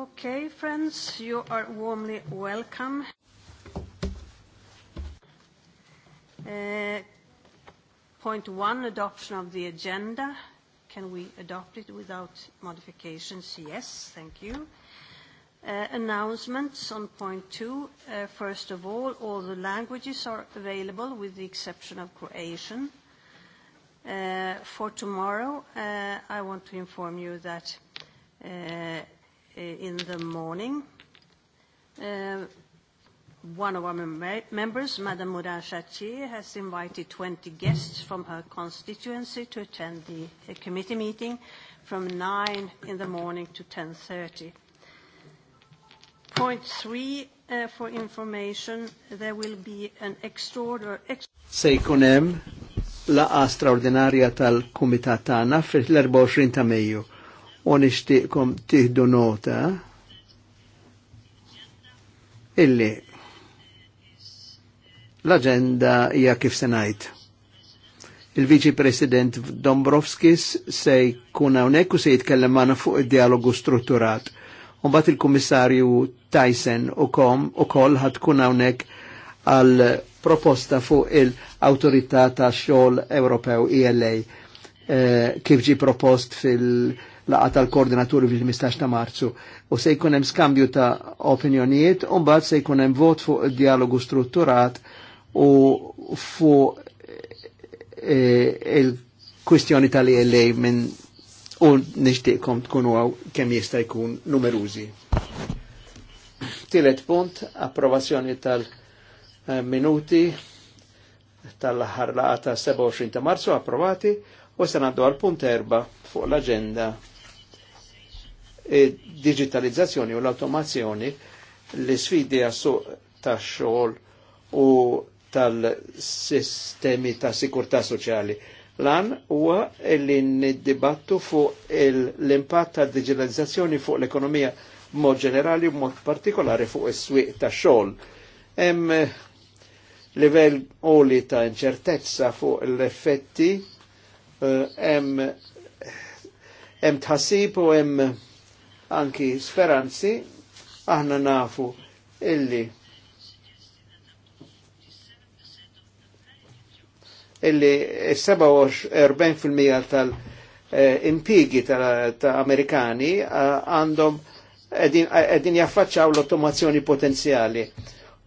Okay, friends, you are warmly welcome. Uh, point one, adoption of the agenda. Can we adopt it without modifications? Yes, thank you. Uh, announcements on point two. Uh, first of all, all the languages are available with the exception of Croatian. Uh, for tomorrow, uh, I want to inform you that uh, Uh, in the morning. Uh, one of our mem members, Madame Mourad Chachi, has invited 20 guests from her constituency to attend the uh, committee meeting from 9 in the morning to 10.30. Point three, uh, for information, there will be an extraordinary... Ex Se la straordinaria tal kumitatana fil-24 ta' Mejju u nixtieqkom tieħdu nota illi l-agenda hija kif se ngħid. Il-Viċi President Dombrovskis se jkun hawnhekk u se jitkellem magħna fuq id-dialogu strutturat. Mbagħad il-Kummissarju Tyson u kom u koll ħad tkun hawnhekk għal proposta fuq il-Awtorità ta' xogħol Ewropew ILA e eh, kif ġi propost fil- laqa tal-koordinaturi fil-15 ta' marzu u se jkun hemm skambju ta' opinjonijiet u mbagħad se jkun hemm vot fuq dialogu strutturat u fuq e, il-kwistjoni tal-ELA minn u nixtieqkom tkunu għaw kemm jista' jkun numerużi. Tielet punt, approvazzjoni tal-minuti tal ħarlaqa ta' 27 ta' marzu approvati u se għal punt erba' fuq l-agenda digitalizzazzjoni u l-automazzjoni li sfidi għassu ta' xogħol u tal-sistemi ta' sikurta soċjali. Lan huwa li niddibattu fuq l-impatt ta' digitalizzazzjoni fuq l-ekonomija mod ġenerali u mod partikolari fuq is-swieq ta' xogħol. Hemm eh, livell għoli ta' inċertezza fuq l-effetti eh, hemm hemm tħassib u hemm anki Speranzi aħna nafu illi illi 47% tal-impigi tal-Amerikani għandhom għedin jaffaċċaw l-ottomazzjoni potenzjali.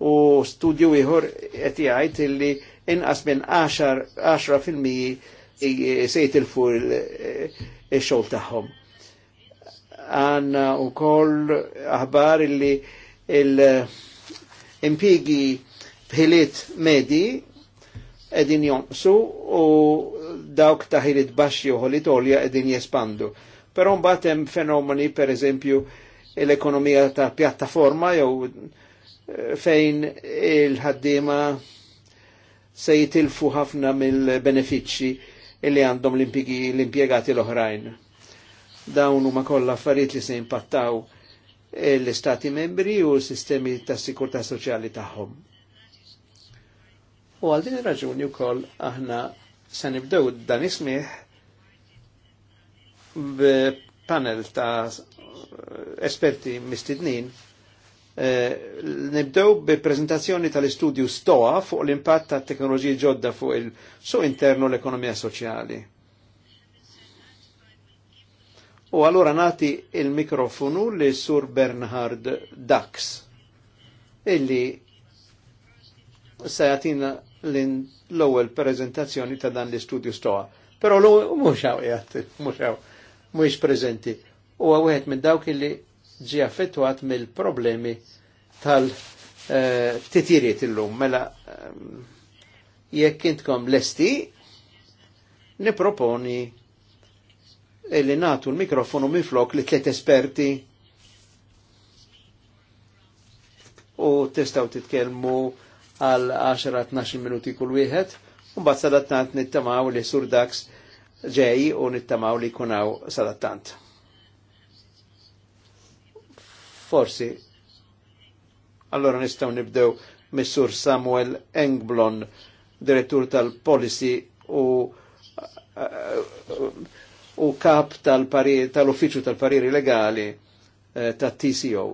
U studju ieħor qed jgħid illi inqas minn 10% il jitilfu il-xogħol tagħhom għanna u koll aħbar illi il-impigi b'ħilit medi edin jonqsu u dawk taħilit baxxi u ħolit olja edin jespandu. Pero mbagħad hemm fenomeni pereżempju l-ekonomija ta' pjattaforma jew eh, fejn il-ħaddiema se jitilfu ħafna mill-benefiċċji li għandhom l-impjegati l-oħrajn dawn huma kollha affarijiet li se impattaw eh, l-istati membri u s-sistemi ta' sikurta soċjali tagħhom. U għal din raġuni wkoll aħna se nibdew dan ismih b'panel ta' esperti mistidnin eh, nibdew bi prezentazzjoni tal-istudju STOA fuq l-impatt tat teknoloġiji ġodda fuq il-suq internu l-ekonomija soċjali. U allura nati il-mikrofonu li sur Bernhard Dax, illi se l-ewwel prezentazzjoni ta' dan l-istudju stoa. Però l mhux hawn qiegħed, mhux hawn, mhuwiex preżenti. Huwa wieħed minn dawk illi ġi affettwat mill-problemi tal-titiriet eh, illum. Mela, ehm, jekk intkom lesti, niproponi illi natu l-mikrofonu miflok li tliet esperti u testaw titkelmu għal 10-12 minuti kull wieħed, u bat sadattant nittamaw li sur daks ġej u nittamaw li kunaw sadattant. Forsi, allora nistaw nibdew Missur Samuel Engblon, direttur tal-Policy u uh, uh, u kap tal-uffiċu tal-pariri legali eh, tat TCO,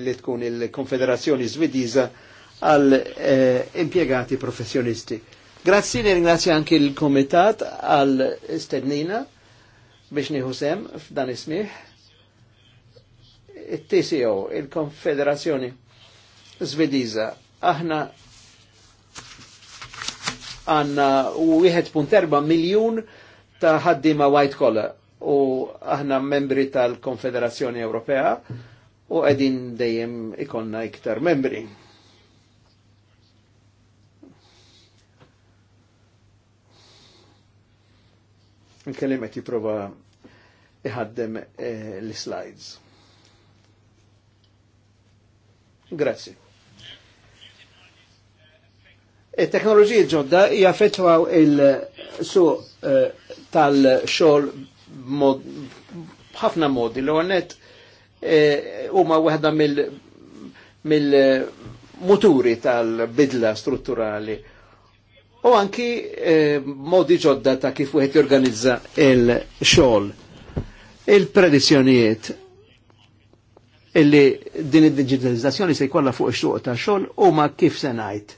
li tkun il-Konfederazzjoni Svediża għal eh, impiegati professjonisti. Grazzi, ringrazzi anche il-Komitat għal Stednina biex nieħu sem f'dan ismiħ. Il-TCO, il-Konfederazzjoni Svediża, aħna għanna 1.4 miljon ta' ħaddima white collar u aħna membri tal-Konfederazzjoni Ewropea u għedin dejjem ikonna iktar membri. Nkellim qed jipprova iħaddem eh, l-slides. Grazie. Il-teknoloġija ġodda jaffetwaw il-su eh, tal-xol ħafna mod, modi. L-għonet e, huma e, waħda mill-muturi mil tal-bidla strutturali. U anki e, modi ġodda ta' kif wieħed jorganizza il-xogħol. Il-predizzjonijiet illi din id-digitalizzazzjoni se jkollha fuq ix-xogħol ta' xogħol huma kif se ngħid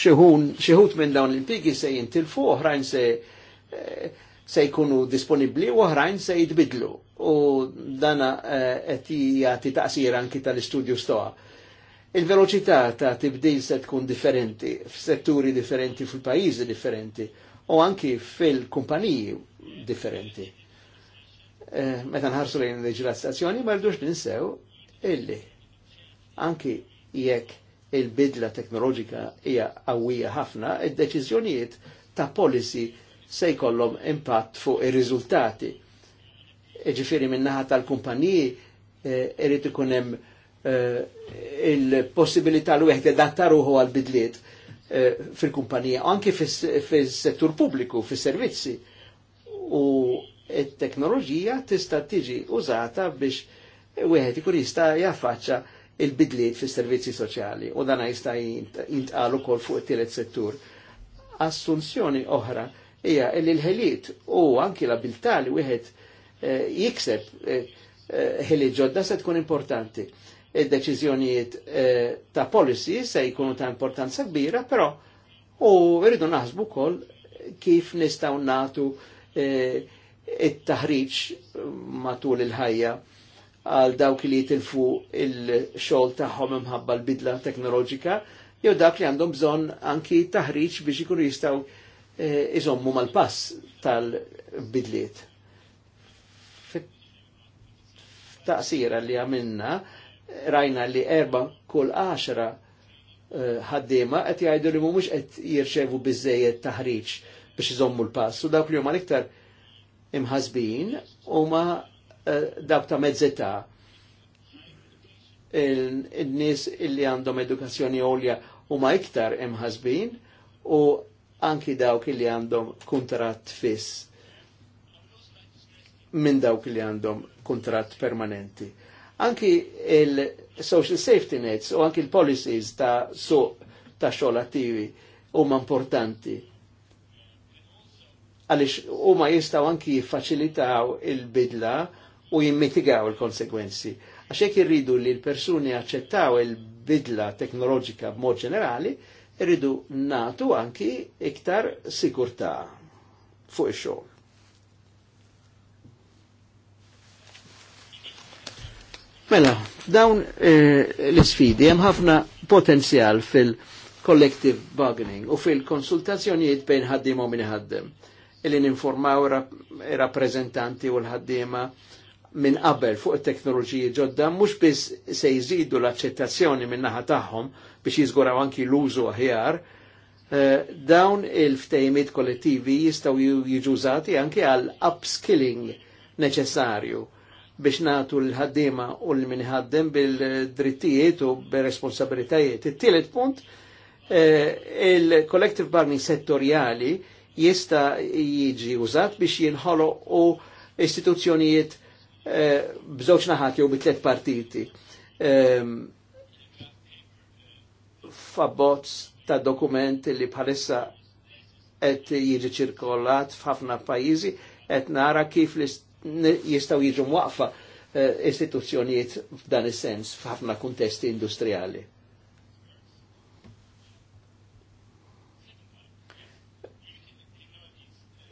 xieħut minn dawn l-impigi se jintilfu, oħrajn se eh, se jkunu disponibli u oħrajn se jitbidlu. U dana eh, qed jagħti taqsir anki tal-istudju stoa. Il-veloċità ta' tibdil se tkun differenti f'setturi differenti fil-pajjiżi differenti u anki fil-kumpaniji differenti. Eh, meta nħarsu lejn l leġislazzjoni ma rridux ninsew illi anki jekk il-bidla teknoloġika hija qawwija ħafna, id-deċiżjonijiet ta' policy se jkollhom impatt fuq ir-riżultati. Ġifieri e min-naħa tal-kumpaniji eh, irid e, ikun hemm e, il-possibilità li wieħed adatta ruħu għall bidliet eh, fil-kumpanija, anke fis-settur pubbliku, fis-servizzi. U t-teknoloġija tista' tiġi użata biex wieħed ikun jista' jaffaċċa il-bidliet fis servizzi soċjali u dan jista' jintqalu kol fuq it-tielet settur. Assunzjoni oħra hija li l-ħeliet u anki l-abilità li wieħed eh, jikseb eh, eh, ħeliet ġodda se tkun importanti. Id-deċiżjonijiet ta' policy se jkunu ta' importanza kbira, però u rridu naħsbu kol kif nistaw natu it-taħriġ matul il-ħajja għal dawk li jitilfu il-xogħol tagħhom imħabba l-bidla teknoloġika, jew dak li għandhom bżonn anki taħriġ biex ikunu jistgħu eh, iżommu mal-pass tal-bidliet. Taqsira li għamilna rajna li erba kull għaxra eh, ħaddiema qed jgħidu li mhumiex qed jirċevu biżejjed taħriġ biex iżommu l-pass u dawk li huma l-iktar imħasbin huma Eh, dawk ta' mezzeta il-nis illi għandhom edukazzjoni għolja u ma iktar imħazbin u anki dawk illi għandhom kontrat fiss minn dawk li għandhom kontrat permanenti. Anki il-social safety nets u anki il-policies ta' so ta' xogħol attivi huma importanti għalix huma jistgħu anki jiffaċilitaw il-bidla u jimmitigaw il-konsegwenzi. Għaxek irridu li l-persuni accettaw il-bidla teknoloġika b'mod ġenerali, irridu natu anki iktar sikurta fuq ix-xogħol. Mela, dawn eh, l-sfidi hemm ħafna potenzjal fil-collective bargaining u fil-konsultazzjonijiet bejn ħaddiema u min ħaddem. Illi ninformaw ir-rappreżentanti u l-ħaddiema minn qabel fuq it-teknoloġiji ġodda mhux biss se jżidu l-aċċettazzjoni minn naħa tagħhom biex jiżguraw anki l-użu aħjar, eh, dawn il-ftejmiet kollettivi jistgħu jiġu użati anke għal upskilling neċessarju biex natu l-ħaddima u l-minħaddem bil-drittijiet u bil-responsabilitajiet. Il-tielet punt, eh, il-collective bargaining settorjali jista' jiġi użat biex jinħolo u istituzzjonijiet Eh, bżoċ naħat jew bitlet partiti. Ehm, fabbozz ta' dokument li bħalissa qed jiġi ċirkollat f'ħafna pajjiżi qed nara kif jistaw jiġu mwaqfa eh, istituzzjonijiet f'dan is-sens f'ħafna kuntesti industrijali.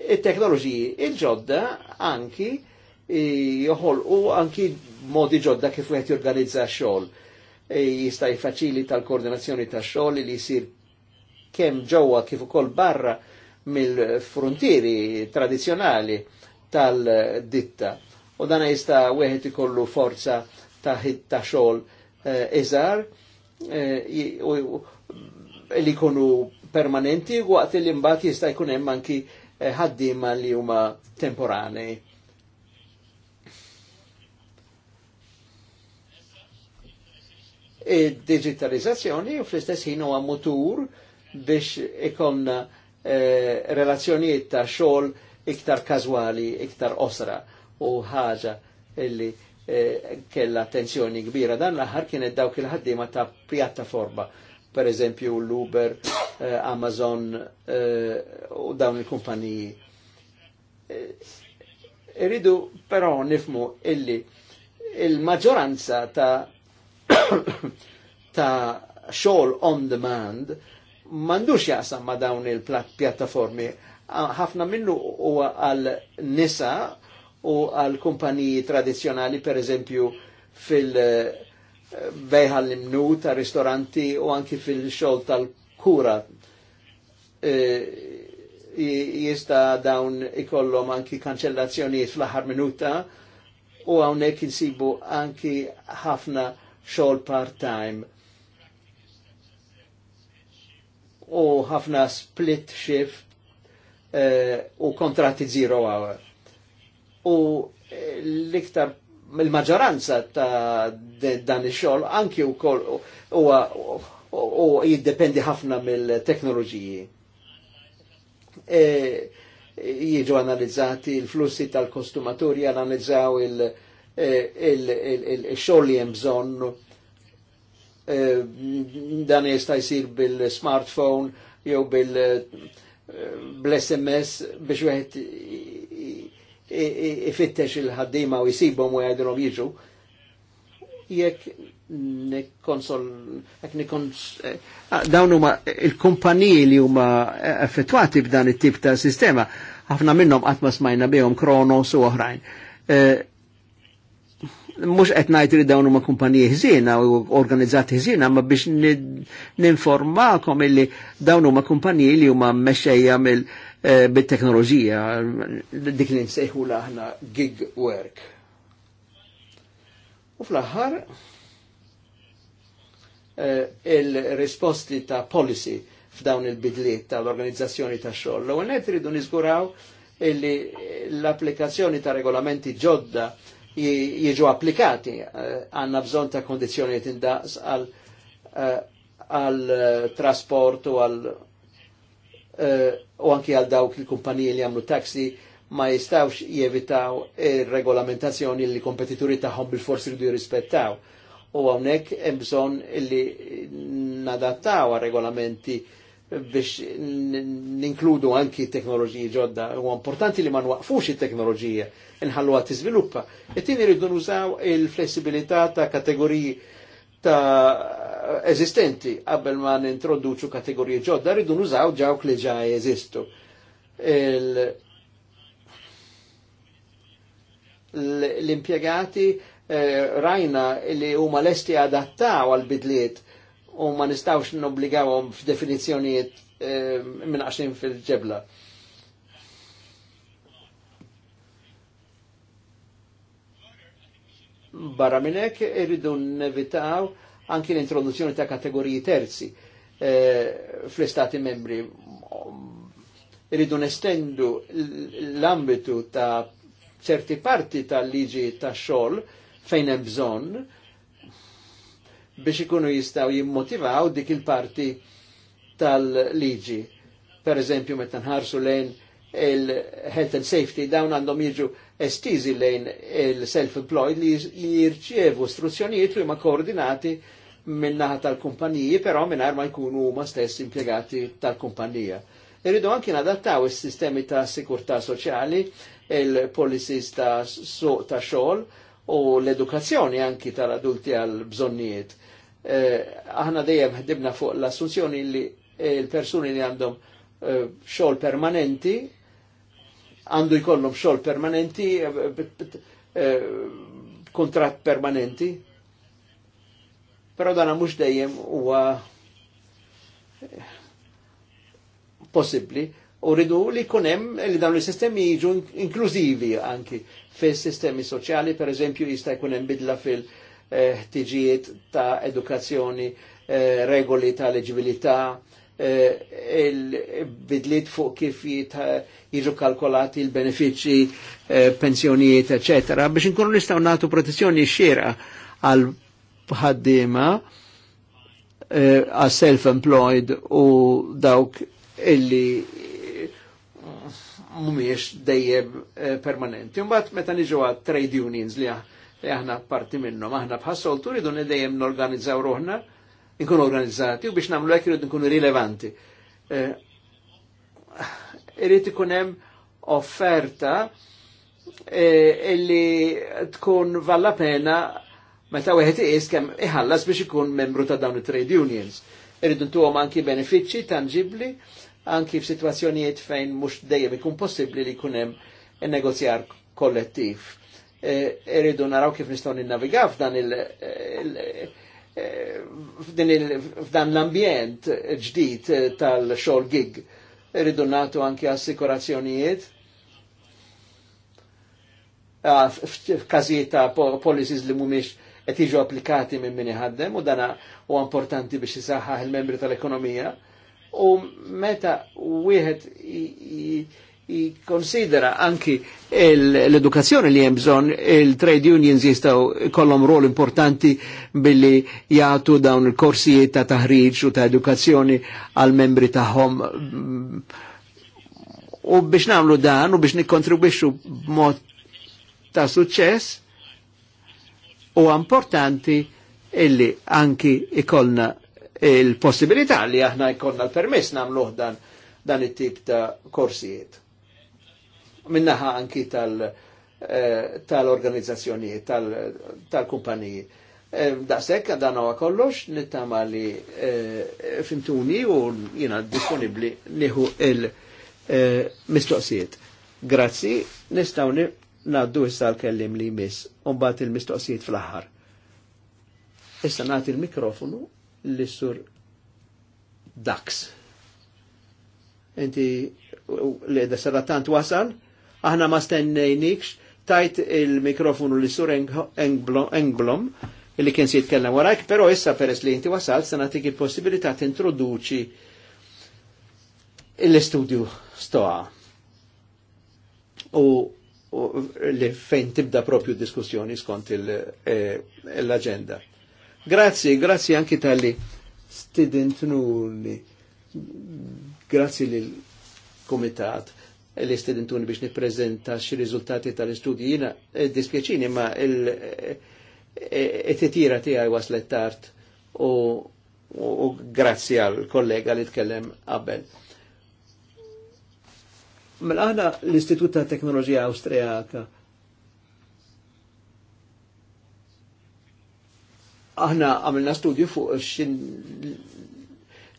it-teknoloġiji il-ġodda anki joħol u anki modi ġodda kif wieħed jorganizza xogħol. E Jistaj faċili tal-koordinazzjoni ta' xogħol li jisir kem ġowa kif ukoll barra mill-frontieri tradizjonali tal-ditta. U dana jista wieħed ikollu forza ta' ta' xogħol e, eżar e, li kunu permanenti waqt li mbagħad jista' jkun hemm anki ħaddiema li huma temporanej. digitalizzazzjoni u fl-istess ħin huwa mutur biex ikonna eh, relazzjonijiet ta' xogħol iktar każwali, iktar osra u ħaġa illi eh, kella attenzjoni kbira. Dan l-aħħar kienet dawk il-ħaddiema ta' pjattaforma, per eżempju l-Uber, eh, Amazon eh, u dawn il-kumpaniji. Eh, irridu però nifmu illi il-maġġoranza ta' ta' xogħol on demand m'għandux jaqsam ma' dawn il-pjattaformi. Ħafna minnu huwa għal nisa u għal kumpaniji tradizjonali, per eżempju, fil-bejħal eh, l-imnu ta' ristoranti u anki fil-xol tal-kura. Eh, jista dawn ikollom anki kanċellazzjonijiet fl-aħħar minuta u għawnek insibu anki ħafna xogħol part-time u ħafna split shift uh, u kontratti zero hour. U eh, l-iktar il-maġġoranza ta' dan ix-xogħol anki wkoll u jiddependi ħafna mill-teknoloġiji. E, Jiġu analizzati l-flussi tal-kostumaturi, analizzaw il- Eh, il-xogħol li jemżon eh, dan jista' jisir bil-smartphone jew bil sms eh, biex wieħed ifittex il-ħaddima u jisibom u jgħidilhom jiġu. Jekk nikkonsol, jekk nikkons, dawn huma il-kumpaniji li huma affettwati b'dan it-tip ta' sistema, ħafna minnhom qatt ma smajna bihom Kronos u oħrajn mux qed ngħid li dawn ma kumpaniji ħżiena u organizzati ħżiena, ma biex ninformakom illi dawn ma kumpaniji li huma mexxejja mill eh, bit-teknoloġija dik li nsejħu laħna gig work. U fl-aħħar eh, il-risposti ta' policy f'dawn il-bidliet tal-organizzazzjoni ta' xogħol. l għonet ridu nizguraw illi l-applikazzjoni ta' regolamenti ġodda jiġu applikati. Eh, għanna bżon ta' kondizjoniet indaqs għal eh, eh, trasport u għal u anki għal dawk il-kumpaniji li għamlu taxi ma jistawx jevitaw il-regolamentazzjoni li kompetituri tagħhom bil-forsi rridu jirrispettaw. U għawnek bżon li nadattaw għal regolamenti biex ninkludu anki teknoloġiji ġodda. U importanti li ma nwaqfux it-teknoloġija, nħalluha tiżviluppa. it Ittini rridu nużaw il-flessibilità ta' kategoriji ta' eżistenti qabel ma nintroduċu kategoriji ġodda, rridu nużaw ġawk li ġa jeżistu. L-impjegati eh, rajna li huma lesti adattaw għal bidliet u ma nistawx n-obbligawhom f'definizzjonijiet ehm, minn għaxin fil-ġebla. Barra minnek irridu nevitaw anki l-introduzzjoni ta' kategoriji terzi eh, fl-istati membri. Irridu nestendu l-ambitu ta' ċerti parti tal-liġi ta' xol fejn hemm bżonn biex ikunu jistaw jimmotivaw dik il-parti tal-liġi. Per eżempju, meta nħarsu lejn il-health and safety, dawn għandhom jiġu estizi lejn il-self-employed li jirċievu istruzzjonijiet li ma koordinati minnaħa tal-kumpaniji, però minnar ma jkunu ma stess impiegati tal-kumpanija. Irridu anki nadattaw il sistemi ta' sikurta' soċjali, il-policies ta' xol, ta' u l-edukazzjoni anki tal-adulti għal bżonnijiet. Eh, aħna dejjem ħdibna fuq l-assunzjoni li eh, l-persuni li għandhom eh, xogħol permanenti għandu jkollhom xogħol permanenti kontratt permanenti. Però dana mhux dejjem huwa possibbli u ridu li kunem li dawn il-sistemi jiġu inklużivi anki fil-sistemi soċjali, per eżempju, jista' jkunem bidla fil-ħtiġijiet eh, ta' edukazzjoni, eh, regoli ta' leġibilità, eh, il-bidliet fuq kif jiġu kalkolati il-benefiċi, eh, pensjonijiet, eccetera, biex nkunu nistaw natu protezzjoni xira għal ħaddima eh, għas self-employed u dawk illi mumiex dejjeb eh, permanenti. Mbagħad meta niġu għad trade unions li aħna parti minnhom, aħna bħassoltu rridu dejjem norganizzaw ruħna, nkun organizzati u biex nagħmlu hekk irid nkunu rilevanti. Eh, irid ikun hemm offerta eh, illi tkun valla pena meta wieħed iqis kemm iħallas biex ikun membru ta' dawn it-trade unions. Irridu ntuhom anki benefiċċji tangibbli anki f'sitwazzjonijiet fejn mhux dejjem ikun possibbli li jkun hemm negozjar kollettiv. Eridu naraw kif nistgħu ninnavigaw f'dan il, e, f'dan l-ambjent ġdid tal-xol gig Eridu natu anki assikurazzjonijiet f'każijiet ta' policies li mhumiex qed jiġu applikati minn minni ħaddem u dana u importanti biex isaħħaħ il-membri tal-ekonomija u meta wieħed jikonsidera anki l-edukazzjoni li hemm bżonn il-trade unions jistgħu kollom rol importanti billi jagħtu dawn il-korsijiet ta' taħriġ u ta' edukazzjoni għal membri tagħhom u biex nagħmlu dan u biex nikkontribwixxu b'mod ta' suċċess u importanti illi anki ikollna il-possibilità li aħna jkollna l-permess namluħ dan, dan it-tip ta' korsijiet. Minnaħa anki eh, tal-organizzazzjonijiet, tal tal-kumpaniji. Tal, eh, Daqsek, dan huwa kollox, nittama li e, fintuni u jina disponibli liħu il-mistoqsijiet. E, Grazzi, nistawni naddu issa l-kellim li jmiss, un il-mistoqsijiet fl-aħħar. Issa nagħti il-mikrofonu li sur Dax. Inti li da saratant wasal, aħna ma stennejnikx, tajt il-mikrofonu li sur Engblom, li kien si jitkellem warajk, pero issa peress li inti wasal, sanatik il-possibilità t-introduċi l-istudju stoa. U, li fejn tibda propju diskussjoni skont eh, l-agenda. Grazzi, grazie anki tal-li Grazie lil l e li stidentuni biex niprezenta xi riżultati tal-istudji. Jina eh, dispjaċini ma il-titira eh, eh, tiegħi waslet tard u grazzi għal kollega li tkellem qabel. Mela aħna l-Istitut ta' Teknoloġija Awstrijaka aħna għamilna studju fuq xin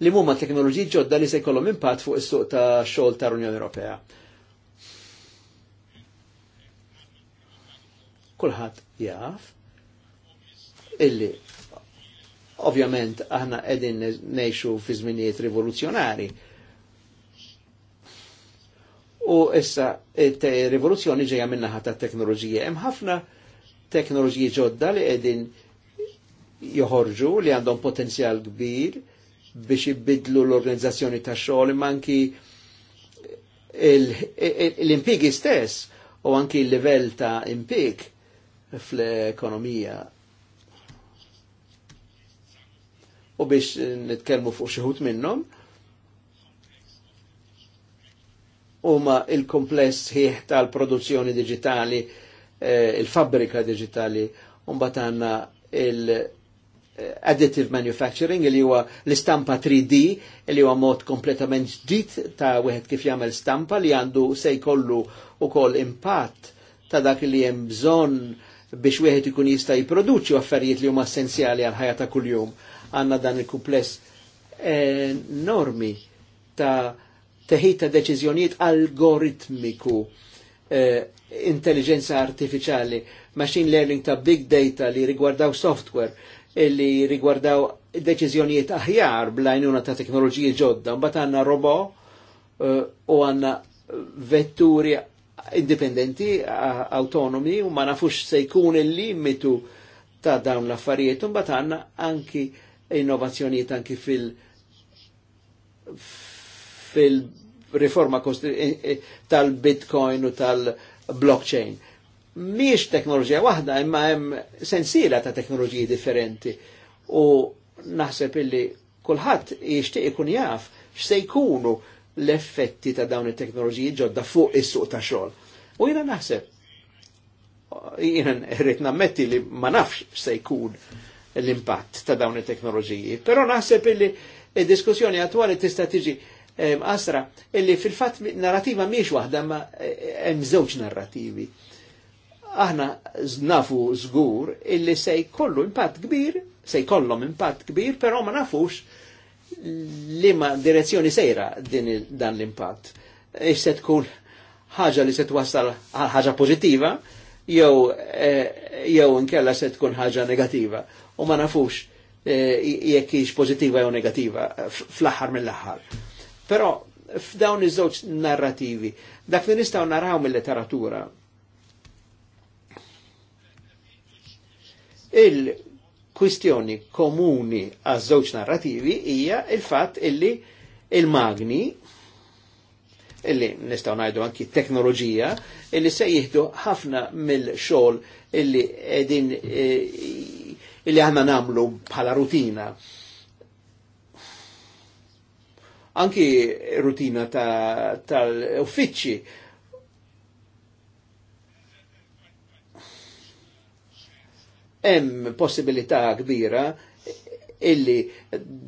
li mumma teknoloġiji ġodda li se jkollhom impatt fuq is-suq ta' xogħol tal-Unjoni Ewropea. Kulħadd jaf illi ovvjament aħna qegħdin ngħixu fi żminijiet rivoluzzjonari. U issa rivoluzzjoni ġejja minnaħa ta' teknoloġija. Hemm ħafna teknoloġiji ġodda li qegħdin joħorġu li għandhom potenzjal kbir biex jibidlu l-organizzazzjoni ta' xogħol imma anki l-impigi stess u anki l-livell ta' impig fl-ekonomija. U biex nitkellmu fuq xi ħut minnhom, huma il-kompless ħieħ tal-produzzjoni digitali, eh, il-fabbrika digitali, un batanna il- additive manufacturing li huwa l-istampa 3D li huwa mod kompletament ġdid ta' wieħed kif jagħmel stampa li għandu se jkollu ukoll impatt ta' dak li hemm bżonn biex wieħed ikun jista' jipproduċi affarijiet li huma essenzjali għal ħajja ta' kuljum. Għandna dan il-kumpless enormi ta' teħid ta' deċiżjonijiet algoritmiku eh, intelligenza artificiali, machine learning ta' big data li rigwardaw software, li rigwardaw deċiżjonijiet aħjar blajnuna ta' teknoloġiji ġodda, mbagħad għandna robo eh, u għandna vetturi indipendenti, autonomi, u ma nafux se jkun il-limitu ta' dawn l-affarijiet, un għandna anki innovazzjonijiet anki fil- fil-riforma eh, eh, tal-Bitcoin u tal-blockchain miex teknoloġija waħda, imma hemm sensiela ta' teknoloġiji differenti. U naħseb illi kulħadd jixtieq ikun jaf x'se jkunu l-effetti ta' dawn it-teknoloġiji ġodda fuq is-suq ta' xogħol. U jiena naħseb jiena rrid nammetti li ma nafx se jkun l-impatt ta' dawn it-teknoloġiji, però naħseb illi id-diskussjoni attwali tista' tiġi eh, asra illi fil-fatt narrativa miex waħda ma eh, hemm żewġ narrativi aħna nafu żgur illi se jkollu impatt kbir, se jkollhom impatt kbir, però ma nafux li ma direzzjoni sejra din dan l-impatt. Ix se tkun ħaġa li se twassal għal ħaġa pożittiva, jew eh, jew inkella se tkun ħaġa negativa u ma nafux eh, jekk hix pożittiva jew negativa fl-aħħar mill-aħħar. Però f'dawn iż-żewġ narrativi, dak li nistgħu naraw mill-literatura Il-kwistjoni komuni għaż żewġ narrativi hija il-fatt illi il-magni illi nistaw najdu anki teknoloġija illi se jihdu ħafna mill-xogħol illi edin e, illi għanna namlu bħala rutina. Anki rutina tal uffiċi ta hemm possibilità kbira illi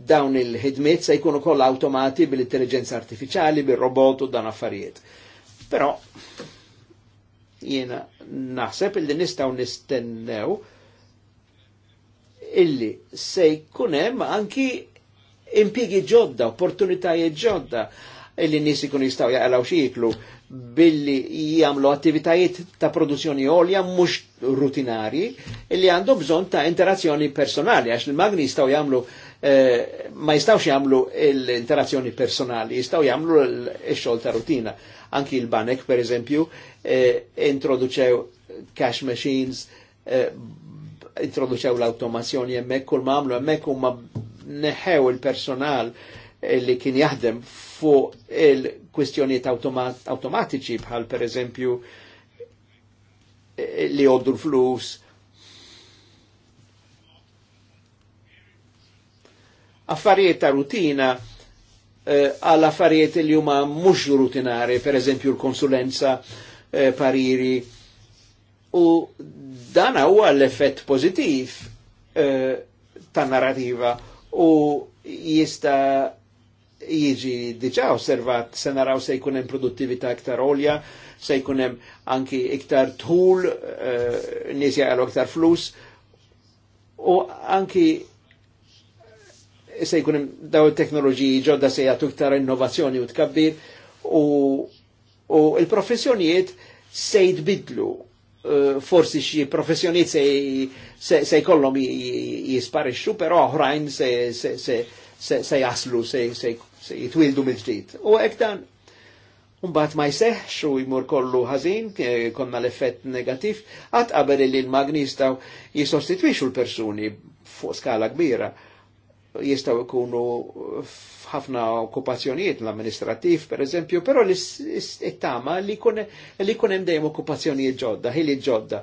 dawn il-ħidmiet se jkunu kollha automati bil-intelligenza artificiali, bil-robot u dan affarijiet. Però jiena naħseb illi nistgħu nistennew illi se jkun hemm anki impjiegi ġodda, opportunitajiet ġodda illi nies ikun jistgħu jaqalaw xi billi jagħmlu attivitajiet ta' produzzjoni olja mux rutinari illi għandu bżon ta' interazzjoni personali għax il-magni jistaw jagħmlu eh, ma jistgħux jagħmlu l-interazzjoni personali, jistaw jagħmlu l xogħol ta' rutina. Anki il banek per eżempju, eh, introduċew cash machines, eh, introduċew l-automazzjoni jemmek kull ma għamlu jemmek u ma' neħew il-personal li kien jaħdem fuq il-kwistjoniet automatiċi bħal per eżempju li għoddu l-flus. Affarijiet ta' rutina eh, għal affarijiet li huma mhux rutinari, per eżempju l-konsulenza, eh, pariri. U dan huwa l-effett pożittiv eh, ta' narrativa u jista' jiġi diġa osservat, se naraw se jkun hemm produttività iktar olja, se jkun hemm anki iktar tħul, uh, nies iktar flus, u anki se jkunem daw teknoloġiji ġodda se jgħatu iktar innovazzjoni u tkabbir u, il-professjonijiet se jitbidlu eh, forsi xi professjoniet se jkollom jisparixxu, però oħrajn se jaslu, se se jitwildu mill-ġdid. U hekk dan Umbat ma jseħx u jmur kollu ħażin, konna l-effett negativ, għat qabel li l-magni jistaw jisostitwixu l-persuni fuq skala kbira. Jistaw ikunu ħafna okkupazzjonijiet l-amministrativ, per eżempju, però l-ittama li kunem hemm dejjem okkupazzjonijiet ġodda, ħili ġodda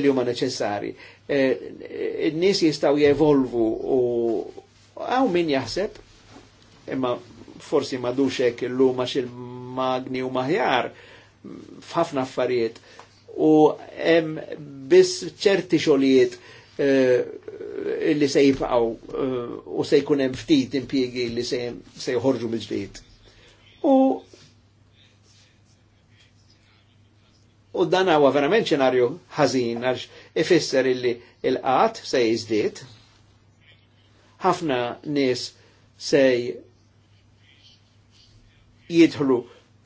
il huma neċessari. Nis nies jistaw jevolvu u għaw min jaħseb imma forsi madux hekk illum għax il-magni u maħjar f'ħafna affarijiet u hemm biss ċerti xogħlijiet eh, li se jibqgħu eh, u se jkun hemm ftit impjiegi li se jħorġu mill-ġdid. U u dan huwa verament ċenarju ħażin għax ifisser illi il-qat se jiżdied, ħafna nies se jidħlu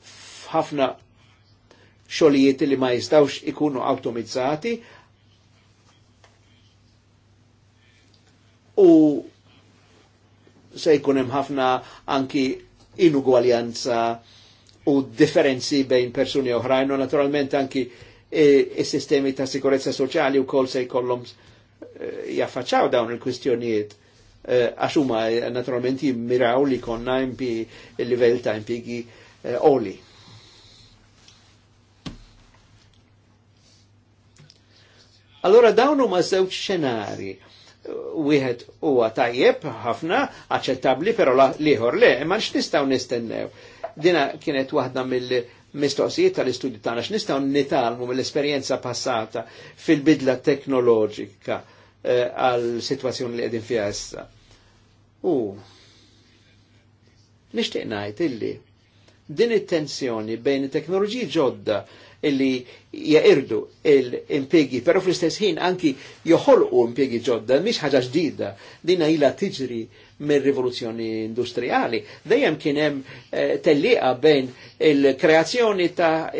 f'ħafna xolijiet li ma jistawx ikunu automizzati u se jkunem ħafna anki inugwaljanza u differenzi bejn persuni oħrajn u naturalment anki il sistemi e, e ta' sikurezza soċjali u kol se jkollom e, jaffaċċaw dawn il-kwistjonijiet. Eh, għax huma eh, naturalment jimmiraw li konna jimpi il-livell ta' impigi eh, oli. Allora dawn huma żewġ xenari. Wieħed huwa tajjeb ħafna, aċċettabbli, però liħor le, imma x'nistgħu nistennew. Dina kienet waħda mill mistoqsijiet tal-istudju tagħna x'nistgħu nitalmu mill-esperjenza passata fil-bidla teknoloġika għal sitwazzjoni li qegħdin fiha issa. U nixtieq ngħid illi din it-tensjoni bejn it-teknoloġiji ġodda illi jaqirdu l-impiegi, pero fl-istess ħin anki joħolqu impiegi ġodda, mhix ħaġa ġdida, dina ilha tiġri mir rivoluzzjoni industrijali. Dejjem kien hemm eh, telliqa bejn il-kreazzjoni ta',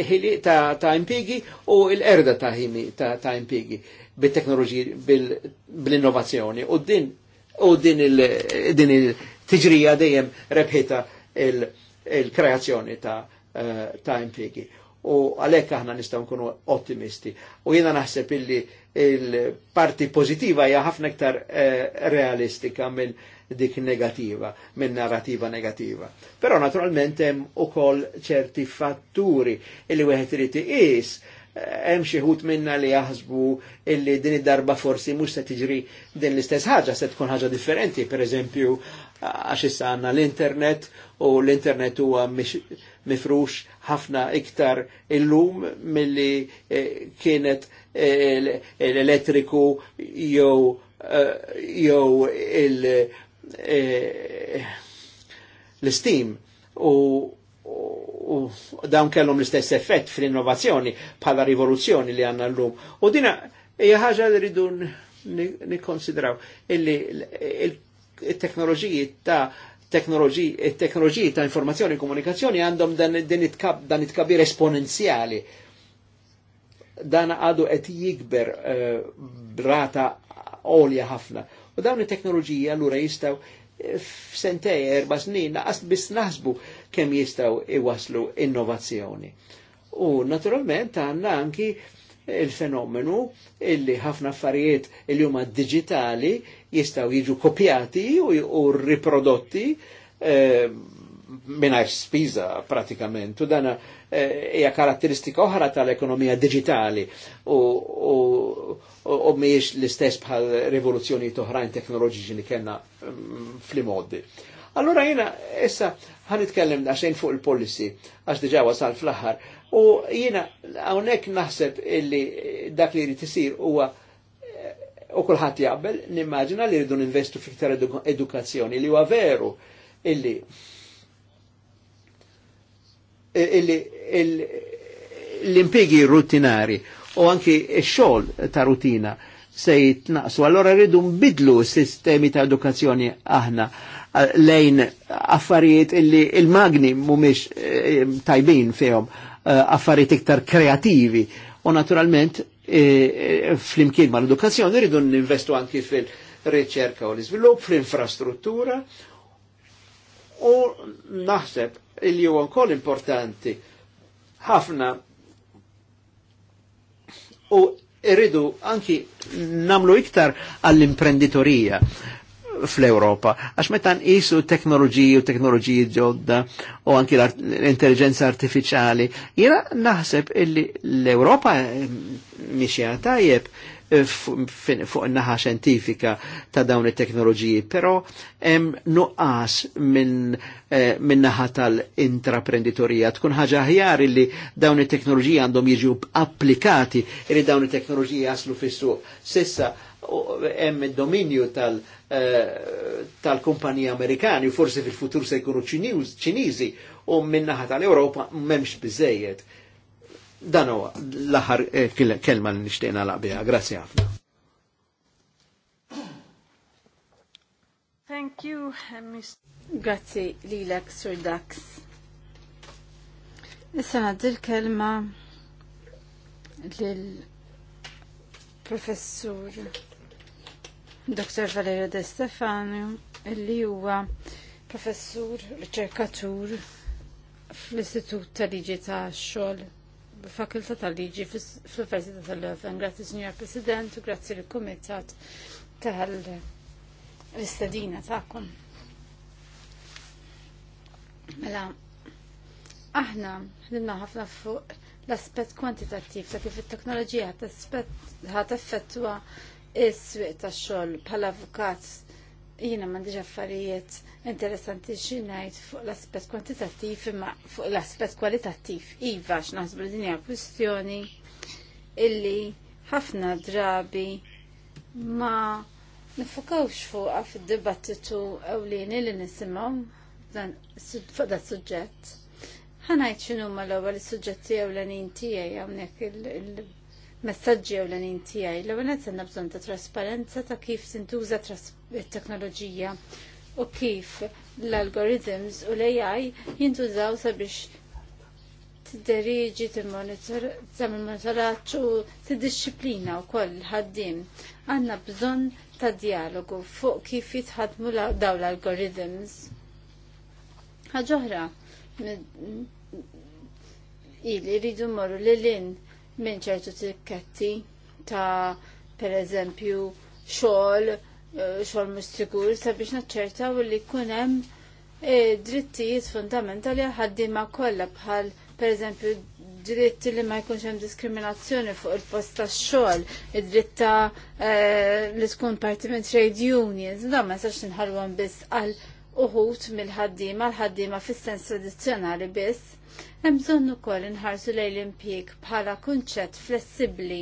ta, impiegi u l-erda ta', ta, ta impiegi bit teknoloġi bil-innovazzjoni. U din u din il-tiġrija dejjem rebħita il-kreazzjoni ta' eh, ta' impiegi. U għalek aħna nistaw nkunu ottimisti. U jena naħseb illi il-parti pozitiva hija ħafna iktar eh, realistika minn dik negativa, minn narrativa negativa. Però naturalment hemm ukoll ċerti fatturi illi wieħed irid iqis hemm xi ħut minna li jaħsbu illi din id-darba forsi mhux se tiġri din l-istess ħaġa se tkun ħaġa differenti, pereżempju għax issa għandna l-internet u l-internet huwa mifrux ħafna iktar illum milli eh, kienet eh, l-elettriku jew eh, jew l-steam u dawn kellhom l-istess effett fl-innovazzjoni bħala rivoluzzjoni li għandna llum. U dina hija ħaġa li rridu nikkonsidraw illi il-teknoloġiji ta' teknoloġiji ta' informazzjoni u e komunikazzjoni għandhom dan it-kabir esponenzjali. Dan għadu qed jikber brata eh, għolja ħafna. U dawn it-teknoloġiji allura jistgħu eh, f'sentej erba' snin naqas biss naħsbu kem jistaw iwaslu innovazzjoni. U naturalment għanna anki il-fenomenu illi ħafna affarijiet il jumma digitali jistaw jiġu kopjati u, u riprodotti eh, minnajr spiża pratikament. U dana eh, hija e, karatteristika oħra tal-ekonomija digitali u, u, u u miex l-istess bħal rivoluzzjoni toħrajn teknoloġiċi li kena mm, fl-modi. Allora jena issa ħanitkellem naxejn fuq il-policy għax diġa wasal fl-aħħar. U jina, hawnhekk naħseb illi dak li jrid isir huwa eh, u kulħadd jaqbel nimmaġina li rridu ninvestu fiktar edukazzjoni li huwa veru illi illi l-impigi rutinari u anki x-xogħol ta' rutina se jitnaqsu. Allora rridu nbidlu s-sistemi ta' edukazzjoni aħna lejn affarijiet illi il-magni mumiex eh, tajbin fejom eh, affarijiet iktar kreativi u naturalment eh, fl-imkien ma l-edukazzjoni rridu ninvestu anki fil-riċerka u l izvilup fl-infrastruttura u naħseb illi huwa wkoll importanti ħafna u rridu anki namlu iktar għall-imprenditorija fl-Europa. Għax metan isu teknoloġiji u teknoloġiji ġodda u anki l-intelligenza artificiali, jena naħseb illi l-Europa eh, miexja tajjeb eh, fuq naħa xentifika ta' dawn it-teknoloġiji, pero hemm nuqqas minn eh, min naħa tal-intraprenditorija. Tkun ħaġa ħjar li dawn it-teknoloġiji għandhom jiġu applikati, li dawn il teknoloġiji jaslu fissu Sissa hemm id-dominju eh, tal-kumpaniji Amerikani, forsi fil-futur se jkunu ċiniżi u minnaħa tal-Ewropa m'hemmx biżejjed. Dan huwa l-aħħar eh, kelma li nixtieq nagħlaq biha. Grazzi ħafna. Thank you, eh, Grazzi lilek, Sir Dax. Issa l-kelma lil professur Dr. Valerio De Stefano, illi huwa professur, riċerkatur fl-Istitut tal-Liġi ta' xogħol b'Fakultà tal-Liġi fl-Università tal-Leuven. Grazzi, Signor President, u grazzi l-Kumitat tal-Istadina ta'kom. Mela, aħna ħdimna ħafna fuq l-aspett kwantitattiv ta' kif it-teknoloġija ħat effettwa is-swieq tax-xogħol bħala avukat jiena m'għandix affarijiet interessanti xi ngħid fuq l-aspett kwantitattiv imma fuq l-aspett kwalitattiv. Iva x'naħsbu din hija kwistjoni illi ħafna drabi ma nifokawx fuqha fid-dibattitu ewlieni li nisimgħu fuq dat suġġett ħanajt xinu ma l-ewwel is-suġġetti ewlenin tiegħi hawnhekk il- messaġġi u l-għanin tijaj. L-għanet għanna bżon ta' trasparenza ta' kif tintuża teknoloġija u kif l-algorithms u l-AI jintużaw sabiex t-deriġi, t-monitoraċ u t-disciplina u koll ħaddim. Għanna bżon ta' dialogu fuq kif jitħadmu daw l-algorithms. ħagħuħra, ili rridu morru l-lin. -li minn ċertu tikketti ta' per eżempju xogħol eh, xogħol mhux sigur sabiex naċċertaw li jkun hemm eh, drittijiet fundamentali għal ħaddiema kollha bħal pereżempju dritti li ma jkunx hemm diskriminazzjoni fuq il-post tax-xogħol, id-dritt ta' eh, li tkun parti minn trade unions, da ma sax inħarwan biss għal uħut mill-ħaddiema l-ħaddiema fis-sens tradizzjonali biss. Hemm bżonn ukoll inħarsu lejn l-impjieg bħala kunċett flessibbli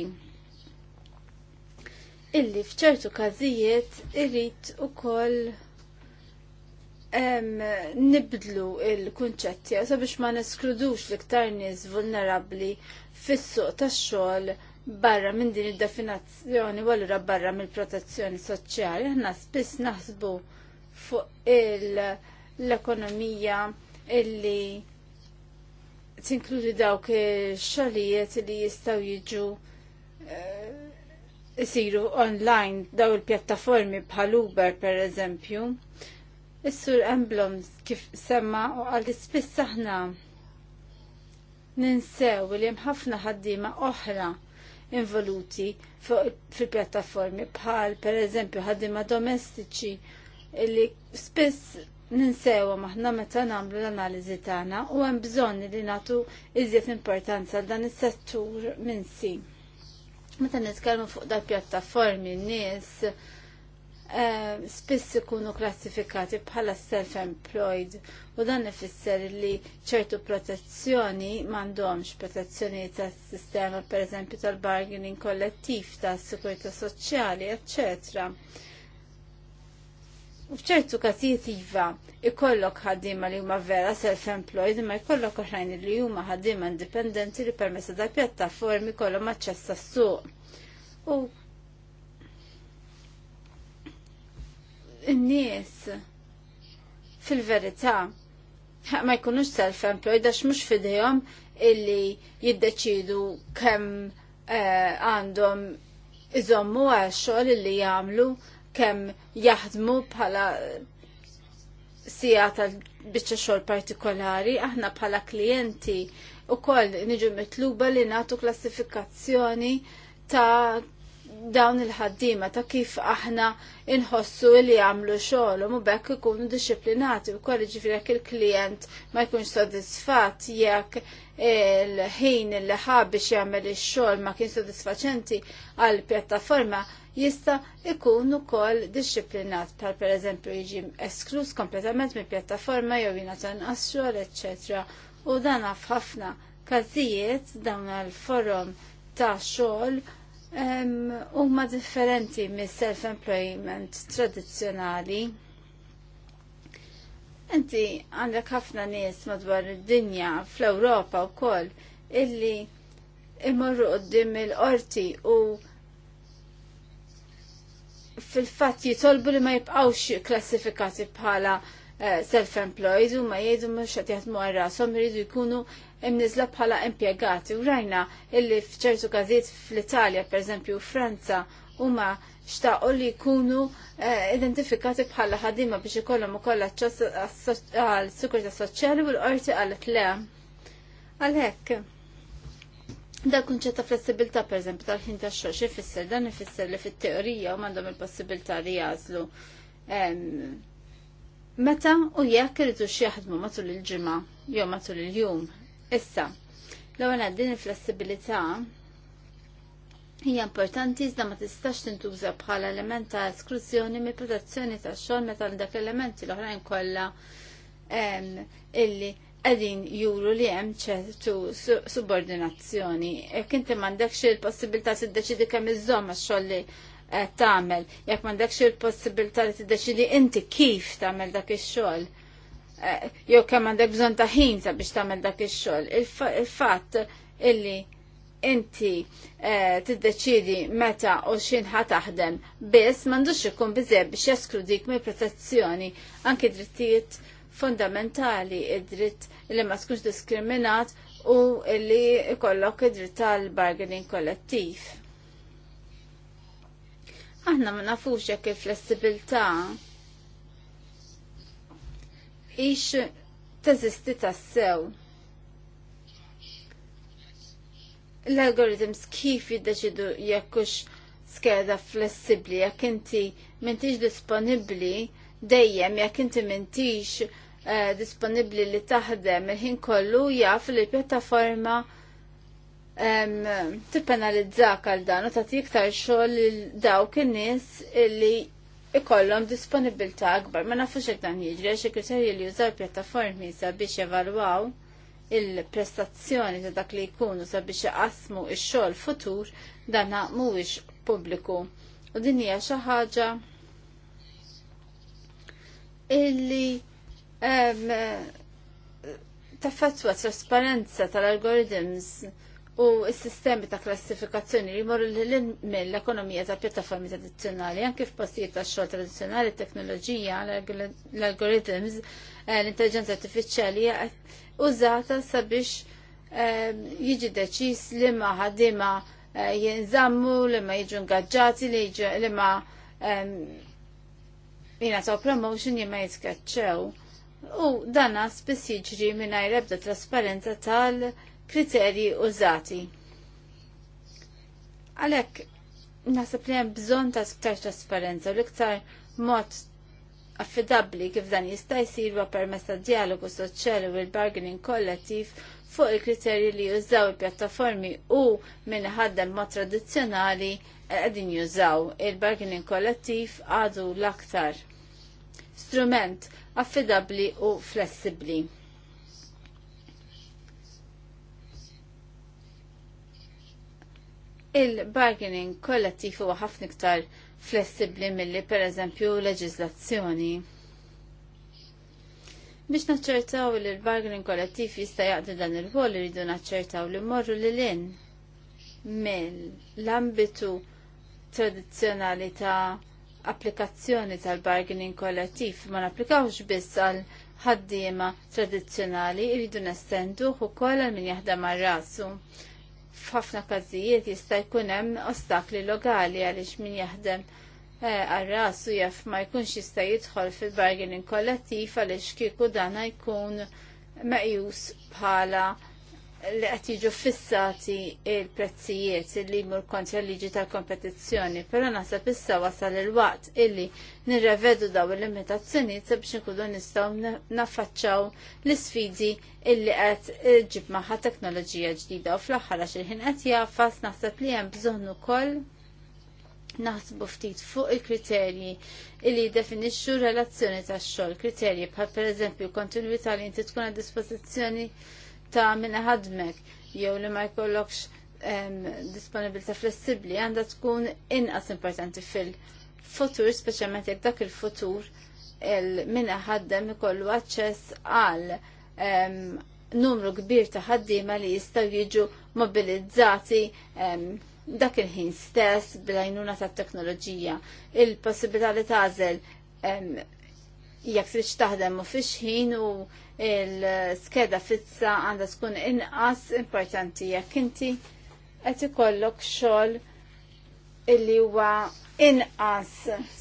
illi f'ċertu każijiet irid ukoll nibdlu l kunċetti għasa biex ma neskludux l-iktar nies vulnerabbli fis-suq tax-xogħol barra minn din id-definazzjoni walura barra mill-protezzjoni soċjali. Aħna spiss naħsbu fuq l-ekonomija illi tinkludi dawk xogħlijiet li jistgħu jiġu jisiru eh, online daw il-pjattaformi bħal Uber per eżempju. Is-sur emblem kif semma u għal spiss aħna ninsew li hemm ħafna ħaddiema oħra involuti fil-pjattaformi bħal per eżempju ħaddiema domestiċi li spiss ninsewa maħna meta nagħmlu l-analiżi tagħna u hemm bżonn li nagħtu iżjed importanza dan is-settur minn si. Meta nitkellmu fuq dal pjattaformi n-nies eh, spiss ikunu klassifikati bħala self-employed u dan ifisser li ċertu protezzjoni m'għandhomx protezzjoni tas-sistema pereżempju tal-bargaining kollettiv tas-sikurità soċjali, eċċetera U fċertu każijiet iva ikollok ħaddiema li huma vera self-employed imma jkollok oħrajn li huma ħaddiema indipendenti li permessa da pjattaformi kollhom aċċess s suq U n-nies fil-verità ma jkunux self-employed għax mhux fidejhom illi jiddeċidu kemm eh, għandhom iżommu għal xogħol li jagħmlu kemm jaħdmu bħala sija tal-bicċa xogħol partikolari, aħna bħala klijenti u koll niġu mitluba li natu klassifikazzjoni ta' dawn il-ħaddima ta' kif aħna inħossu li jagħmlu xogħol u bekk ikunu disciplinati wkoll ġifieri jekk il-klijent ma jkunx sodisfatt jekk il-ħin li ħa biex jagħmel ix-xogħol ma kien sodisfaċenti għall pjattaforma jista' ikun ukoll disciplinat tal pereżempju jiġi esklus kompletament mill pjattaforma jew jingħata inqas xogħol, eċċetera. U dan ħafna każijiet dawn il-forum ta' xogħol huma differenti mis self-employment tradizzjonali. Inti għandek ħafna nies madwar id-dinja fl-Ewropa wkoll illi imorru qoddim il-qorti u fil-fatt jitolbu li ma jibqawx klassifikati bħala Eh, self-employed u ma jiedu mux għat għarra, għarrasom rridu jkunu imnizla bħala impiegati u rajna illi fċertu gazit fl-Italja, per u Franza, huma xtaqo li jkunu eh, identifikati bħala ħadima biex ikollhom ukoll aċċess għal sikurta soċjali u l-qorti qalet le. Għalhekk. Da kunċett ta' flessibilità pereżempju tal-ħin tax-xogħol xi dan ifisser li fit-teorija u m'għandhom il-possibilità li jazlu meta u jekk irridu xi jaħdmu matul il-ġimgħa jew matul il-jum. Issa, l-ewwel din il-flessibilità hija importanti iżda ma tistax tintuża bħala element ta' esklużjoni mill protezzjoni tax-xogħol meta dak l-elementi l-oħrajn kollha illi qegħdin juru li hemm ċertu subordinazzjoni. Jekk inti m'għandekx il-possibilità tiddeċidi kemm iżomm għax-xogħol li tagħmel jekk m'għandekx il-possibilità li tiddeċidi inti kif tagħmel dak ix-xogħol. Eh, jew kemm mandek bżonn ta' ħin sabiex tagħmel dak ix-xogħol. Il-fatt illi inti eh, t-deċidi meta u xin ħataħdem biss m'għandux ikun biżeb biex dik mill protezzjoni anki drittijiet fundamentali id-dritt li ma skux diskriminat u li kollok id-dritt tal-bargaining kollettiv. Aħna ma nafux jekk il-flessibilità ix teżisti tassew. l algoritms kif jiddeċidu jekkux skeda flessibli jekk inti m'intix disponibbli dejjem jekk inti m'intix uh, disponibbli li taħdem il-ħin kollu jaf li pjattaforma tippenalizzak għal dan u tagħti iktar xogħol lil dawk in-nies li ikollhom disponibilità akbar. Ma nafux hekk dan jiġri għax il li jużaw pjattaformi sabiex jevalwaw il-prestazzjoni ta' dak li jkunu sabiex jaqasmu ix-xogħol futur dan mhuwiex pubbliku. U din hija xi ħaġa illi taffettwa trasparenza tal-algorithms u s-sistemi ta' klassifikazzjoni li morru l-ekonomija ta' pjattaformi tradizzjonali, anke f'postijiet ta' xogħol tradizzjonali, teknoloġija, l-algoritms, eh, l-intelligenza artifiċjali eh, użata sabiex eh, jiġi deċis li ma ħadima jinżammu, li ma jiġu ngaġġati, li ma jina ta' promotion jima jitkaċċew. U dana spiss jiġri minn ebda trasparenza tal- kriterji użati. Għalek, nasib li hemm bżonn ta' iktar trasparenza u l-iktar mod affidabbli kif dan jista' jsir wa permezz ta' dialogu soċjali u l-bargaining kollettiv fuq il-kriterji li jużaw il-pjattaformi u minn ħaddem mod tradizzjonali qegħdin jużaw il-bargaining kollettiv għadu l-aktar strument affidabbli u flessibbli. il-bargaining kollettiv huwa ħafna iktar flessibbli milli pereżempju leġiżlazzjoni. Biex naċċertaw li l-bargaining kollettiv jista' jaqdi dan il-rwol iridu naċċertaw li mmorru lil in mill-ambitu tradizzjonali ta' applikazzjoni tal-bargaining kollettiv ma napplikawx biss għal ħaddiema tradizzjonali iridu nestenduh ukoll għal min jaħdem ar rasu f'ħafna każijiet jista' jkun hemm ostakli lokali għaliex min jaħdem eh, għal rasu jaf ma jkunx jista' jidħol fil-bargaining kollettiv għaliex kieku dan jkun meqjus bħala li qed jiġu fissati il-prezzijiet li jmur kontra l-liġi tal-kompetizzjoni, però naħseb issa wasal il-waqt illi nirrevedu daw il-limitazzjonijiet sabiex inkunu nistgħu naffaċċaw l-isfidi illi qed ġib magħha teknoloġija ġdida u fl-aħħar għax il-ħin qed jafas naħseb li hemm bżonn ukoll naħsbu ftit fuq il-kriterji illi definixxu relazzjoni tax-xogħol, kriterji bħal pereżempju kontinwità li inti tkun għad dispożizzjoni ta' minna ħadmek jew li ma jkollokx disponibilità flessibbli għandha tkun inqas importanti fil-futur, speċjalment jekk dak il-futur il-minna ħaddem ikollu aċċess għal numru kbir ta' ħaddiema li jistgħu jiġu mobilizzati dak il-ħin stess bil-għajnuna ta' teknoloġija. Il-possibilità li tażel jekk trid taħdem u fix ħin u il-skeda fitza għandha tkun inqas importanti jekk inti qed ikollok xogħol illi huwa inqas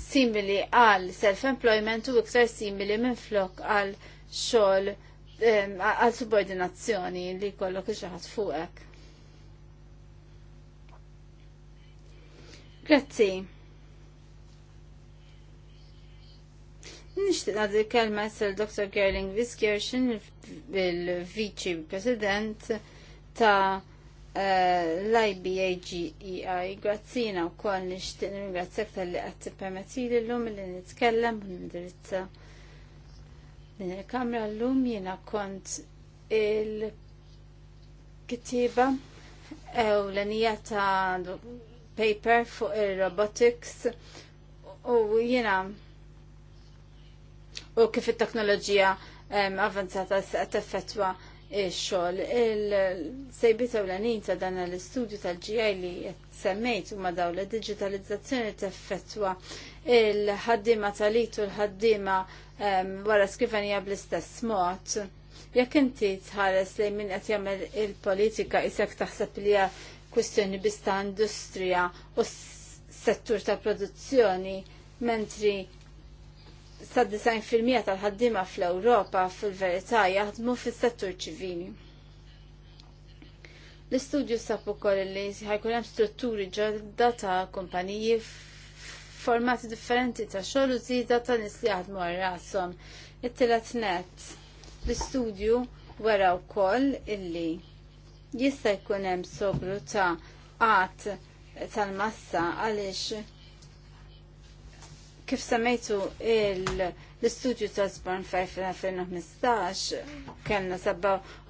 simili għal self-employment u iktar simili minn flok għal xogħol għal subordinazzjoni li jkollok xi fuqek. Grazzi. Nishtiq għaddi kelma s Dr. Gerling Viskirchen, il-Vici President ta' eh, l-IBAGEI. Grazzina u kol nishtiq ringrazzjak tal-li għatti permetti li l-lum li nitkellem indirizza din il-kamra l-lum jina kont il-kittiba u l-enija ta' paper fuq il-robotics u jena u kif it-teknoloġija avanzata t teffettwa il-xol. Il-sejbit ewlenin ta' dan l-istudju tal-ġijaj li semmejt u madaw li digitalizzazzjoni teffettwa il-ħaddima tal-itu l-ħaddima wara skrivenija bl-istess mod. Jekk inti tħares li min qed jagħmel il-politika isek taħseb li hija kwistjoni bista ta' industrija u s settur ta' produzzjoni, mentri sa' 90% tal-ħaddima fl-Ewropa fil-verità jaħdmu fis-settur ċivili. L-istudju sab ukoll li ħajkun hemm strutturi ġodda ta' kumpaniji formati differenti ta' xogħol u żieda ta' nies li jaħdmu għal rashom. It-tielet net l-istudju wara wkoll illi jista' jkun hemm sobru ta' qatt tal-massa għaliex Kif semmejtu l-istudju ta' Sborn Fair 2015 kellna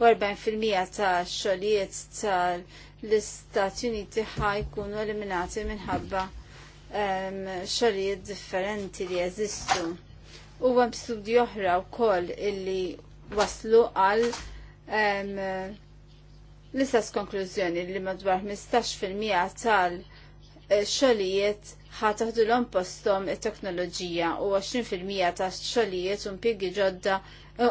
47% ta' xogħlijiet tal-Istati Uniti ħajkunu eliminati minħabba xogħlijiet differenti li jeżistu. U hemm studju oħra wkoll illi waslu għal l-istess konklużjoni li madwar 15% tal-xogħlijiet ħataħdu l-om postom il-teknoloġija u 20% ta' xolijiet un-piegi ġodda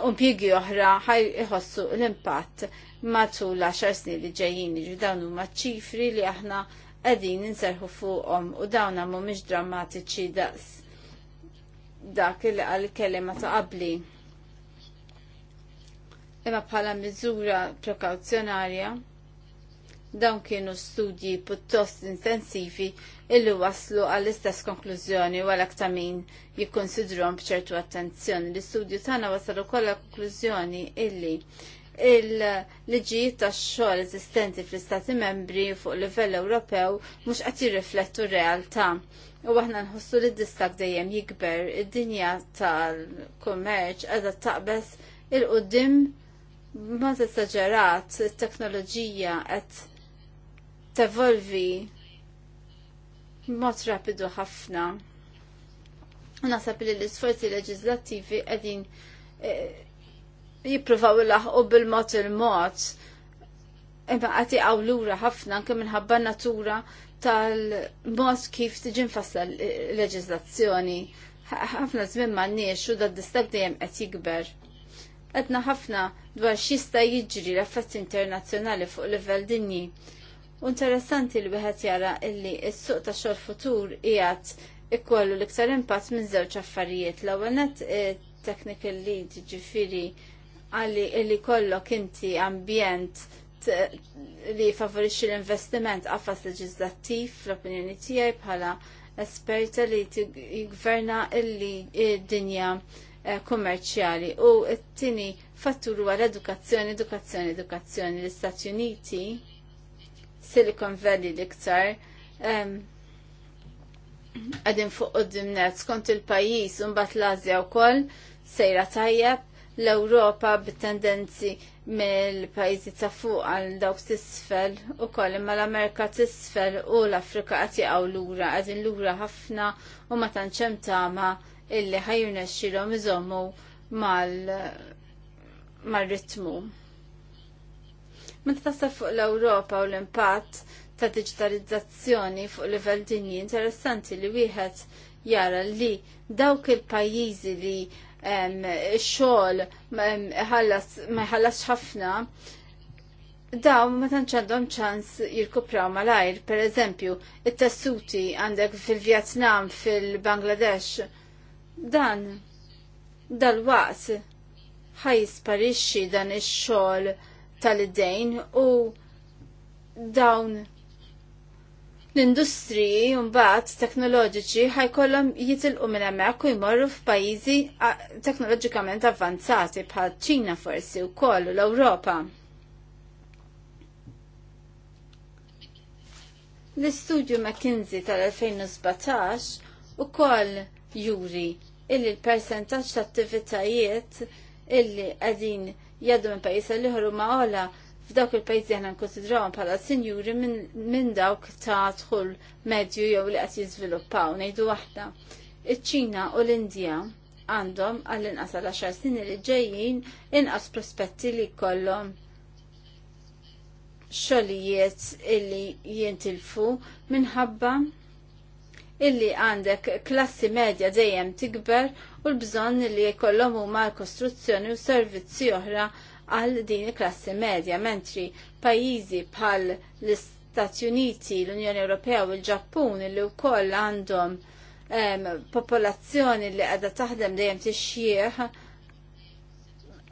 un-piegi oħra ħaj iħossu l-impatt matul l-10 snin li ġejjin dawn huma ċifri li aħna qegħdin inserħu fuqhom u dawn mhumiex drammatiċi daqs dak li għal kelima ta' qabli. Imma bħala miżura prekawzjonarja Dawn kienu studji puttost intensivi illi waslu għall-istess konklużjoni wara ktamin jikkonsidrom bċertu attenzjoni. L-istudju tagħna wasal ukoll konklużjoni illi il-liġijiet tax-xogħol eżistenti fl-Istati membri fuq livell Ewropew mhux qed jirriflettu r-realtà. U aħna nħossu li d-distak dejjem jikber id-dinja tal-kummerċ għadha taqbes il-qudiem ma tistaġerat, it-teknoloġija qed tevolvi mod rapidu ħafna. Nasab li l-isforzi leġislattivi qegħdin eh, jippruvaw laħqu bil-mod il-mod imma għati għawlura ħafna anke minħabba natura tal-mod kif tiġi nfassal leġislazzjoni ħafna żmien niex u dad distak dejjem qed jikber. Qedna ħafna dwar x'jista' jiġri l affetti internazzjonali fuq livell dinji interessanti li wieħed jara illi s-suq ta' xogħol futur qiegħed ikkollu l-iktar impatt minn żewġ affarijiet. L-ewwel net eh, technical lead ġifiri għalli illi kollok inti ambjent li favorixxi l-investiment qafas leġislattiv fl-opinjoni tiegħi bħala esperta li jgverna illi dinja eh, kummerċjali u t-tini fattur għal l-edukazzjoni, edukazzjoni, edukazzjoni l-Istati Uniti Silicon Valley liktar għadin fuq qoddimnet skont il-pajis unbat l-Azja u koll sejra tajjeb l-Europa bit-tendenzi mill-pajizi ta' fuq għal dawk tisfel u koll imma l-Amerika tisfel u l-Afrika għati għaw l-ura għadin l-ura ħafna u ma tanċem tama illi ħajjuna xilom iżommu mal-ritmu. mal ritmu Meta taħseb fuq l-Ewropa u l-impatt ta' digitalizzazzjoni fuq livell dinji interessanti li wieħed jara li dawk il-pajjiżi li x-xogħol ma jħallas ħafna Daw ma tantx għandhom ċans jirkupraw malajr, per eżempju, it-tessuti għandek fil-Vjetnam, fil-Bangladesh. Dan, dal-waqt ħaj sparixxi dan ix-xogħol tal dejn u dawn l-industriji mbagħad teknoloġiċi ħajkollhom jitilqu minn hemmhekk u jmorru f'pajjiżi teknoloġikament avvanzati bħal ċina forsi wkoll u l-Ewropa. L-istudju McKinsey tal-2017 ukoll juri illi l-persentaġġ ta' attivitajiet illi qegħdin jaddu minn pajis li ħru ma' ola f'dawk il-pajzi ħna nkonsidrawhom bħala sinjuri minn dawk ta' dħul medju jew li qed jiżviluppaw ngħidu waħda. Iċ-Ċina u l-Indja għandhom għall-inqas għal għaxar snin li ġejjin inqas prospetti li jkollhom xogħlijiet illi jintilfu minħabba illi għandek klassi medja dejjem tikber u l-bżonn li jkollhom huma l-kostruzzjoni u servizzi oħra għal din klassi medja, mentri pajjiżi bħal l-Istati Uniti, l-Unjoni Ewropea u l-Ġappun li wkoll għandhom popolazzjoni li qiegħda taħdem dejjem tixjieħ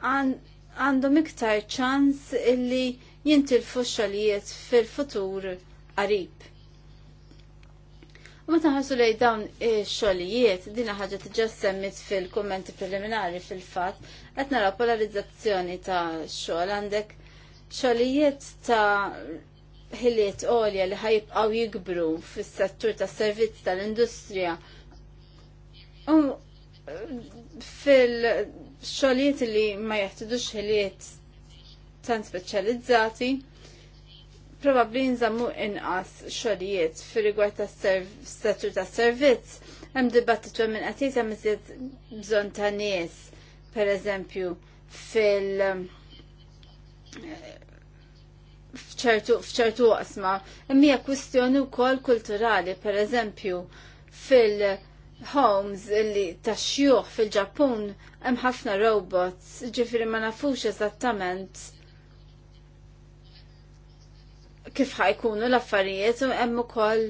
għandhom iktar ċans illi jintilfu xogħlijiet fil-futur qarib. U ma ħarsu li dawn ix-xogħlijiet, dina ħaġa t-ġessemmit fil-kummenti preliminari fil-fatt, qed la polarizzazzjoni ta' xogħol għandek xogħlijiet ta' ħiliet għolja li ħajibqaw jikbru fis-settur tas servizz tal-industrija. U fil-xogħlijiet li ma jeħtidux ħiliet tan speċjalizzati, probabbli nżammu inqas xogħlijiet fir-rigward tas-statut tas-servizz hemm dibattitu minn inqatis hemm iżjed bżonn ta' nies pereżempju fil fċertu qasma. hija kwistjoni wkoll kulturali, pereżempju fil- Homes illi taxxjuħ fil-ġappun hemm ħafna robots, ġifiri ma nafux eżattament kif ħajkunu l-affarijiet u hemm ukoll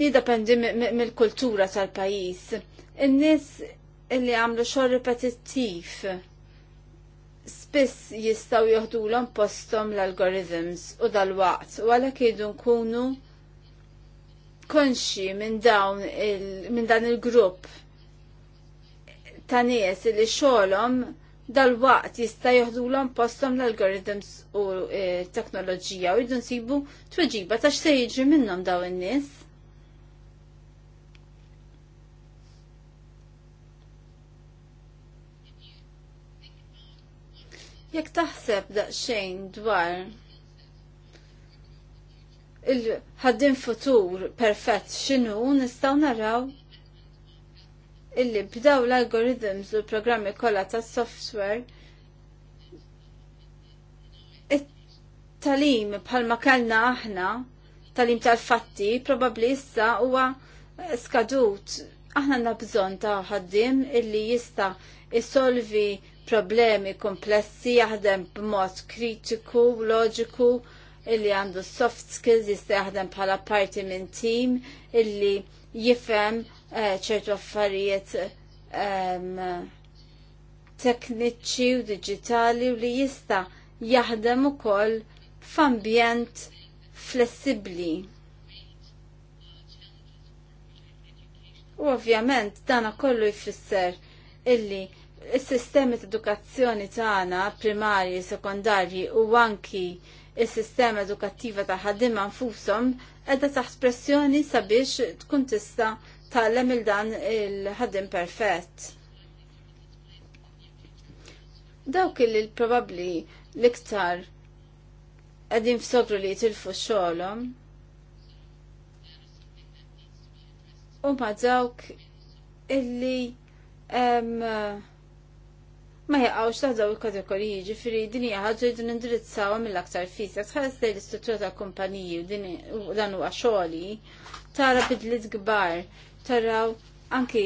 jidependi mill-kultura tal-pajjiż. In-nies illi għamlu xogħol repetittiv spiss jistgħu joħdulhom posthom l-algorithms u dal-waqt u għalhekk jridu nkunu konxi minn dawn il, dan il-grupp ta' nies li xogħolhom dal-waqt jista' l-om posthom l-algorithms u e, teknoloġija u jidun nsibu tweġiba ta' se jiġri minnhom daw in-nies. Jekk taħseb daqsxejn dwar il ħaddin futur perfett xinu nistgħu naraw illi b'daw l-algorithms u l-programmi kollha tas-software it-talim bħalma kellna aħna talim tal-fatti probabbli issa huwa skadut aħna għandna bżonn ta' ħaddim illi jista' isolvi problemi komplessi jaħdem b'mod kritiku, loġiku, illi għandu soft skills jista' jaħdem bħala parti minn team illi jifhem Eh, ċertu affarijiet tekniċi u digitali u li jista' jaħdem ukoll f'ambjent flessibbli. U ovvjament dana kollu jfisser illi il-sistemi ta' edukazzjoni tagħna primarji, sekondarji u anki il-sistema edukattiva ta' ħaddiema nfushom qiegħda taħt pressjoni sabiex tkun tista' tal-lem il-dan il-ħaddim perfett. Dawk il probabli l-iktar għedin f'sogru li jitilfu xolom. U ma dawk illi ma jaqawx taħdaw il-kategoriji ġifiri din hija id li indirizzaw mill-aktar fisa. Tħares li l-istruttura ta' kumpaniji u dan huwa għaxoli tara bidlit kbar taraw anki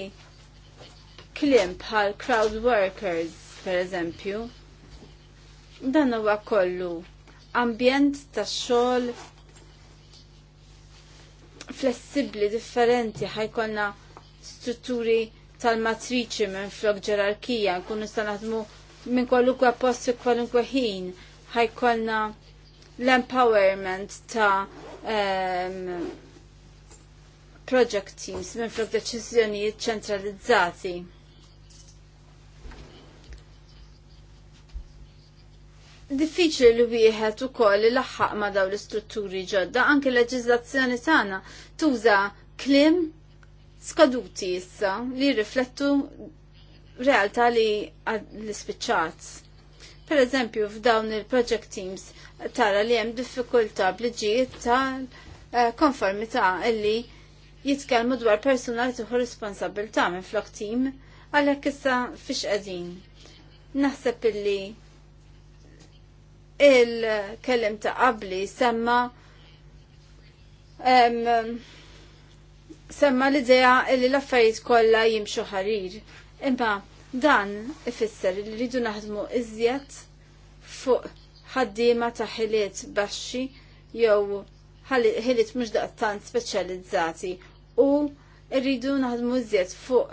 klim bħal crowd workers per eżempju. Dan huwa kollu ambjent ta' xogħol flessibli differenti ħajkolna strutturi tal-matriċi minn flok ġerarkija, nkunu sta' naħdmu minn kwalunkwe post kwalunkwe ħin ħajkolna l-empowerment ta' um, project teams minn flok deċiżjonijiet ċentralizzati. diffiċli li wieħed ukoll laħħaq ma' dawn l-istrutturi ġodda, anke l-leġiżlazzjoni tagħna tuża klim skaduti issa li riflettu realtà li l-ispiċċat. Per eżempju, f'dawn il-project teams tara li hemm diffikultà bliġijiet tal-konformità eh, illi jitkellmu dwar persuna li tieħu minn flok tim għalhekk issa fiex qegħdin. Naħseb illi il-kellim ta' qabli semma um, semma l-idea illi l-affarijiet kollha jimxu ħarir. Imma dan ifisser li rridu naħdmu iżjed fuq ħaddiema ta' ħiliet baxxi jew ħiliet mhux daqstant speċjalizzati u rridu naħdmu zjed fuq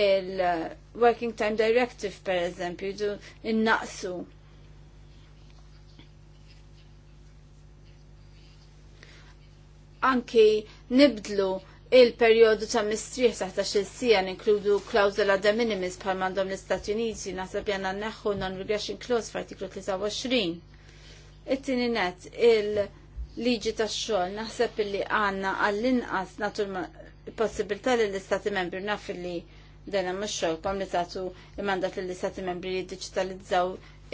il-Working Time Directive per eżempju, rridu innaqsu. Anki nibdlu il-periodu ta' mistrieħ saħta xil-sija ninkludu klawzola de minimis bħal mandom l-Istati Uniti nasab jana neħu non-regression clause f'artiklu 23. It-tini net, il- liġi ta' xogħol naħseb illi għandna għall-inqas nagħtu possibilità li l-istati membri naf illi dena mhux kom li tagħtu il-mandat l istati membri li jiddiġitalizzaw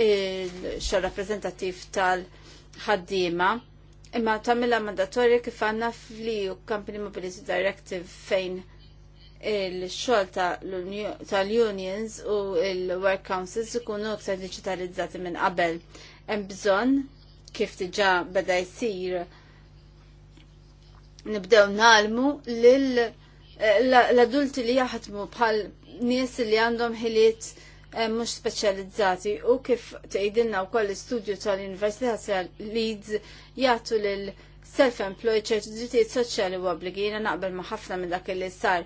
il-xogħol rappreżentattiv tal-ħaddiema. Imma tagħmilha mandatorja kif għanna fli u Company Mobility Directive fejn il-xol tal-unions u il-work councils ikunu iktar digitalizzati minn qabel. Hemm bżonn kif diġà beda jsir nibdew nalmu eh, l-adulti li jaħdmu bħal nies li għandhom ħiliet eh, mhux speċjalizzati u kif tgħidilna wkoll koll studio tal-Università Leeds jagħtu l self-employed ċertu drittijiet soċjali u obbligi jiena naqbel ma' ħafna minn dak li sar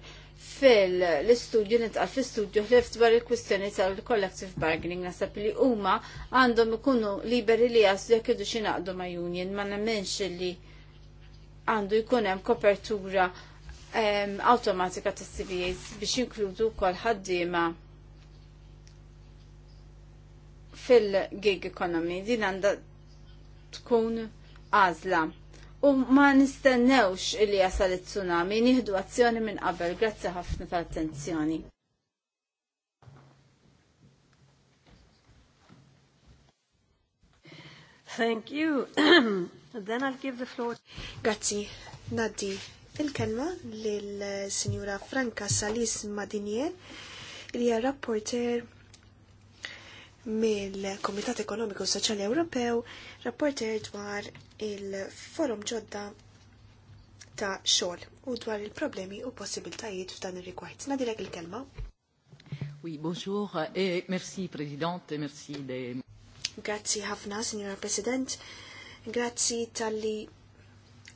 fil-istudju nitqal fil-istudju ħlift dwar il-kwistjoni tal-collective bargaining nasab li huma għandhom ikunu liberi li jaslu jekk idu xinaqdu ma' union ma nemmenx li għandu jkun hemm kopertura awtomatika automatika tas CVAs biex jinkludu wkoll ħaddiema fil-gig economy din għandha tkun għażla u ma nistennewx illi jasal it-tsunami, nieħdu azzjoni minn qabel. Grazzi ħafna tal-attenzjoni. Thank you. Then I'll give the floor. Grazzi. Naddi il-kelma lil-Sinjura Franca Salis Madinier li hija rapporter mill-Komitat Ekonomiku Soċjali Ewropew, rapporter dwar il-forum ġodda ta' xogħol u dwar il-problemi u possibiltajiet f'dan ir-rigward. Nadilek il-kelma. Oui, bonjour e merci Presidente, merci de... Grazzi ħafna, Signora President. Grazzi tal-li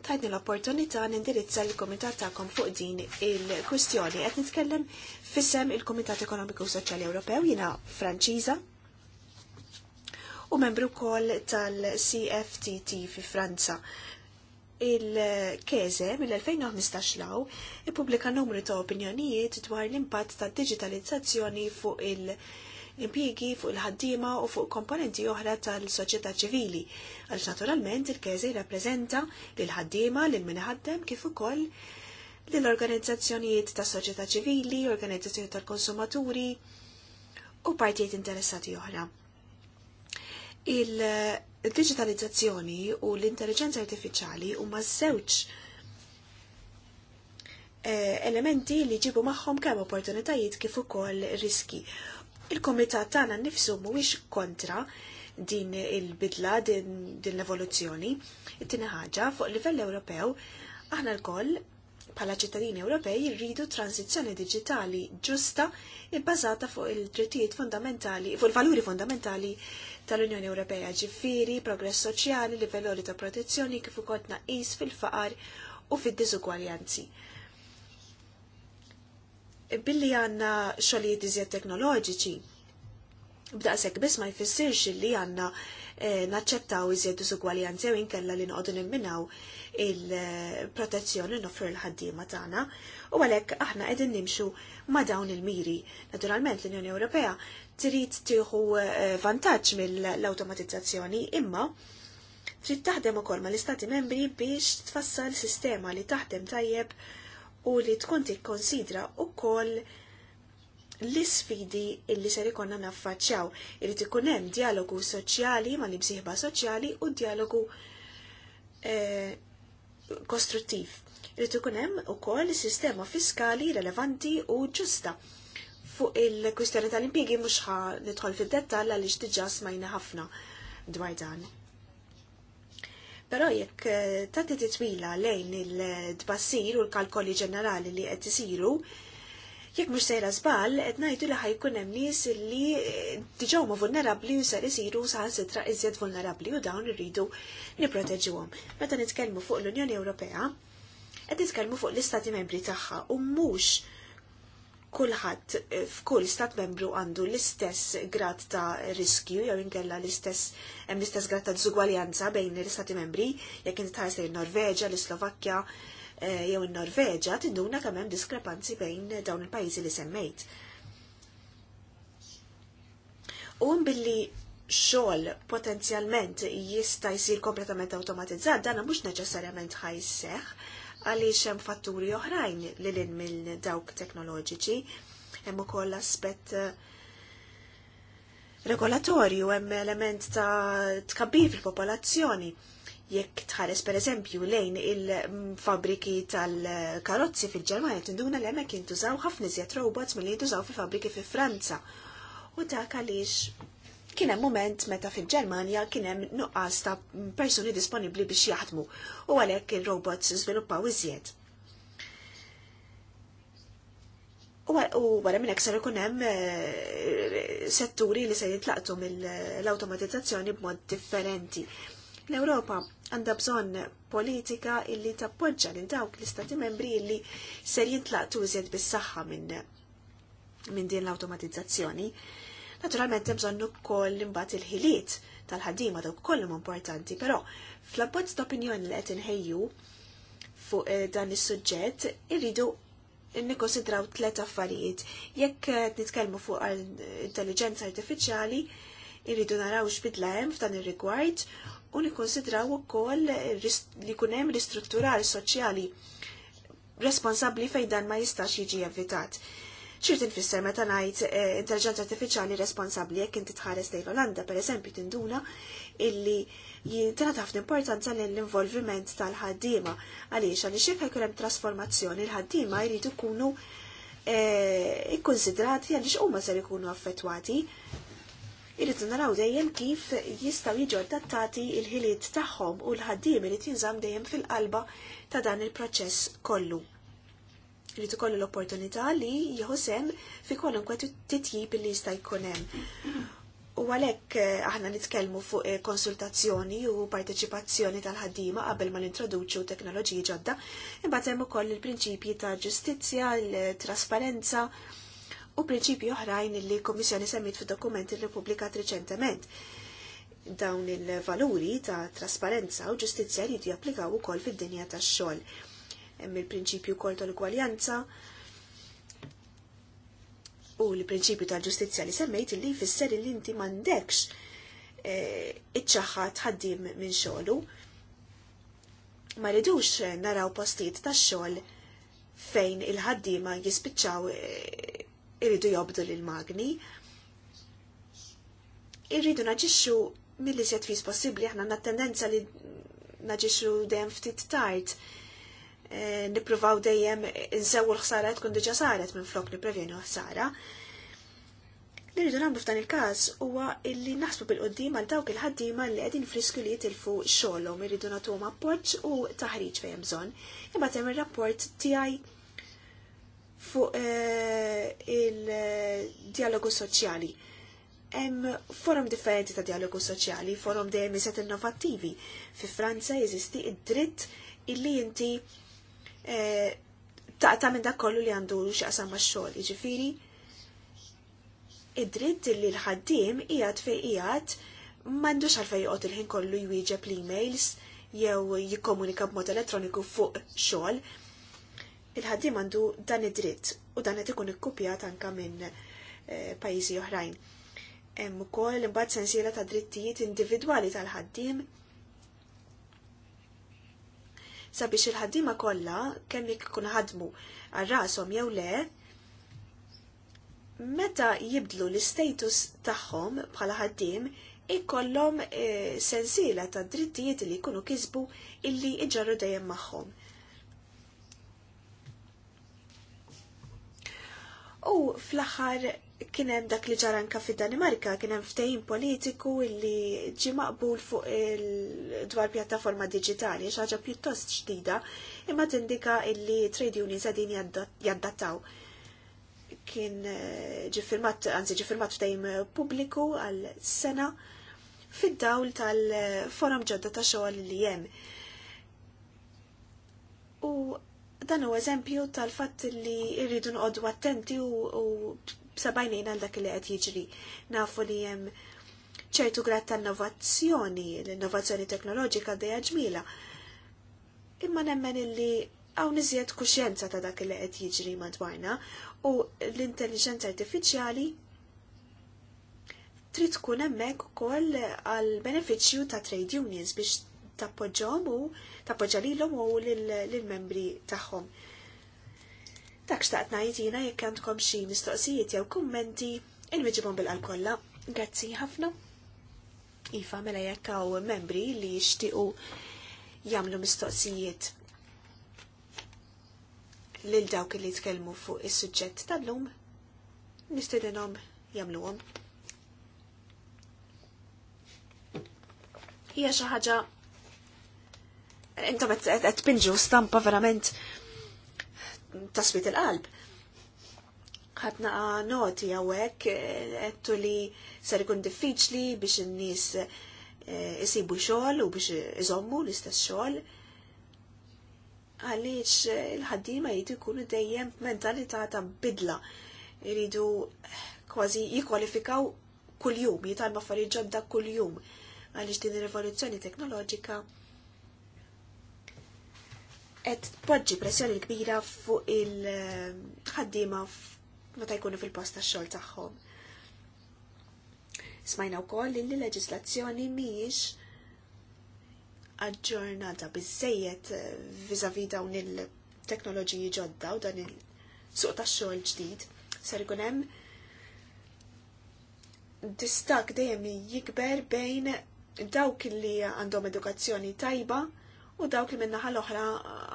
tajtni l-opportunità nindirizza l-Komitat ta'kom fuq din il-kwistjoni. Qed nitkellem fissem il-Komitat Ekonomiku Soċjali Ewropew jiena Franċiża u membru wkoll tal-CFTT fi Franza. Il-Keze mill-2015 law ippubblika numru ta' opinjonijiet dwar l-impatt ta' digitalizzazzjoni fuq il- impjiegi fuq il-ħaddiema u fuq komponenti oħra tal-soċjetà ċivili, għal naturalment il-kezi rappreżenta lil ħaddiema lil minħaddem kif ukoll lil organizzazzjonijiet ta' soċjetà ċivili, organizzazzjoni tal-konsumaturi u partijiet interessati oħra. Il-digitalizzazzjoni u l-intelligenza artificiali huma żewġ eh, elementi li ġibu magħhom kemm opportunitajiet kif ukoll riski. Il-komitat tagħna nnifsu mhuwiex kontra din il-bidla, din, din l-evoluzzjoni. It-tieni ħaġa fuq livell Ewropew aħna l-koll bħala ċittadini Ewropej rridu tranzizzjoni digitali ġusta ibbażata fuq il-drittijiet fundamentali, fuq il-valuri fundamentali tal-Unjoni Ewropea ġifiri, progress soċjali, livelloli ta' protezzjoni kif ukoll naqis fil-faqar u fid-diżugwaljanzi. Billi għanna xogħlijiet iżjed teknoloġiċi, b'daqshekk biss ma jfissirx li għandna eh, naċċettaw iżjed diżugwaljanzi u inkella li noqogħdu nimminaw il-protezzjoni noffru l-ħaddiema tagħna u għalhekk aħna qegħdin nimxu ma' dawn il-miri. Naturalment l-Unjoni Ewropea trid tieħu eh, vantaġġ mill-awtomatizzazzjoni imma trid taħdem ukoll mal-Istati Membri biex tfassal sistema li taħdem tajjeb u li tkun tikkonsidra ukoll koll l-isfidi illi ser ikonna naffaċċjaw. Irid ikun hemm dialogu soċjali ma' nimsieħba soċjali u dialogu eh, kostruttiv. Irid ikun hemm ukoll sistema fiskali relevanti u ġusta. Fuq il-kwistjoni tal-impjiegi mhux ħa nidħol fid-dettall għaliex diġà smajna ħafna dwar dan. Però jekk eh, tagħti titwila lejn il-tbassir u l-kalkoli ġenerali li qed isiru, Jekk mhux sejra żball, qed ngħidu li ħajkun hemm nies li diġà ma' vulnerabbli u ser isiru saħan sitra iżjed vulnerabbli u dawn irridu nipproteġuhom. Meta nitkellmu fuq l-Unjoni Ewropea, qed nitkellmu fuq l-istati membri tagħha u mhux kulħadd f'kull stat membru għandu l-istess grad ta' riskju jew inkella l-istess l-istess grad ta' diżugwaljanza bejn l-istati membri, jekk inti tħares lejn Norveġa, l-Slovakkja, Eh, jew in-Norveġa tinduna kemm hemm diskrepanzi bejn dawn il-pajjiżi li semmejt. U um billi xogħol potenzjalment jista' jsir kompletament awtomatizzat dan mhux neċessarjament ħajseħ għaliex hemm fatturi oħrajn li lin minn dawk teknoloġiċi hemm ukoll aspett eh, regolatorju hemm element ta' tkabbir fil-popolazzjoni Jekk tħares per eżempju lejn il-fabriki tal-karozzi fil-Ġermanja tinduna li hemmhekk jintużaw ħafna iżjed robots milli jintużaw fi fabriki fi Franza. U dak għaliex kien hemm moment meta fil-Ġermanja kien hemm nuqqas ta' persuni disponibbli biex jaħdmu u għalhekk il robots żviluppaw iżjed. U wara minn ekser ikun hemm eh, setturi li se jitlaqtu mill-awtomatizzazzjoni b'mod differenti. L-Ewropa għandha bżonn politika illi tappoġġa lil dawk l-istati membri illi ser jintlaqtu iżjed bis-saħħa minn min din l-automatizzazzjoni. Naturalment hemm bżonn ukoll imbagħad il-ħiliet tal-ħaddiema dawk kollhom importanti, però fl-abbozz ta' opinjoni li qed inħejju fuq eh, dan is-suġġett irridu nikkonsidraw tliet affarijiet. Jekk nitkellmu fuq intelligenza artifiċjali, irridu naraw x'bidla hemm f'dan ir-rigward u nikkonsidraw ukoll li jkun hemm ristrutturali soċjali responsabbli fejn dan ma jistax jiġi evitat. ċirt infisser meta ngħid eh, intelligenza artifiċjali responsabbli jekk inti tħares lejn Olanda pereżempju tinduna illi jingħata ħafna importanza l-involviment tal-ħaddiema għaliex għaliex jekk ikun hemm trasformazzjoni l-ħaddiema jridu jkunu eh, ikkonsidrati għaliex huma ser ikunu affettwati irridu naraw dejjem kif jistgħu jiġu adattati il-ħiliet tagħhom u l-ħaddiem irid jinżamm dejjem fil-qalba ta' dan il-proċess kollu. Irid ikollu l-opportunità li jieħu sem fi kwalunkwe titjib li jista' jkun hemm. U għalhekk eh, aħna nitkellmu fuq eh, konsultazzjoni u parteċipazzjoni tal-ħaddiema qabel ma nintroduċu teknoloġiji ġodda, imbagħad hemm ukoll il-prinċipji ta' ġustizzja, l-trasparenza, il u prinċipju oħrajn li l-Kommissjoni semmit fid-dokument il-Repubblikat reċentement. Dawn il-valuri ta' trasparenza u ġustizzja li japplikaw ukoll fid-dinja tax-xogħol. Hemm il-prinċipju wkoll tal gwaljanza u l-prinċipju tal-ġustizzja li semmejt li jfisser li inti m'għandekx eh, iċċaħħat ħaddim minn xogħlu. Ma ridux naraw postijiet tax-xogħol fejn il-ħaddima jispiċċaw eh, irridu jobdu l-magni. Irridu naġixxu mill-li set fis possibli, aħna na tendenza li naġixxu dejjem ftit tard. Eh, Nipruvaw dejjem nsewu l-ħsara tkun diġa saret minn flok niprevjenu ħsara. Li rridu nagħmlu f'dan il-każ huwa illi naħsbu bil-qoddim għal dawk il-ħaddiema li qegħdin frisku li jitilfu xogħolhom irridu nagħtuhom appoġġ u taħriġ fejn bżonn. imma temm ir-rapport tiegħi fuq eh, il-dialogu soċjali. Hemm forum differenti ta' dialogu soċjali, forum dejjem iset innovattivi. Fi Franza jeżisti id-dritt illi inti eh, ta' minn dak kollu li għandu x'aqsam max-xogħol, jiġifieri id-dritt illi l ħaddiem qiegħed fejn qiegħed m'għandux għalfejn joqgħod il-ħin kollu jwieġeb l-emails jew jikkomunika b'mod elettroniku fuq xogħol il-ħaddim għandu dan id-dritt u dan qed ikun ikkupjat anka minn eh, pajjiżi oħrajn. Hemm ukoll imbagħad sensiela ta' drittijiet individwali tal-ħaddim sabiex il-ħaddima kollha kemm jekk ikun ħadmu għal rashom jew le, meta jibdlu l-istatus tagħhom bħala ħaddiem ikollhom e, sensiela ta' drittijiet li jkunu kisbu illi iġarru dejjem magħhom. U fl-axar kienem dak li ġaran fi Danimarka, kienem ftejn politiku illi ġi maqbul fuq il-dwar pjattaforma digitali, xaġa pjuttost ġdida, imma tindika illi trade unions għadin jaddattaw. Kien eh, ġifirmat, għanzi ġifirmat ftejn publiku għal sena fid-dawl tal-forum ġodda ta' xogħol li jem. U dan u eżempju tal-fatt li irridu nqoddu attenti u sabajnejn għal dak li qed jiġri. Nafu li hemm ċertu grad ta' innovazzjoni, l-innovazzjoni teknoloġika dejja ġmila. Imma nemmen illi hawn iżjed kuxjenza ta' dak li qed jiġri madwarna u l-intelligenza artifiċjali trid tkun hemmhekk ukoll għal benefiċċju ta' trade unions biex tappoġġom u tappoġġa lilhom u lill-membri tagħhom. Dak xtaqt ngħid jekk għandkom xi mistoqsijiet jew kummenti inwiġibhom bil-qalb kollha. Grazzi ħafna. Iva mela jekk għaw membri li jixtiequ jagħmlu mistoqsijiet lil dawk li tkellmu fuq is-suġġett tal-lum nistedinhom jagħmluhom. hija xi ħaġa intom qed pinġu stampa verament tasbit il-qalb. Ħadna noti hawnhekk qedtu eh, li ser ikun diffiċli biex in-nies jisibu eh, xogħol u biex iżommu l-istess xogħol. Għaliex eh, il ħaddima jridu jkunu dejjem mentalità ta' bidla. Jridu kważi jikwalifikaw kuljum, jitalma affarijiet ġodda kuljum. Għaliex din ir-rivoluzzjoni teknoloġika qed tpoġġi pressjoni kbira fuq il-ħaddiema meta jkunu fil-post tax-xogħol tagħhom. Smajna wkoll li l-leġislazzjoni mhijiex aġġornata biżejjed eh, viżavi dawn il-teknoloġiji ġodda u dan il-suq tax-xogħol ġdid ser ikun hemm distak dejjem jikber bejn dawk li għandhom edukazzjoni tajba u dawk li minnaħa l-oħra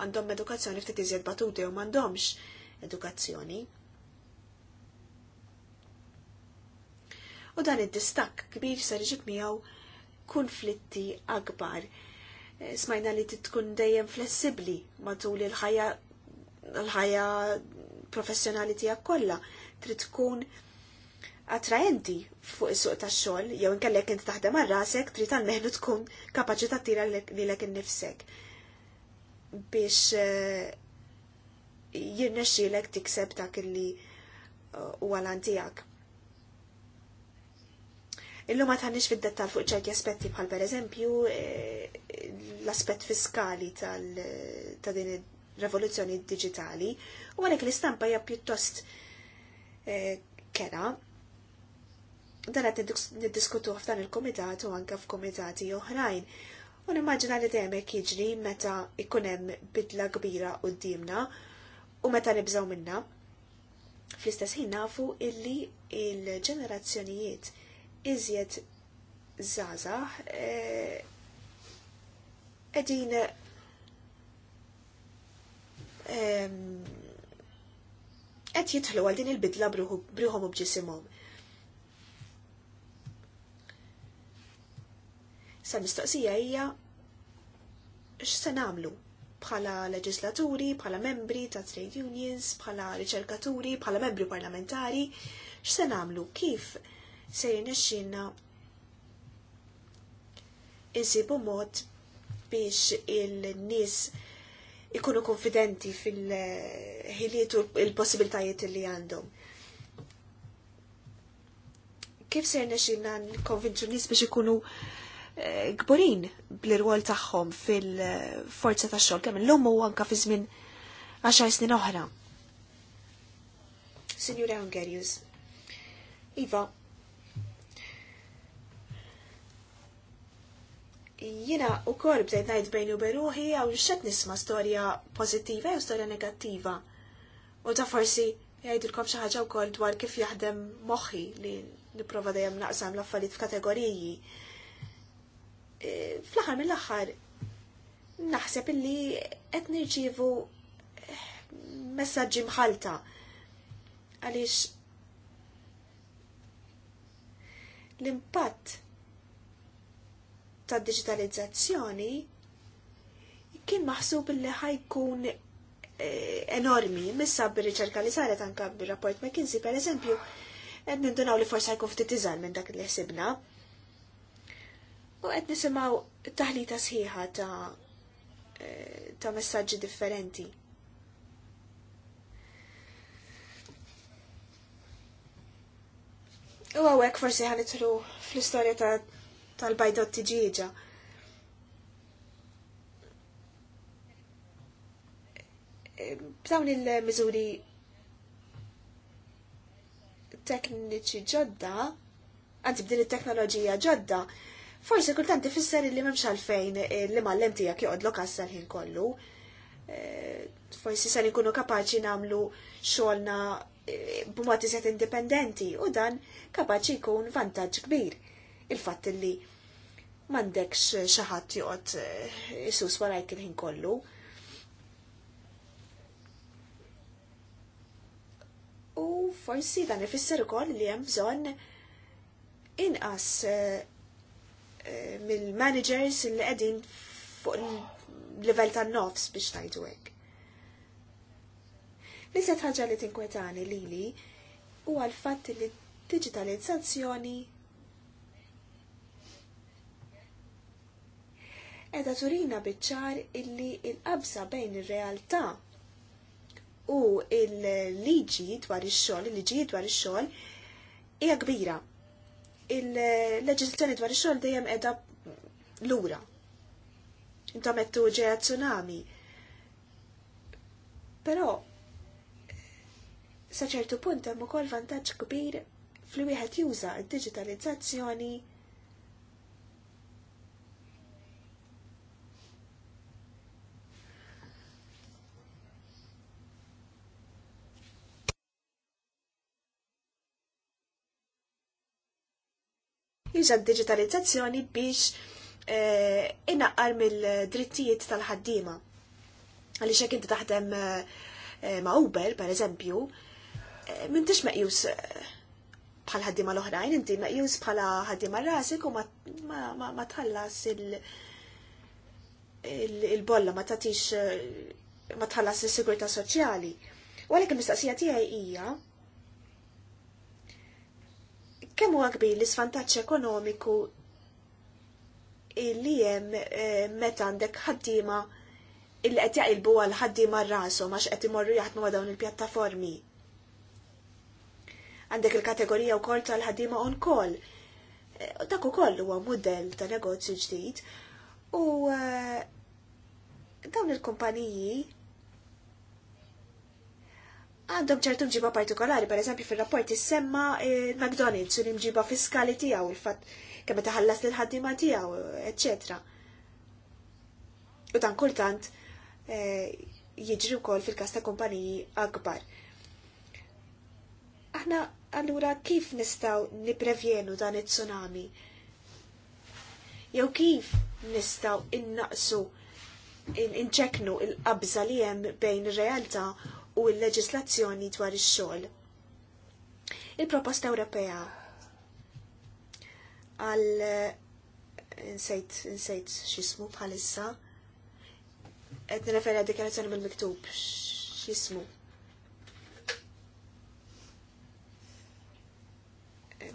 għandhom edukazzjoni ftit iżjed batuti u m'għandhomx edukazzjoni. U dan id-distak kbir ser iġib miegħu konflitti akbar. Smajna li tkun dejjem flessibbli matul il-ħajja l-ħajja professjonali tiegħek kollha trid tkun attraenti fuq is-suq tax-xogħol jew inkellek inti taħdem għal rasek trid għalmeħlu tkun kapaċi tattira lilek innifsek biex eh, jirnexxielek tikseb dak illi eh, huwa lan tiegħek. Illum ma tħannix fid dettall fuq ċerti aspetti bħal pereżempju eh, l-aspett fiskali ta' din ir-revoluzzjoni digitali u għalhekk l-istampa hija pjuttost kera dan għed niddiskutu f'dan il-komitat u anka f'komitati oħrajn. U nimmaġina li demek jiġri meta ikunem bidla kbira u d-dimna u meta nibżaw minna. Fl-istess ħin nafu illi il-ġenerazzjonijiet iżjed zaza edin eh, ehm, qed jitħlu għal din il-bidla bruħom u bġisimhom Sa mistoqsija hija x'se nagħmlu bħala leġislaturi, bħala membri ta' trade unions, bħala riċerkaturi, bħala membri parlamentari, x'se nagħmlu kif se jirnexxinna insibu mod biex il-nies ikunu konfidenti fil-ħiliet u l-possibilitajiet li għandhom. Kif se jirnexxinna nkonvinċu nies biex ikunu Eh, gburin bl-irwol tagħhom fil-forza tax-xogħol kemm illum u anke fi żmien 10 snin oħra. Sinjura Ungerius. Iva, jina u korb bdejt najt bejnu beruħi għaw xed nisma storja pozittiva u storja negattiva. U ta' forsi jgħidilkom xi ħaġa wkoll dwar kif jaħdem moħħi li nipprova dajem naqsam l-affarijiet f'kategoriji Eh, fl-aħħar mill-aħħar naħseb illi qed nirċievu eh, messaġġi mħalta għaliex l-impatt ta' digitalizzazzjoni kien maħsub li ħajkun eh, enormi, missa bir-riċerka li saret anka bir-rapport McKinsey per eżempju, nindunaw li forsa jkun ftit iżgħar minn dak li ħsibna u qed nisimgħu taħlita sħiħa ta' eh, ta' messaġġi differenti. U għawek forsi ħanitlu fl-istoria tal bajdotti ġieġa. B'dawn il-mizuri tekniċi ġodda, għanti b'din il-teknoloġija ġodda, forsi kultant tifisser li memx għalfejn li mallem tijak joqodlok għassa l-ħin kollu. Eh, forsi sar nkunu kapaċi namlu xolna eh, b'mod iżet indipendenti u dan kapaċi jkun vantaġġ kbir. Il-fatt li mandekx xaħat joqod jisus eh, warajk il-ħin kollu. U forsi dan ifisser ukoll li hemm bżonn inqas Eh, mill-managers li qegħdin fuq il-level tan-nofs biex tajtu hekk. l ħagġa ħaġa li tinkwetani lili huwa l-fatt li digitalizzazzjoni edha turina bieċar illi il-qabsa bejn ir-realtà u il-liġi dwar ix-xogħol, il-liġi dwar ix-xogħol hija kbira il-leġislazzjoni dwar ix-xogħol dejjem qiegħda lura. Intom qed ġeja tsunami. Però sa ċertu punt hemm ukoll vantaġġ kbir fli wieħed juża d-diġitalizzazzjoni diġa digitalizzazzjoni biex eh, inaqqar mill-drittijiet tal-ħaddima. Għaliex jekk inti taħdem eh, ma' Uber, per eżempju, eh, m'intix meqjus eh, bħal ħaddima l-oħrajn, inti meqjus bħala ħaddima rasik u ma, tħallas il- bolla ma tatix eh, ma tħallas is-sigurtà soċjali. U għalhekk il-mistaqsija tiegħi hija kemm huwa kbir l-isvantaġġ ekonomiku illi hemm eh, meta għandek ħaddiema illi qed jaqilbu għal ħaddiema rashom għax qed imorru jaħdmu dawn il-pjattaformi. Għandek il-kategorija wkoll tal-ħaddiema on call. Eh, dak ukoll huwa mudell ta' negozju ġdid u eh, dawn il-kumpaniji għandhom ċertu mġiba partikolari, per eżempju fil-rapport semma eh, McDonald's u l-imġiba fiskali tijaw, il-fat kemm taħallas l-ħaddima tijaw, etc. U dan kultant eh, jiġri wkoll fil-kas ta' kumpaniji akbar. Aħna allura kif nistaw niprevjenu dan it-tsunami? Jew kif nistaw innaqsu inċeknu il-qabża li hemm bejn ir-realtà u l-leġislazzjoni dwar ix-xogħol. Il-proposta Ewropea għal insejt insejt x'ismu bħalissa qed nirreferi għal dikjarazzjoni mill-miktub x'ismu.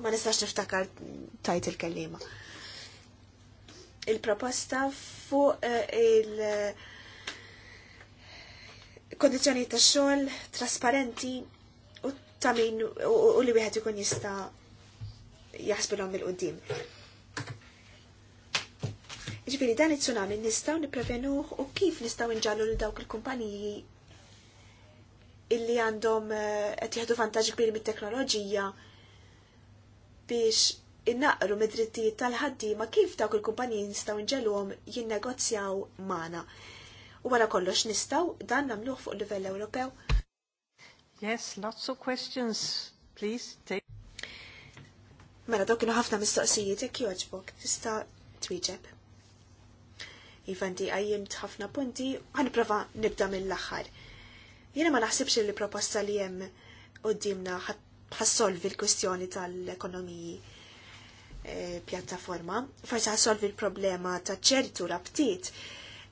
Ma nistax niftakar tajt il-kellima. Il-proposta fuq eh, il-, uh, il il kondizjoni ta' xogħol trasparenti u ta' min u li wieħed ikun jista' jaħsbilhom il-qudiem. Ġifieri dan it-tsunami nistgħu nipprevenuh u kif nistgħu nġallu lil dawk il-kumpaniji illi għandhom eh, qed jieħdu vantaġġ kbir mit-teknoloġija biex innaqru mid-drittijiet tal-ħaddiema kif dawk il-kumpaniji nistgħu nġelhom jinnegozjaw magħna u wara kollox nistaw dan namluħ fuq livell Ewropew. Yes, lots of questions. Please take. Mela dawk kienu ħafna mistoqsijiet jekk joġbok tista' twieġeb. Ivanti għajjimt ħafna punti, ħanprova nibda mill-aħħar. Jiena ma naħsibx li proposta li hemm qudiemna ħassolvi l-kwestjoni tal-ekonomiji eh, pjattaforma, forsi ħassolvi l-problema ta' ċertu rabtiet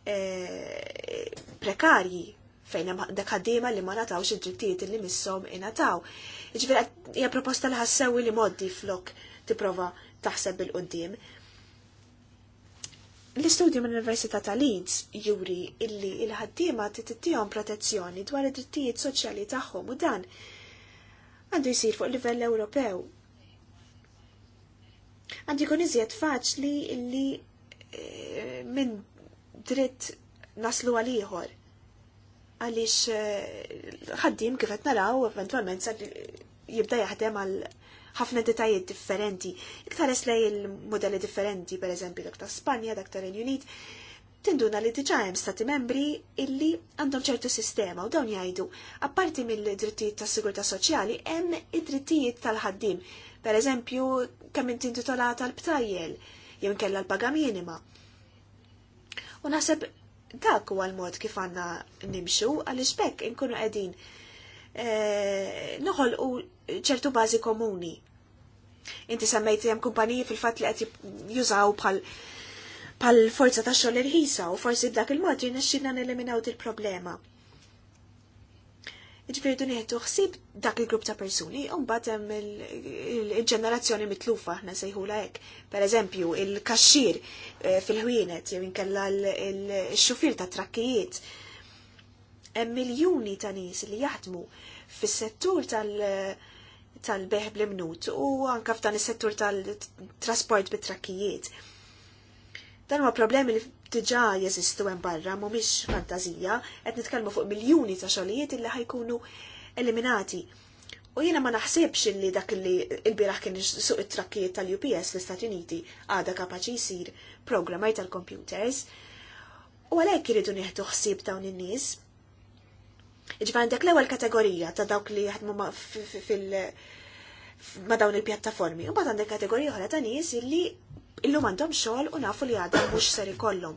Eh, prekarji fejn hemm ħaddiema li ma nataw id-drittijiet li misshom ingħataw. Jiġifieri hija proposta li ħassewwi li moddi flok tipprova taħseb bil-qudiem. L-istudju mill università ta' Leeds juri illi il-ħaddiema tittihom protezzjoni dwar id-drittijiet soċjali tagħhom u dan għandu jsir fuq livell Ewropew. Għandu jkun iżjed faċli illi eh, minn dritt naslu għal ieħor. Għaliex eh, ħaddim kif qed naraw eventwalment sa jibda jaħdem għal ħafna detajiet differenti. Iktar eslej il-modelli differenti, per eżempju dak ta' Spanja, dak ta' Renju Unit, tinduna li diġa hemm stati membri illi għandhom ċertu sistema u dawn jgħidu, apparti mill-drittijiet tas sigurtà soċjali hemm id-drittijiet tal-ħaddim. Per eżempju, kemm inti intitolata l-btajjel, jew kella l-paga minima. U naħseb dak huwa l-mod kif għandna nimxu għaliex bekk inkunu qegħdin eh, noħolqu ċertu bażi komuni. Inti semmejt hemm kumpaniji fil-fatt li qed jużaw bħal forza ta' xogħol irħisa u forsi b'dak il-mod jirnexxinna neliminaw il-problema. Ġifiri dun jħettu xsib dak il-grupp ta' persuni, un batem il-ġenerazzjoni mitlufa, ħna sejħula ek. Per eżempju, il-kaxxir eh, fil-ħwienet, jew inkella il-xufir ta' trakkijiet. Hemm miljuni ta' nies li jaħdmu fis-settur tal-beħ bl-imnut u anka f'dan is-settur tal-trasport bit-trakkijiet. Dan huwa problemi li diġà jeżistu hemm barra mhumiex fantażija, qed nitkellmu fuq miljuni ta' xogħlijiet illi ħajkunu eliminati. U jiena ma naħsibx illi dak li l-biraħ kien suq it-trakkijiet tal-UPS fl-Istati Uniti għada kapaċi jsir programmaj tal-computers. U għalhekk iridu nieħdu ħsieb dawn in-nies. Iġvan dak l-ewwel kategorija ta' dawk li jaħdmu fil- ma dawn il-pjattaformi. U bat għandek kategorija oħra ta' nies illi illum għandhom xogħol u nafu li għadhom mhux ser ikollhom.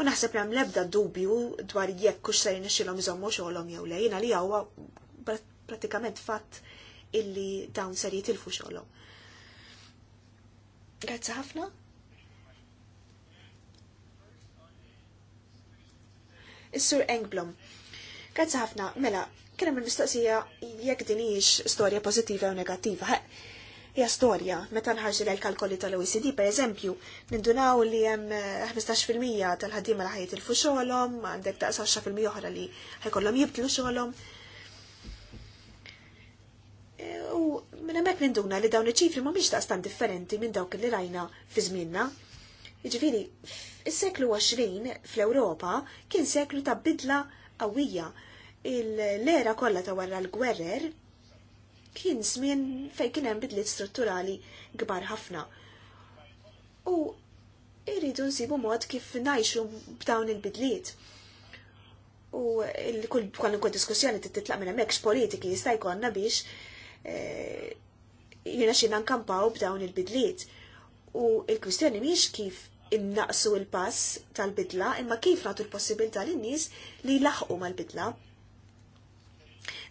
U naħseb li hemm l-ebda dubju dwar jekk hux ser nixilhom zommu xolom jew le, jina li għawa pratikament fatt illi dawn ser jitilfu xogħolhom. Grazzi ħafna. Is-Sur Engblom. Grazzi ħafna, mela, kien hemm il-mistoqsija jekk din hijiex storja pożittiva u negattiva hija storja. Meta nħarġu l-kalkoli tal-OECD, per eżempju, nindunaw li hemm 15% eh, tal-ħaddiema li ħajt il xogħolhom, għandek daqs 10% oħra li ħajkollhom jibtlu xogħolhom. Eh, u minn hemmhekk ninduna li dawn iċ-ċifri mhumiex daqstan differenti minn dawk li rajna fi żmienna. Jiġifieri, is-seklu 20 fl-Ewropa kien seklu ta' bidla qawwija. Il-lera kollha ta' wara l-gwerer kien żmien fejn kien hemm bidliet strutturali kbar ħafna. U irridu nsibu mod kif najxu b'dawn il-bidliet. U kull kwalunkwe diskussjoni titlaq minn hemmhekk politiki jista' jkollna biex eh, jiena xi nkampaw b'dawn il-bidliet. U il-kwistjoni mhix kif innaqsu il-pass tal-bidla imma kif nagħtu l-possibilità lin-nies li laħqu mal-bidla.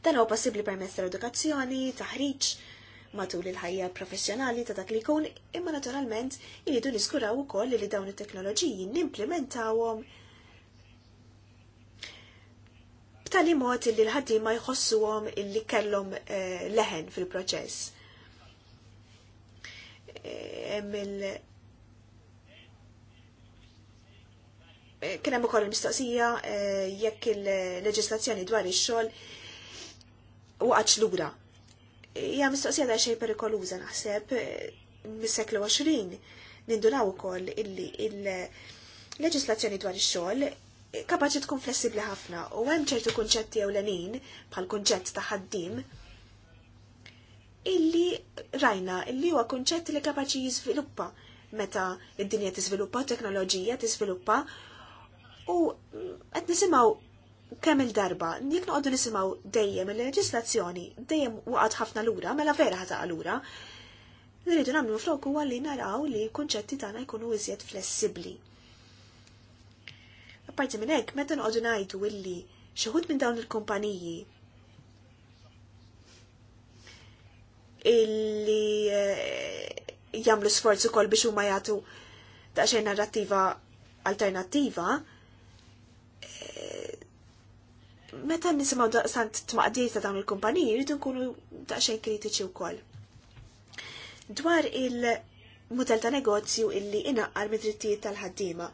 Dan huwa possibbli permezz tal-edukazzjoni, taħriġ, matul il-ħajja professjonali ta' dak li jkun, imma naturalment jridu niskuraw ukoll li dawn it-teknoloġiji nimplementawhom b'tali mod li l-ħaddiema jħossuhom illi kellhom eh, leħen fil-proċess. Eh, hemm il eh, kien hemm ukoll il-mistoqsija jekk il-leġislazzjoni dwar ix-xogħol waqgħet lura. Ja mistoqsija da xej perikoluża naħseb mis-seklu 20 nindunaw ukoll illi il-leġislazzjoni dwar ix-xogħol kapaċi tkun flessibbli ħafna u hemm ċertu kunċetti ewlenin bħal kunċett ta' ħaddim illi rajna illi huwa kunċett li kapaċi jiżviluppa meta id-dinja tiżviluppa, teknoloġija tiżviluppa u qed nisimgħu kemm il-darba, jekk noqogħdu nisimgħu dejjem il-leġislazzjoni dejjem waqgħod ħafna lura, mela vera ħata lura. Nridu nagħmlu flok huwa li naraw li l-kunċetti tagħna jkunu iżjed flessibbli. Apparti minn hekk, meta noqogħdu ngħidu illi xi minn dawn il-kumpaniji illi eh, jagħmlu sforzi wkoll biex huma jagħtu daqsxejn narrattiva alternattiva, meta nisimgħu daqsant tmaqdiet ta' dawn il-kumpaniji rridu nkunu daqsxejn kritiċi wkoll. Dwar il-mudell ta' negozju illi inaqqar mid-drittijiet tal ħaddima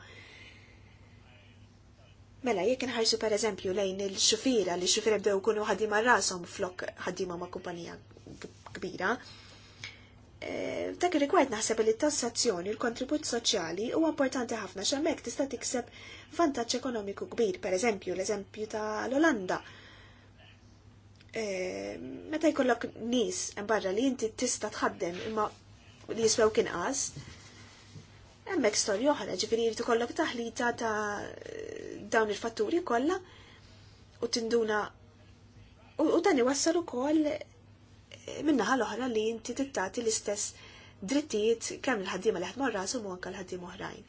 Mela, jekk nħarsu per eżempju lejn il-xufira li xufira bdew kunu ħaddima rasom flok ħaddima ma' kumpanija kbira, dak ir-rigward naħseb li t-tassazzjoni, il-kontribut soċjali huwa importanti ħafna xemmek tista' tikseb vantaġġ ekonomiku kbir, pereżempju l-eżempju ta' l-Olanda. E, meta jkollok nies barra li inti tista' tħaddem imma li jiswew kien qas, hemmhekk storja oħra, ġifieri jrid ikollok taħlita ta' dawn il-fatturi kollha u tinduna u dan iwassal ukoll minna l-oħra li inti tittati l-istess drittijiet kemm il-ħaddiema li ħadmu rasu u anke l ħaddima oħrajn.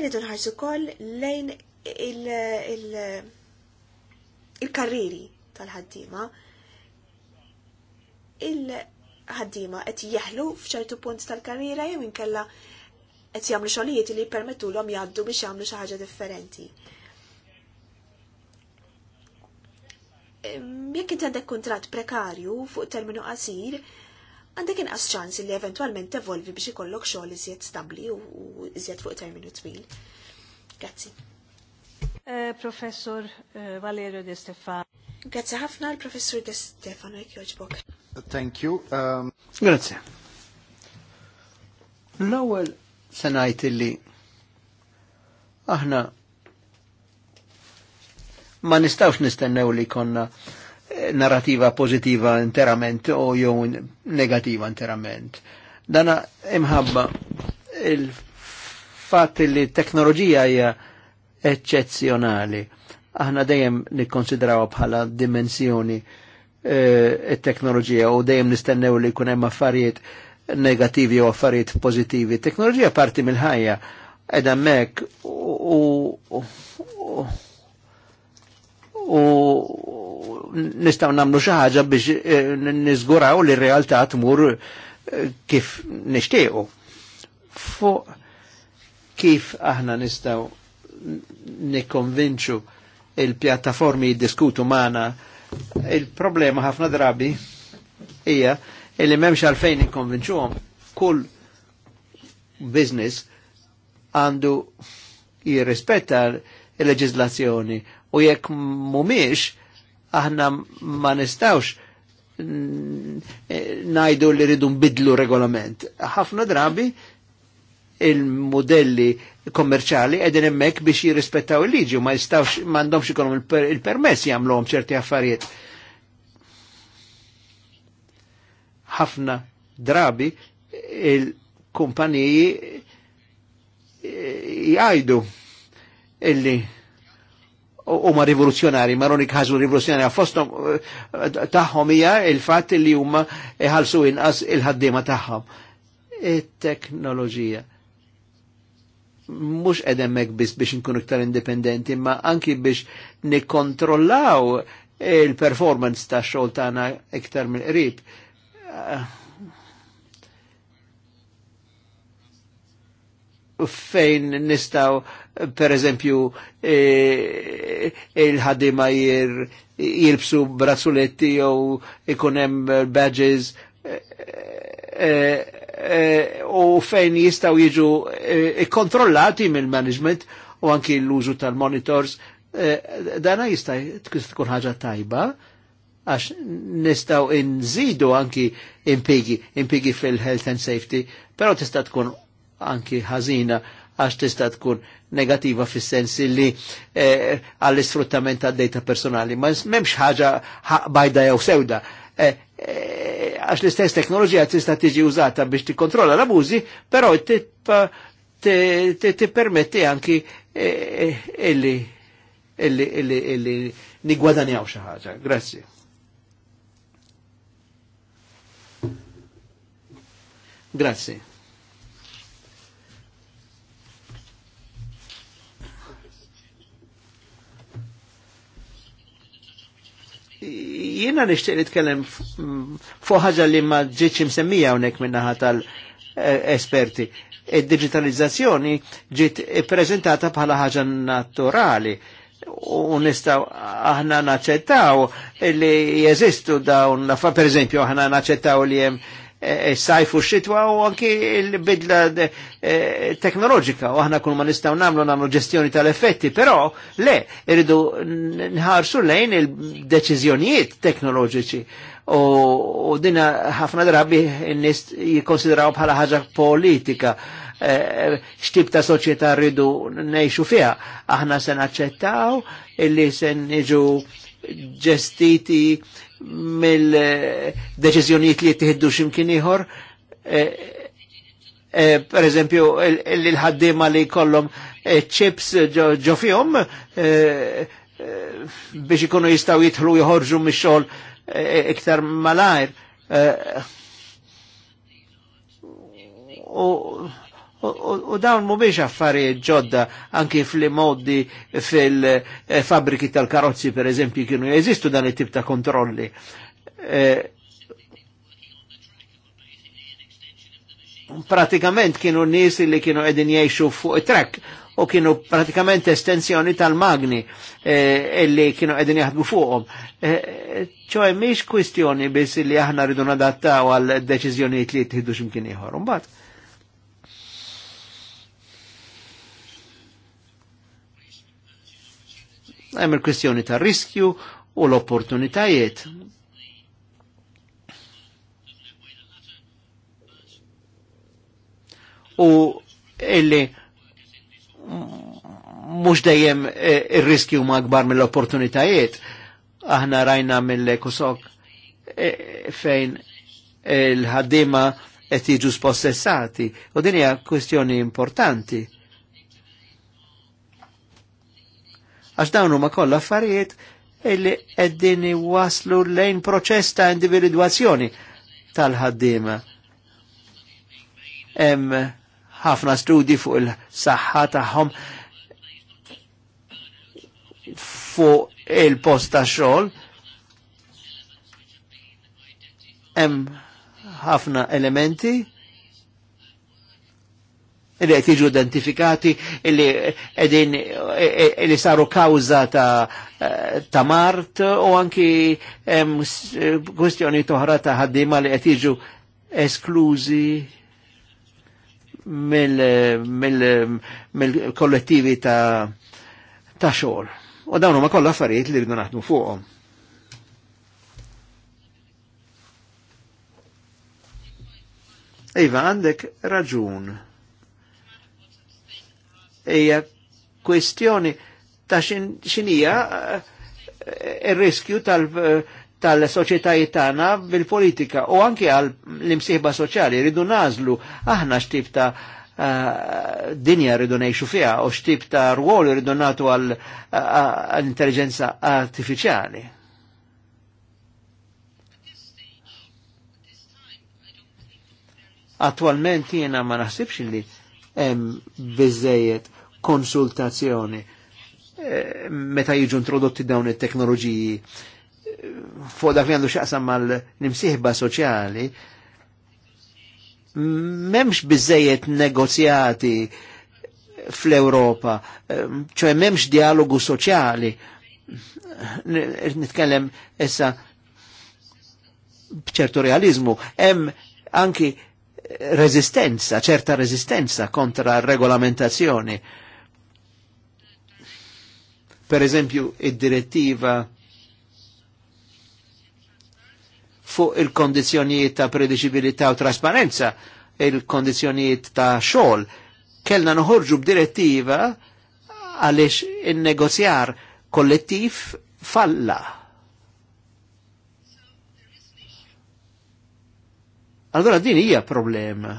Irridu nħarsu koll lejn il-karriri tal-ħaddima. Il-ħaddima qed jeħlu f'ċertu punt tal-karriera jew inkella qed jagħmlu xogħlijiet li jippermettulhom jgħaddu biex jagħmlu xi ħaġa differenti. jekk inti għandek kuntratt prekarju fuq terminu qasir, għandek inqas ċans li eventwalment tevolvi biex ikollok xogħol iżjed stabbli u iżjed fuq terminu twil. Grazzi. Eh, professor eh, Valerio De Stefano. Grazzi ħafna l-Professur De Stefano jekk joġbok. Thank you. Um, Grazzi. L-ewwel se ngħid li aħna ma nistawx nistennew li konna eh, narrativa pozitiva interament u jew negativa interament. Dana imħabba il-fat li teknoloġija hija eccezzjonali. Aħna dejjem nikkonsidraw bħala dimensjoni it-teknoloġija eh, u dejjem nistennew li jkun hemm affarijiet negativi u affarijiet pożittivi. Teknoloġija parti mill-ħajja edha mek u, u, u u nistaw namlu xaħġa biex eh, nizguraw li realtà tmur eh, kif nishtiqu. Fuq kif aħna nistaw nikonvinċu il-pjattaformi jiddiskutu maħna il-problema ħafna drabi hija li memx għalfejn għom kull business għandu jirrispetta il-leġizlazzjoni u jekk mumiex aħna ma nistawx najdu li ridu nbidlu regolament. ħafna drabi il-modelli kommerċali edin emmek biex jirrispettaw il-liġi u ma jistawx mandomx ikonom il-permess jamlom ċerti affarijiet. ħafna drabi il-kumpaniji jgħajdu illi huma rivoluzjonari, ma ronik ħażu rivoluzjonari għafostom eh, tagħhom hija il-fatt li huma iħalsu inqas il-ħaddiema tagħhom. It-teknoloġija mhux edem hemmhekk biss biex inkunu iktar indipendenti, ma anki biex nikkontrollaw il-performance ta' xogħol tagħna iktar mill-qrib. Eh, fejn nistaw per eżempju e, e, il-ħadima jirbsu brazzuletti jew ikunem badges e, u fejn jistaw jiġu kontrollati mill-management u anki l-użu tal-monitors dana jistaj tkun ħaġa tajba għax nistaw inżidu anki impigi, impigi fil-health and safety, pero tista tkun anki ħażina għax tista' tkun negativa fis sensi li eh, għall-isfruttament eh, tad-data personali. Ma m'hemmx ħaġa bajda jew sewda. Eh, eh, għax l-istess teknoloġija tista' tiġi użata biex tikkontrolla l-abużi, però tippermetti anki eh, illi illi illi illi nigwadanjaw xi ħaġa. Grazzi. Grazie. jiena nixtieq li fuq ħaġa li ma ġietx msemmija hawnhekk min-naħa tal-esperti. Id-digitalizzazzjoni ġiet prezentata bħala ħaġa naturali u nistaw aħna naċċettaw li jeżistu dawn per eżempju, aħna naċċettaw li jem sajf u xitwa u anki il-bidla eh, teknoloġika u aħna kull ma nistaw namlu namlu ġestjoni tal-effetti, però le, irridu nħarsu lejn il-deċizjonijiet teknoloġiċi u dina ħafna drabi n-nis jikonsidraw bħala ħaġa politika eh, xtib ta' soċieta rridu nejxu fija. Aħna se naċċettaw illi se niġu ġestiti mill-deċizjoniet li jittihiddu ximkien iħor. E, e, per eżempju, l ħaddima li kollom ċips e, ġo fihom biex ikunu jistaw jitħlu jħorġu mix-xogħol iktar malajr. U dawn mumiex affarijiet ġodda anki fli modi fil-fabriki eh, tal-karozzi per eżempju kienu jeżistu dan it-tip ta' kontrolli. Eh, pratikament kienu nies li kienu edin jiexu fuq it-trek u kienu pratikament estensjoni tal-magni eh, illi kienu edin jaħdmu fuqhom. Eh, ċoħe miex kwistjoni biss li aħna rridu nadattaw għal deċizjoni li t-hiddu ximkien ieħor. hemm il-kwistjoni ta' riskju u l-opportunitajiet. U illi mhux dejjem e, ir riskju ma gbar mill-opportunitajiet. Aħna rajna mill kosok e, fejn il-ħaddima qed jiġu spossessati. U din hija kwistjoni importanti. Għax dawn huma kollha affarijiet illi qegħdin waslu lejn proċess ta' individwazzjoni tal-ħaddiema. Hemm ħafna studi fuq il-saħħa tagħhom fuq il-post ta' xogħol. Hemm ħafna elementi li qed jiġu identifikati li qegħdin li saru kawza ta', ta mart u anki kustjoni toħra ta' ħaddima li qed iġu esklużi mill-kollettivi ta', ta xogħol. U dawn huma kollha affarijiet li rridu naħdmu fuqhom. Iva, għandek raġun hija kwestjoni ta' xinija eh, il riskju tal- eh, tal tagħna bil-politika u anke għal l-imsieħba soċjali rridu nażlu aħna x'tip ta' eh, dinja rridu ngħixu fiha u x'tip ta' rwol rridu nagħtu għall-intelligenza artifiċjali. Attualment jiena ma naħsibx li hemm biżejjed konsultazzjoni e, meta jiġu introdotti dawn it-teknoloġiji fuq dak li għandu xaqsam mal-nimsieħba soċjali, memx bizzejiet negozjati fl-Europa, ċoj memx dialogu soċjali. Nitkellem essa bċertu realizmu, hemm anki rezistenza, ċerta rezistenza kontra regolamentazzjoni. regolamentazzjoni Per eżempju, id-direttiva fuq il-kondizjonijiet ta' prediċibilità u trasparenza, il-kondizjonijiet ta' xogħol. Kellna noħorġu b'direttiva għaliex in-negozjar kollettiv falla. Allora din hija problema.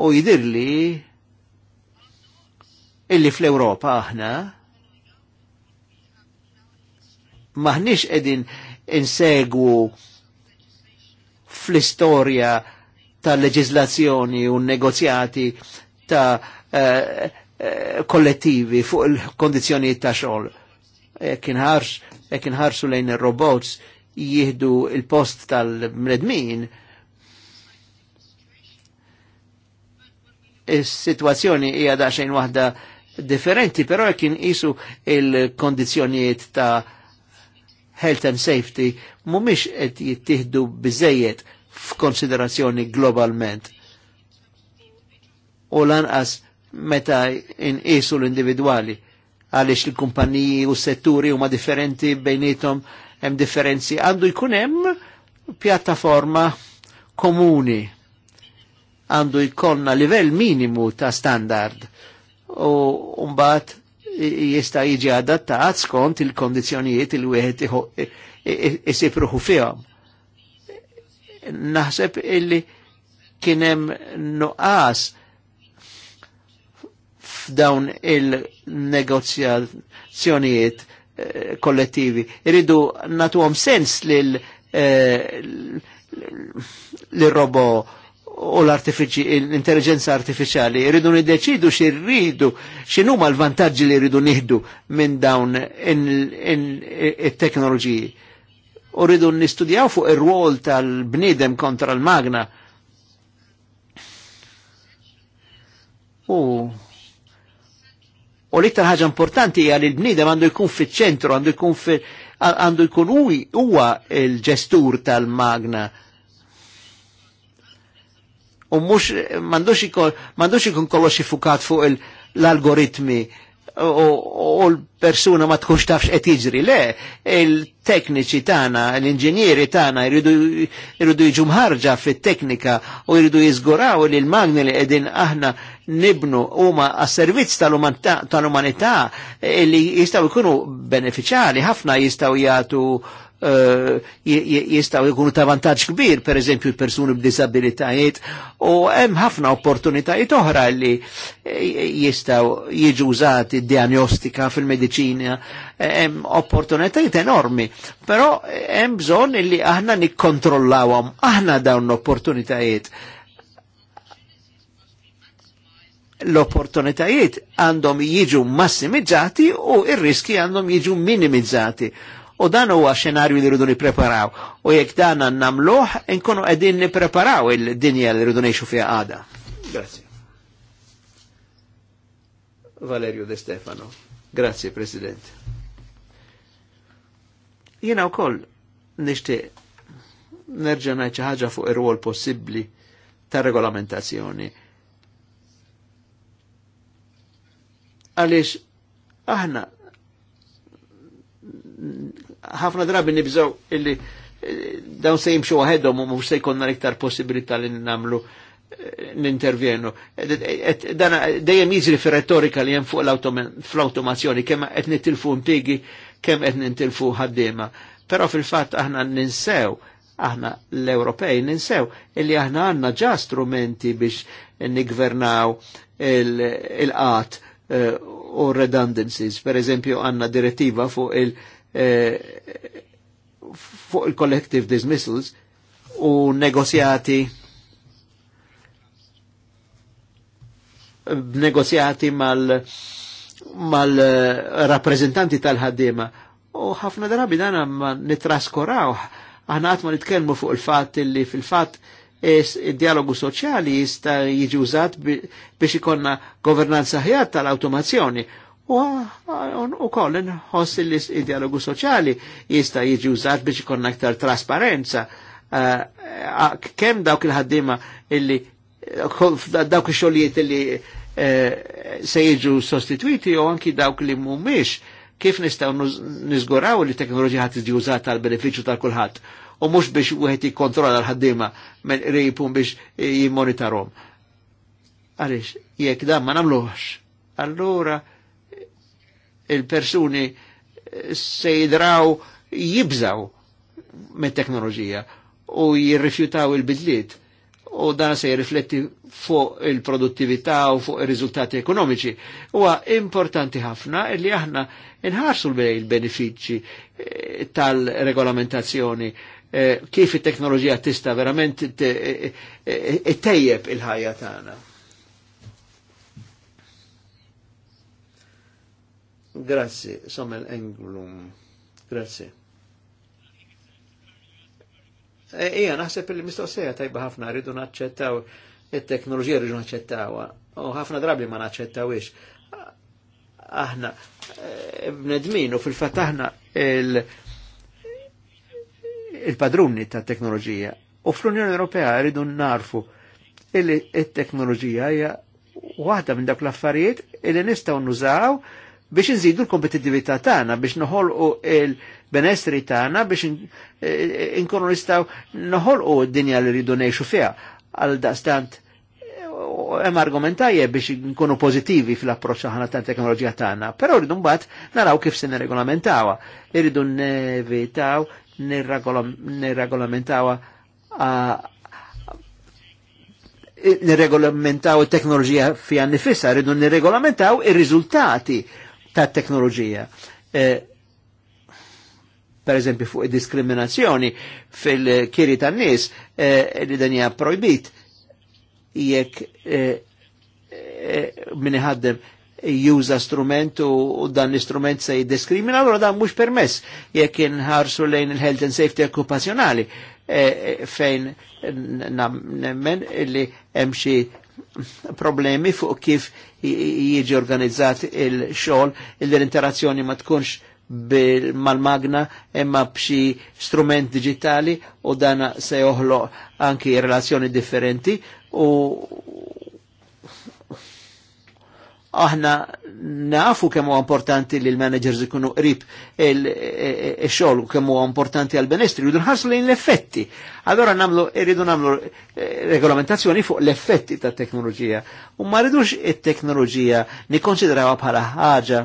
U jidirli illi fl-Europa aħna maħniex edin insegwu fl-istoria ta' leġizlazzjoni u negozjati ta' uh, uh, eh, kollettivi fuq il-kondizjoni ta' xogħol. Jekk inħarsu lejn ir-robots jihdu il-post tal-mredmin, is-sitwazzjoni hija daqsxejn waħda differenti, però jek isu il-kondizjonijiet ta' health and safety mumiex qed jittieħdu biżejjed f'konsiderazzjoni globalment. U lanqas meta inqisu l-individwali għaliex il-kumpaniji u setturi huma differenti bejnietom hemm differenzi għandu jkun hemm pjattaforma komuni għandu jkollna livell minimu ta' standard u mbagħad jista' jiġi adattat skont il-kondizzjonijiet il wieħed isib fihom. Naħseb illi kien hemm nuqqas f'dawn il-negozjazzjonijiet kollettivi. Iridu natuhom sens lil eh, l-robo u l-intelligenza artificiali, irridu nideċidu rridu xie numa l-vantagġi li rridu nihdu minn dawn il teknologiji U rridu nistudjaw fuq il rwol tal-bnidem kontra l-magna. U u tal ħaġa importanti hija li l-bnidem għandu jkun fiċ-ċentru, għandu jkun għandu jkun huwa il-ġestur tal-magna u mux mandux ikun kollox ifukat fuq l-algoritmi u l-persuna ma tkunx tafx qed jiġri. Le, il-tekniċi tagħna, l-inġinieri tagħna jridu jiġu mħarġa fit-teknika u jridu jiżguraw li l-magni li qegħdin aħna nibnu huma għas-servizz tal-umanità eh, li jistgħu jkunu benefiċjali ħafna jistgħu jagħtu Uh, jistaw jkunu ta' vantaġġ kbir, per eżempju, persuni b'disabilitajiet, u hemm ħafna opportunitajiet oħra li eh, jistaw jiġu użati diagnostika fil-medicina, eh, hemm opportunitajiet enormi, però hemm bżonn li aħna nikkontrollawhom, aħna dawn l-opportunitajiet. L-opportunitajiet għandhom jiġu massimizzati u ir-riski għandhom jiġu minimizzati U dan huwa xenarju li rridu nippreparaw. U jekk dan nagħmluh, inkunu qegħdin nippreparaw il-dinja li rridu ngħixu fiha għada. Grazie. Valerio De Stefano. Grazie, President. Jiena wkoll nixtieq nerġa' ngħid xi ħaġa fuq ir-rwol possibbli ta' regolamentazzjoni. Għaliex aħna ħafna drabi nibżaw illi eh, dawn se jimxu għahedom u mux se jkonna iktar possibilità li namlu eh, nintervjenu. Dana dejjem jizri fi retorika li jem fuq l-automazzjoni kemm qed nitilfu impigi, kemm qed nintilfu ħaddiema. Però fil-fatt aħna ninsew aħna l-Ewropej ninsew illi aħna għanna ġa strumenti biex nigvernaw il-qat eh, u redundancies. Per eżempju għanna direttiva fuq il- Eh, fuq il-collective dismissals u negozjati negozjati mal mal eh, rappresentanti tal-ħaddima u ħafna drabi dana ma nitraskoraw aħna għatma nitkelmu fuq il-fat li fil-fat il-dialogu soċjali jista jiġi użat biex ikonna governanza ħjat tal-automazzjoni U kollin nħoss li dialogu soċjali jista' jiġi użat biex ikonna aktar trasparenza eh, Kem dawk il ħaddima illi eh, dawk il xogħlijiet illi eh, se jiġu sostituiti u anki dawk li mumiex, kif nistaw nizguraw li teknoloġija ħat tiġi użat tal-beneficju tal kulħadd u mux biex wieħed jikkontrolla l ħaddima men qribhom biex jimmonitarom. Għalix, jekk ma nagħmluhx, allura il-persuni eh, se jidraw jibżaw me teknoloġija u jirrifjutaw il-bidliet u dan se jirrifletti fuq il-produttività u fuq il-riżultati ekonomiċi. Huwa importanti ħafna li aħna nħarsu il benefiċi eh, tal-regolamentazzjoni eh, kif it-teknoloġija tista' verament tejjeb il-ħajja tagħna. Grazzi, Samuel Englum. Grazzi. E, ija, naħseb li mistoqsija tajba ħafna rridu naċċettaw it-teknoloġija rridu naċċettawa. U ħafna drabi ma ix. Aħna e, bnedmin u fil-fatt aħna il-padruni ta' teknoloġija. U fl-Unjoni Ewropea rridu narfu il it-teknoloġija hija waħda minn dak l-affarijiet illi nistgħu nużaw biex nżidu l-kompetitività tagħna, biex noħolqu il-benestri tagħna, biex eh, inkunu nistgħu noħolqu d-dinja li rridu ngħixu fiha għal daqstant hemm argumentajje biex nkunu pożittivi fl-approċċ aħna ta' teknoloġija tagħna, però rridu mbagħad naraw kif se nirregolamentawha. Irridu nevitaw nirregolamentawha nirregolamentaw it-teknoloġija fija nifissa, rridu nirregolamentaw ir-riżultati ta' teknoloġija. E, per eżempju fuq diskriminazzjoni fil-kiri tan nis eh, li dan hija projbit jekk eh, min iħaddem juża strument u dan l-istrument se jiddiskrimina, allora dan mhux permess jekk inħarsu lejn il-health and safety okkupazzjonali e, fejn nemmen illi hemm xi problemi fuq kif jiġi organizzat il-xogħol, l-interazzjoni ma tkunx mal-magna imma b'xi strument digitali u dan se joħloq anki relazzjoni differenti u aħna nafu kemm huwa importanti li l-managers ikunu qrib il-xogħol e- e- u kemm huwa importanti għal benestri u nħarsu lejn l-effetti. Allora namlu irridu nagħmlu eh, regolamentazzjoni fuq l-effetti tat-teknoloġija. U ma rridux it-teknoloġija nikkonsidrawha bħala ħaġa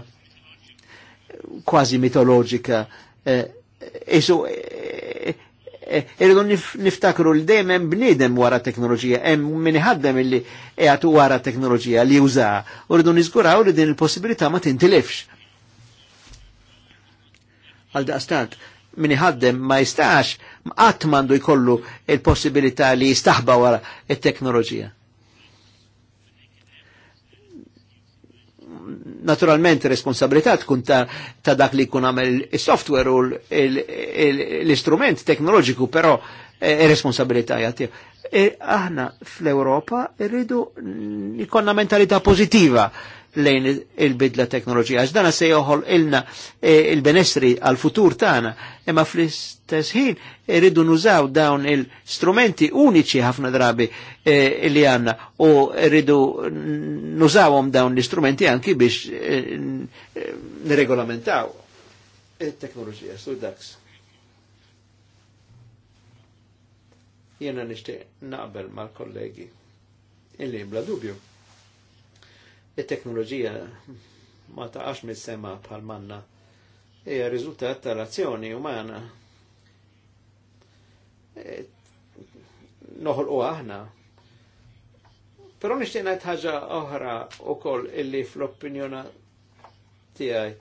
kważi mitoloġika. Eh, eh, isu irridu niftakru li dejjem hemm bniedem wara teknoloġija, hemm min ħaddem illi qiegħed wara teknoloġija li jużaha, u rridu niżguraw li din il-possibilità ma tintilefx. Għal daqstant, min ħaddem ma jistax qatt m'għandu jkollu il-possibilità li jistaħba wara t teknoloġija naturalment responsabilità tkun ta', ta dak li kun għamel il-software u l-istrument teknoloġiku, però e, e responsabilità jgħati. E aħna fl-Europa irridu ikonna mentalità pozitiva lejn il-bidla teknoloġija. Għax dana se joħol ilna e, il-benessri għal-futur tana, imma fl-istess ħin irridu nużaw dawn il-strumenti uniċi ħafna drabi e, li għanna u irridu nużawhom dawn l-istrumenti anki biex e, niregolamentaw il-teknoloġija. Su daks. Jena nishtiq naqbel mal-kollegi illi bla dubju it-teknoloġija ma taqax mis-sema bħal manna hija riżultat tal-azzjoni umana. E, noħolqu aħna. Però nixtieq ngħid ħaġa oħra wkoll illi fl opinjoni tiegħi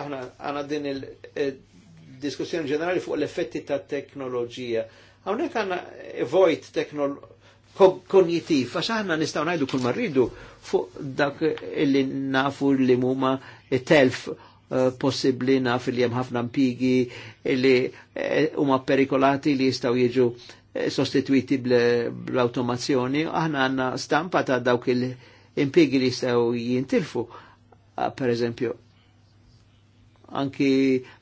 aħna għandna din il-diskussjoni e, ġenerali fuq l-effetti ta' teknoloġija. Hawnhekk għandna vojt kognitiv, għax aħna nistgħu ngħidu kull marridu fuq dak illi nafu li muma telf eh, possibli naf li jem ħafna mpigi li eh, huma perikolati li jistaw jiġu eh, sostituiti bl-automazzjoni, aħna għanna stampa ta' dawk il-impigi li jistaw jintilfu, ah, per eżempju, anki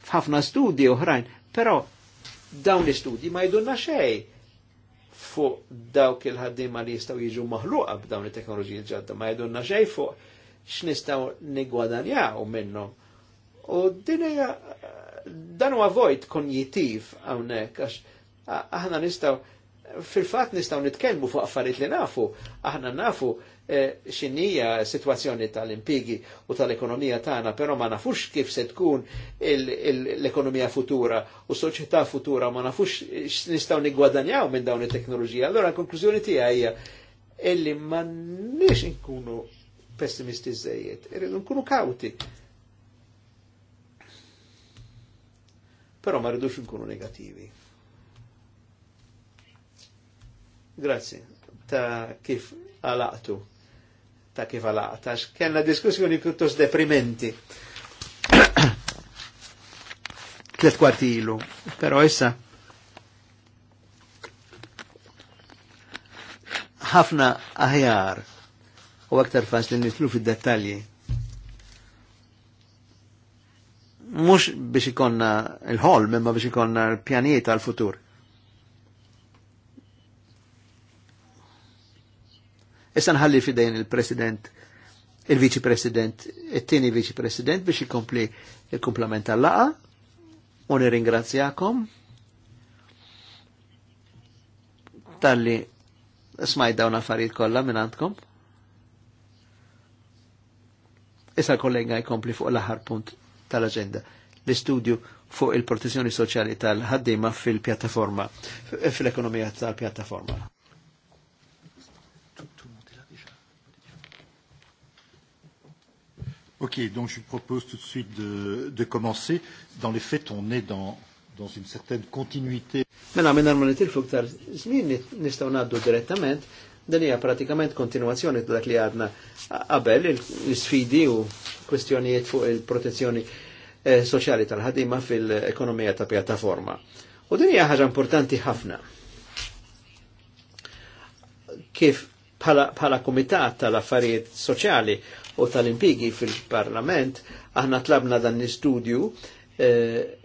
f'ħafna studi oħrajn, pero dawn l-istudji ma jdunna xej fuq dawk il-ħaddima li jistaw jiġu maħluqa b'dawn it-teknoloġiji ġadda, ma jadunna xej fuq x'nistgħu nigwadanjaw minnhom. U din hija dan huwa vojt konjitiv hawnhekk għax aħna nistgħu fil-fatt nistgħu nitkellmu fuq affarijiet li nafu, aħna nafu E, xinnija situazzjoni tal-impigi u tal-ekonomija tagħna, però ma nafux kif se tkun l-ekonomija futura u soċjetà futura ma nafux nistgħu niggwadanjaw minn dawn it-teknoloġija. Allora l-konklużjoni tiegħi hija illi ma nix nkunu pessimisti żejjed, irridu nkunu kawti. Però ma rridux nkunu negativi. Grazie ta' kif għalaqtu ta' kif għalaqta, kellna diskussjoni piuttos deprimenti. Tlet kwarti ilu, pero issa ħafna aħjar u aktar fas li nitlu fid-dettalji. Mux biex ikonna il-ħol, imma biex ikonna il pjaniet għal-futur. Issa nħalli fidejn il-President, il-Viċi President, it-tieni Vici President biex ikompli il-komplement tal-laqa. U nirringrazzjakom Talli smajt dawn affarijiet kollha minn għandkom. Issa kollega jkompli fuq l-aħħar punt tal-aġenda l-istudju fuq il-protezzjoni soċjali tal ħaddima fil-pjattaforma, fil-ekonomija tal-pjattaforma. Ok, donc je propose tout de suite de, de commencer. Dans les faits, on est dans, dans une certaine continuité. Mela, minna ma nitilfu ktar snin nistaw naddu direttament, dan hija pratikament kontinuazzjoni dak li għadna qabel il-sfidi u kwestjonijiet fuq il-protezzjoni eh, soċjali tal-ħadima fil-ekonomija ta' pjattaforma. U din hija ħaġa importanti ħafna. Kif bħala kumitat tal-affarijiet soċjali u tal-impigi fil-Parlament, aħna tlabna dan l-istudju eh,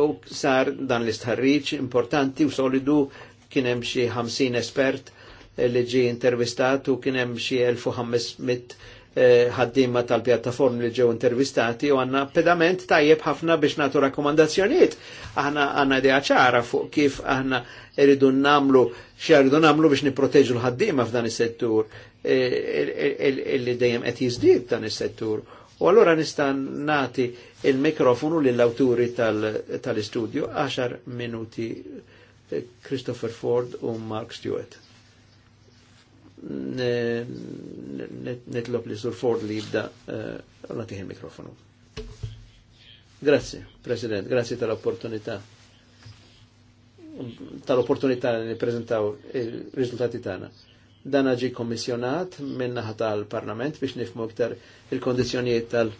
u sar dan l-istħarriċ importanti u solidu kien hemm xi 50 espert eh, li ġi intervistat u kien hemm xi 1500 eh, ħaddiema tal-pjattaform li ġew intervistati u għanna pedament tajjeb ħafna biex natu rakkomandazzjoniet. Aħna għanna idea ċara fuq kif aħna irridu namlu xi rridu namlu biex niproteġu l ħaddiema f'dan is-settur illi dejjem qed jiżdied dan is-settur. U allura nista' nagħti il-mikrofonu lill-awturi tal-istudju tal 10 minuti Christopher Ford u Mark Stewart. Nitlob li sur Ford li jibda nagħtih il-mikrofonu. Grazie, President, grazie tal-opportunità tal-opportunità li nippreżentaw il-riżultati tagħna Dan ġi kommissjonat minnaħa tal-Parlament biex nifmu iktar il-kondizjonijiet tal-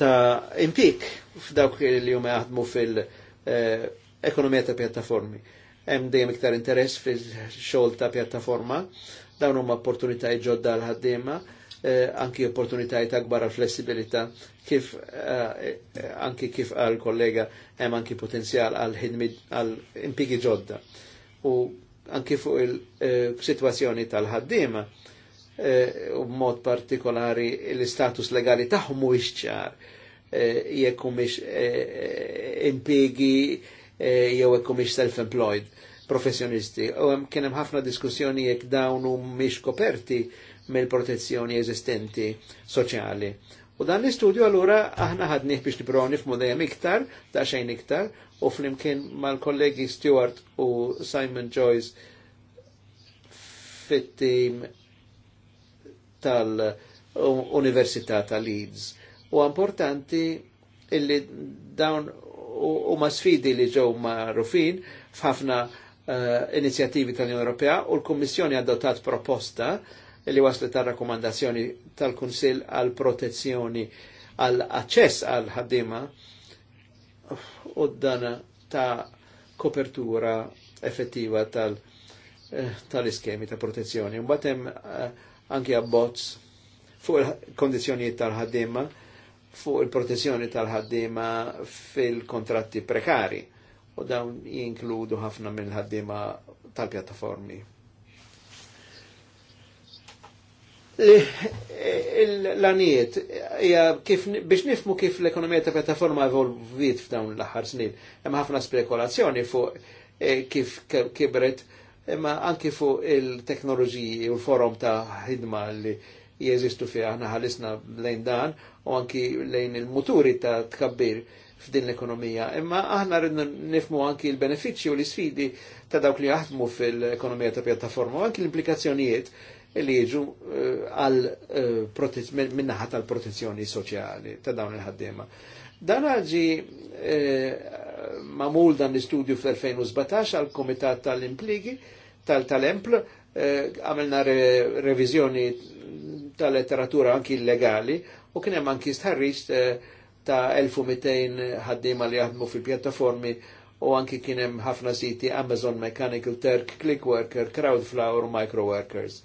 ta' impik f'dawk li huma għadmu fil-ekonomija eh, ta' pjattaformi. Hemm dejjem iktar interess fil-xogħol ta' pjattaforma, dawn huma opportunitajiet ġodda l ħaddiema, eh, anki opportunitajiet akbar għal flessibilità kif eh, anki kif għal kollega hemm anki potenzjal għal impiki impigi ġodda. U anki fuq il-situazzjoni eh, tal ħaddima eh, u mod partikolari l-istatus legali tagħhom mu ċar eh, jekku mhumiex impiegi jew jekku self-employed professjonisti. U hemm kien hemm ħafna diskussjoni jekk dawn mhumiex koperti mill-protezzjoni eżistenti soċjali. U dan l-istudju allura aħna ħadnieh biex nipproni f'modejjem iktar, ta' xejn iktar, u flimkien mal-kollegi Stewart u Simon Joyce fit-tim tal-Università ta' Leeds. U importanti illi dawn u ma sfidi li ġew rufin f'ħafna uh, inizjattivi tal-Unjoni Ewropea u l-Kummissjoni adottat proposta li waslet tar rakkomandazzjoni tal-Kunsill għal protezzjoni għal aċċess għal ħaddima u ta' kopertura effettiva tal- eh, tal-iskemi ta' protezzjoni. Mbatem eh, anki abbozz fuq il kondizjoni tal-ħaddima, fuq il-protezzjoni tal-ħaddima fil-kontratti prekari u dawn jinkludu ħafna mill-ħaddima tal-pjattaformi l-għaniet, biex nifmu kif l-ekonomija ta' pjattaforma evolvit f'dawn l-aħħar snin, hemm ħafna spekulazzjoni fuq eh, kif kibret, imma anki fuq il-teknoloġiji u l-forum ta' ħidma li jeżistu fi aħna ħalisna lejn dan u anki lejn il-muturi ta' tkabbir f'din l-ekonomija. Imma aħna rridna nifmu anki l-benefiċċji u l-isfidi ta' dawk li jaħdmu fil-ekonomija ta' pjattaforma u anki l-implikazzjonijiet li jiġu eh, għal eh, minnaħat għal protezzjoni soċjali ta' dawn il-ħaddiema. Dan għalġi eh, mamul dan l-istudju fl-2017 għal komitat tal-impligi tal-empl għamilna revizjoni tal-letteratura anki illegali u kien hemm anki stħarriġ ta' 1200 ħaddiema li jaħdmu fil-pjattaformi u anki kien hemm ħafna siti Amazon Mechanical Turk, Clickworker, Crowdflower, Microworkers. Microworkers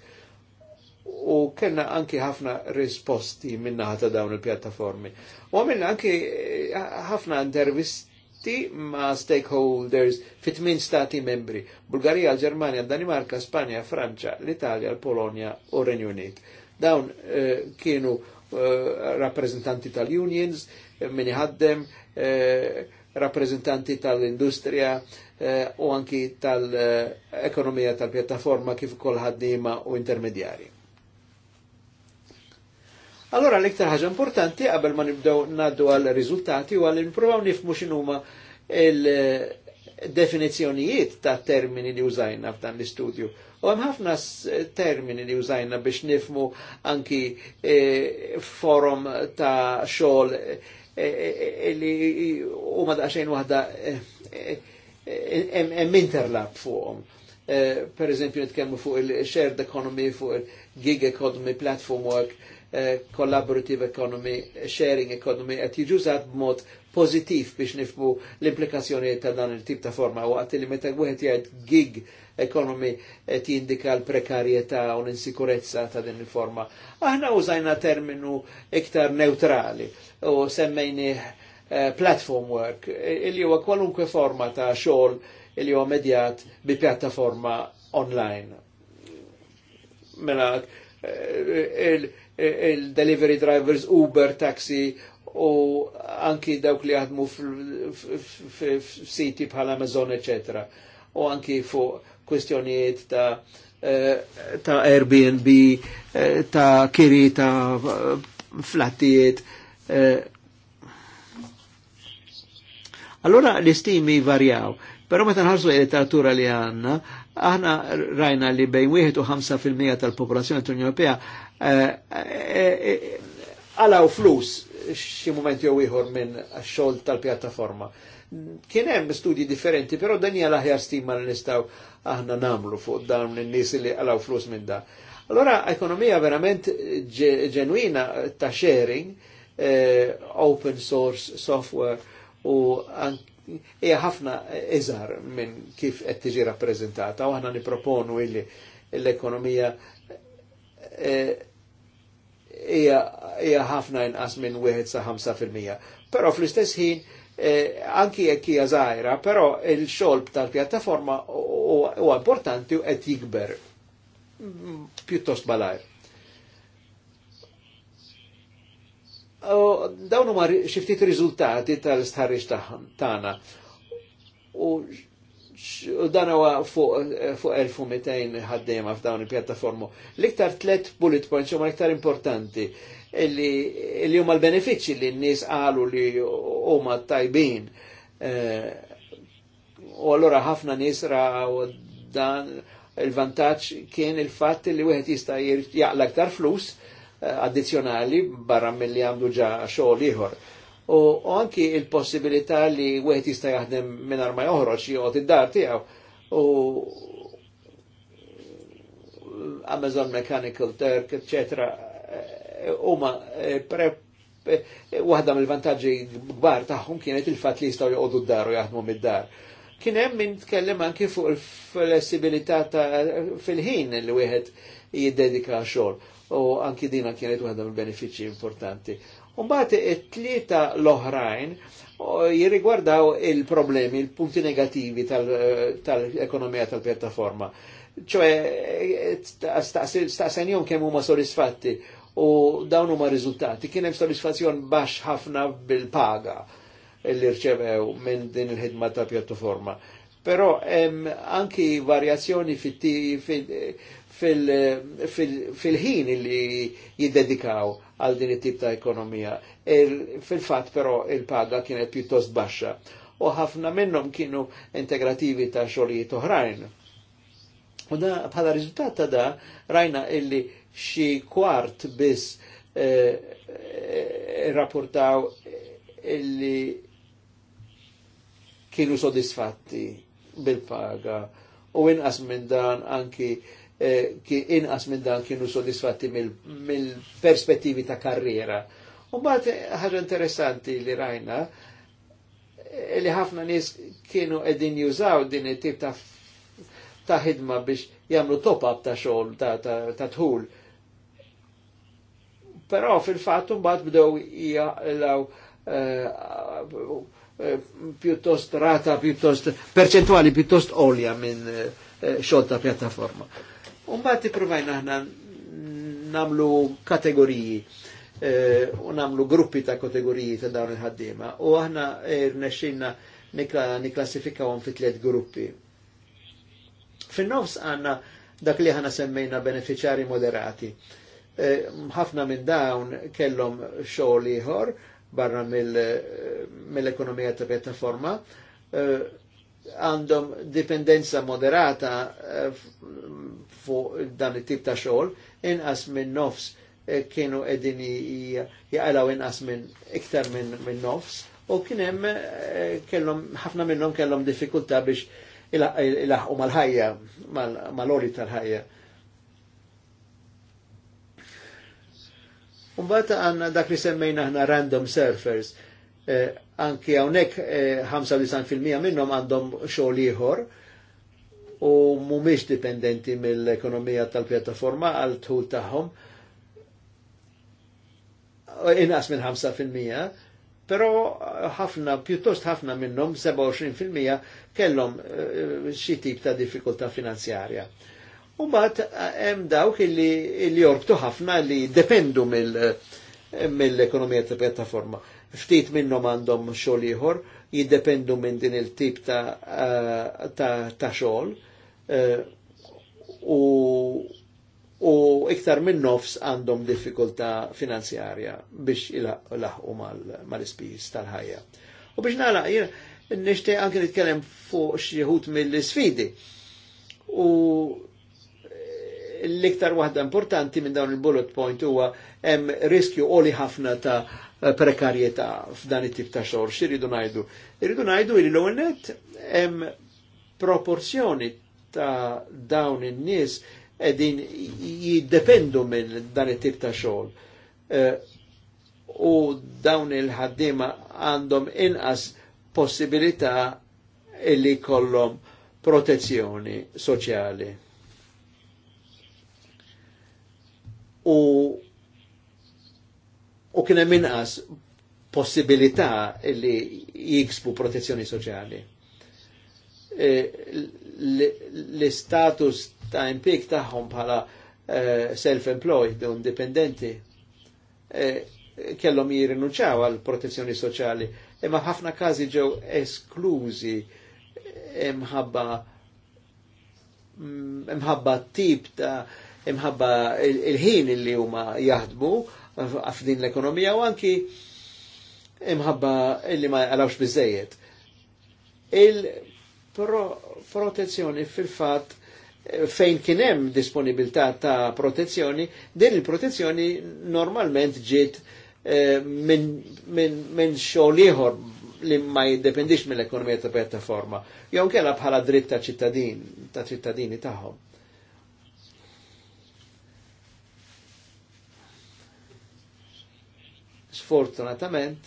u kena anki ħafna risposti minna ta' dawn il-pjattaformi. U għamilna anki eh, ħafna intervisti ma' stakeholders fit min stati membri, Bulgarija, Ġermania, Danimarka, Spanja, Franċa, l-Italja, l-Polonja u Renju Unit. Dawn eh, kienu eh, rappresentanti tal-unions, minni eh, min ħaddem, rappresentanti tal-industrija, u anki tal-ekonomija tal-pjattaforma kif kol ħaddima u intermedjari. Allora l-iktar ħaġa importanti qabel ma nibdew naddu għal riżultati u għal nipruvaw nifmu x'inhuma il-definizzjonijiet ta' termini li użajna f'dan l-istudju. U hemm ħafna termini li użajna biex nifmu anki e, forum ta' xogħol e, e, li huma daqsxejn waħda hemm interlap fuqhom. Per eżempju nitkellmu fuq il-shared economy, fuq il-gig economy, platform work, Eh, collaborative economy, sharing economy, qed jiġużat b'mod pozittiv biex nifmu l-implikazzjonijiet ta' dan il-tip ta' forma waqt li meta wieħed jgħid gig economy qed jindika l-prekarjetà u l-insikurezza ta' din il-forma. Aħna użajna terminu iktar neutrali u semmejni eh, platform work, il huwa kwalunkwe forma ta' xogħol il huwa medjat bi pjattaforma online. Mela, eh, il-delivery drivers, Uber, taxi u anki dawk li jaħdmu f-siti bħal Amazon, etc. U anki fu kwestjonijiet ta' eh, ta' Airbnb, eh, ta' kiri, ta' eh, flattijiet. Allora l-istimi varjaw, pero ma nħarsu il-literatura li għanna, aħna rajna li bejn 1 u 5% tal-popolazzjoni tal-Unjoni Ewropea għalaw flus xi moment jew ieħor minn xogħol tal-pjattaforma. Kien hemm studji differenti, però dan hija l-aħjar stima li nistgħu aħna namlu fuq dawn in-nies li għalaw flus minn da. Allora ekonomija verament ġenwina ta' sharing, eh, open source software u hija ħafna iżar minn kif qed tiġi rappreżentata u aħna niproponu illi l-ekonomija eh, hija ħafna inqas minn 1 sa 5%. Però fl-istess ħin eh, anki jekk hija żgħira, però il-xolb tal-pjattaforma huwa importanti u qed jikber pjuttost balajr. Dawn huma xi ftit riżultati tal-istħarriġ tagħna. U u dan huwa fuq 1200 ħaddiema f'dawn il-pjattaformu. L-iktar tlet bullet points huma l-iktar importanti li huma l-benefiċċji li n-nies qalu li huma tajbin. Eh, u allura ħafna nies u dan il-vantaġġ kien il-fatt li wieħed jista' jaqla aktar flus eh, addizzjonali barra milli għandu ġa xogħol ieħor u anki il-possibilità li wieħed jista' jaħdem mingħajr ma joħroġ jgħod id-dar tiegħu u Amazon Mechanical Turk, etc. Eh, huma eh, eh, waħda mill-vantaġġi kbar tagħhom kienet il-fatt li jistgħu joqogħdu d-dar u jaħdmu mid-dar. Kien hemm min tkellem anki fuq il-flessibilità ta' fil-ħin li wieħed jiddedika xogħol u anki dina kienet waħda mill-benefiċċji importanti. Un bat it-tlieta l-oħrajn jirrigwardaw il-problemi, il-punti negativi tal-ekonomija tal tal-pjattaforma. ċoe, jom kemm huma soddisfatti u dawn huma rizultati, Kien hemm soddisfazzjon baxx ħafna bil-paga li rċevew minn din il-ħidma ta' pjattaforma. Però hemm anki varjazzjoni fil-ħin fil, fil, fil, fil li jiddedikaw għal din it-tip ta' ekonomija. Fil-fat però il-paga kienet pjuttost baxxa u ħafna minnhom kienu integrativi ta' xogħlijiet oħrajn. U da bħala riżultat ta' da rajna illi xi kwart biss eh, eh rapportaw illi kienu sodisfatti bil-paga u inqas minn dan anki Eh, inqas minn dan kienu soddisfatti mill-perspettivi ta' karriera. U bat eh, ħaġa interessanti li rajna eh, li ħafna nies kienu qegħdin jużaw din it-tip ta' ta' ħidma biex jagħmlu top-up ta' xogħol ta' tħul. Però fil-fatt mbagħad bdew jaqlaw pjuttost rata, pjuttost perċentuali pjuttost olja minn xogħol ta' pjattaforma. Umbat provajna aħna namlu kategoriji eh, u namlu gruppi ta' kategoriji ta' dawn il-ħaddima u aħna irnexxinna eh, niklassifikawhom fi tliet gruppi. Fin-nofs għanna dak li ħana semmejna beneficjari moderati. Eh, ħafna minn dawn kellhom xogħol ieħor barra mill-ekonomija ta' pjattaforma, għandhom dipendenza moderata eh, fuq dan it-tip ta' xogħol, inqas minn nofs eh, kienu qegħdin jaqalaw inqas minn iktar minn min nofs u kien hemm eh, kellhom ħafna minnhom kellhom diffikultà biex ilaħqu mal-ħajja, mal-oli tal-ħajja. Umbata għanna dak li semmejna ħna random surfers eh, anki hawnhekk eh, 95% minnhom għandhom xogħol ieħor u mhumiex dipendenti mill-ekonomija tal-pjattaforma għal tħul tagħhom eh, inqas minn 5%, però ħafna, pjuttost ħafna minnhom 27% kellhom eh, xi tip ta' diffikultà finanzjarja. U bat eh, hemm dawk li jorbtu ħafna li dependu mill-ekonomija tal-pjattaforma ftit minnhom għandhom xogħol ieħor, jiddependu minn din il-tip ta', eh, ta, ta xogħol uh, u, u iktar minn nofs għandhom diffikultà finanzjarja biex ilaħqu mal-ispijis tal-ħajja. U biex nagħlaq, nishtiq anke nitkellem fuq xieħut mill-sfidi. U l-iktar waħda importanti minn dawn il-bullet point huwa hemm riskju qoli ħafna ta' Eh, prekarjetà f'dan it-tip ta' xogħol, x'iridu ngħidu? Irridu ngħidu li l-ewwel net hemm proporzjoni ta' dawn in-nies qegħdin jiddependu minn dan it-tip ta' xogħol. Eh, u dawn il-ħaddiema għandhom inqas possibilità li kollhom protezzjoni soċjali. U u kien hemm inqas possibilità li jiksbu protezzjoni soċjali. E, l-istatus ta' impik tagħhom bħala e, self-employed u indipendenti e, kellhom jirinunċaw għal protezzjoni soċjali, imma ħafna każi ġew esklużi imħabba mm, imħabba tip ta' imħabba il-ħin il li huma jaħdmu għafdin l-ekonomija u anki imħabba illi ma għalawx bizzejiet. Il-protezzjoni fil-fat fejn kienem disponibilità ta' protezzjoni, din il-protezzjoni normalment ġiet eh, minn xogħol ieħor li ma jiddependix mill-ekonomija ta' pjattaforma, jew kella bħala dritt ta' ċittadin, ta' ċittadini tagħhom. sfortunatament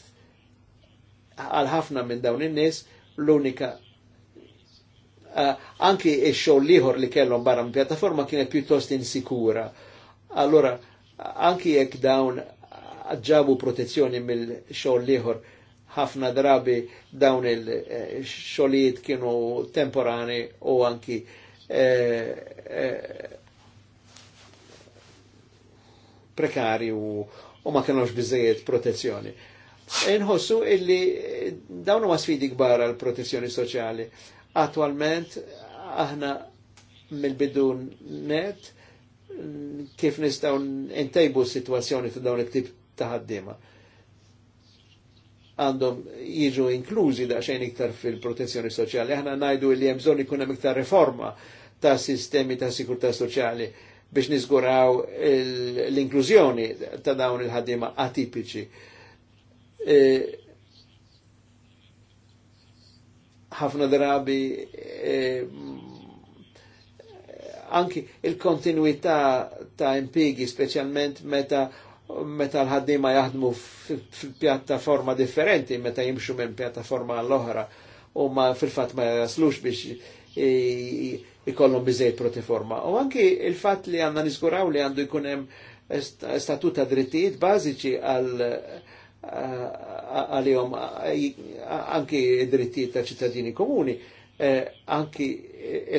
għal ħafna minn dawn in-nies l-unika uh, anki ix-xogħol liħor li kellhom barra minn pjattaforma kienet pjuttost insikura. Allora anki jekk dawn ġabu protezzjoni mill-xogħol liħor ħafna drabi dawn il-xogħlijiet kienu temporani u anki eh, eh, prekari u, u ma kienux biżejjed protezzjoni. Inħossu illi dawn huma sfidi kbar għal protezzjoni soċjali. Attualment aħna mill-bidu net kif nistgħu ntejbu s-sitwazzjoni ta' dawn it-tip ta' ħaddiema għandhom jiġu inklużi xejn iktar fil-protezzjoni soċjali. Aħna ngħidu li hemm bżonn ikun hemm iktar reforma ta' sistemi ta' sikurtà soċjali biex nizguraw l-inklużjoni ta' dawn il-ħaddima atipiċi. E, ħafna drabi e, anki il-kontinuità ta' impigi, specialment meta meta l-ħaddima jaħdmu f'pjattaforma differenti, meta jimxu minn pjattaforma l-oħra, u ma fil-fat ma jaslux biex ikollhom biżejt protiforma. U anki il-fatt li għandna niżguraw li għandu jkun hemm statut ta' drittijiet bażiċi għal għalihom anki drittijiet ta' ċittadini komuni, anki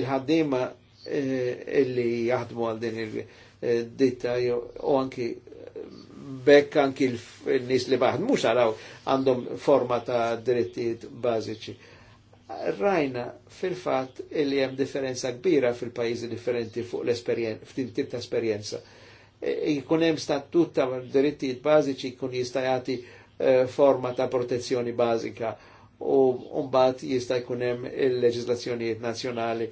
il-ħaddiema illi jaħdmu għal din il-ditta u anki bekk anki il nis li baħd mux għaraw għandhom forma ta' drittijiet bażiċi rajna fil-fat li hemm differenza kbira fil-pajjiżi differenti fuq l-esperjenza, f'din tip ta' esperjenza. E, e, jkun hemm statut ta' drittijiet bażiċi jkun jista' jagħti e, forma ta' protezzjoni bażika u mbagħad jista' jkun hemm il-leġiżlazzjonijiet nazzjonali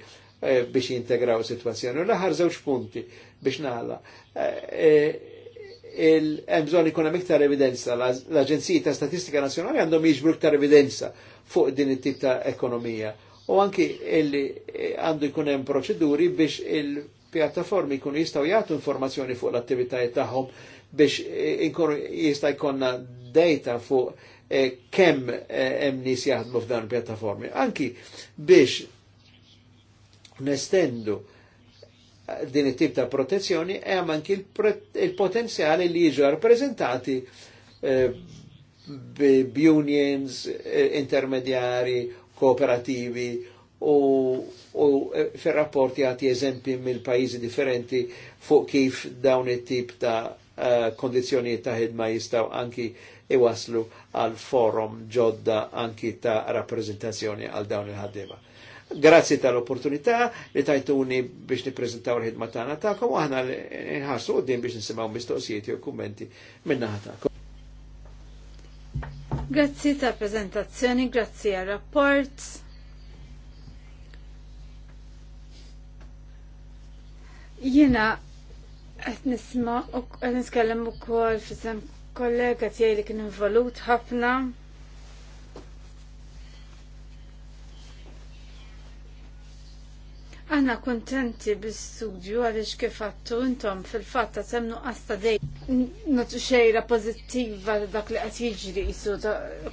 biex jintegraw situazzjoni. U l-aħħar żewġ punti biex naħla. Hemm bżonn ikun hemm iktar evidenza, l-Aġenziji ta' Statistika Nazzjonali għandhom jiġbru iktar evidenza fuq din it-tip ta' ekonomija. U anki illi eh, għandu jkun hemm proċeduri biex il-pjattaformi jkunu jistgħu jagħtu informazzjoni fuq l-attivitajiet tagħhom biex eh, inkunu jista' jkollna data fuq eh, kemm eh, hemm nies jaħdmu f'dan il-pjattaformi. Anki biex nestendu din it-tip ta' protezzjoni hemm anki il-potenzjali li jiġu rappreżentati unions eh, intermedjari, kooperativi u, u eh, fil-rapporti għati eżempi mill-pajizi differenti fuq kif dawn it-tip ta' uh, eh, kondizjoniet ta' ħidma jistaw anki iwaslu għal forum ġodda anki ta' rappresentazzjoni għal dawn il ħaddeba Grazzi tal-opportunità li tajtuni biex niprezentaw l-ħidma ta' tagħkom u aħna nħarsu qudiem biex nisimaw mistoqsijiet u kummenti minna tagħkom. Grazzi tal prezentazzjoni, grazzi għal rapport. Jena qed nisma' qed nitkellem ukoll fi kollega tiegħi li kien involut ħafna Aħna kontenti bil studju għaliex kif għattu intom fil-fatt ta' semnu qasta dej natu xejra pożittiva dak li qed jiġri qisu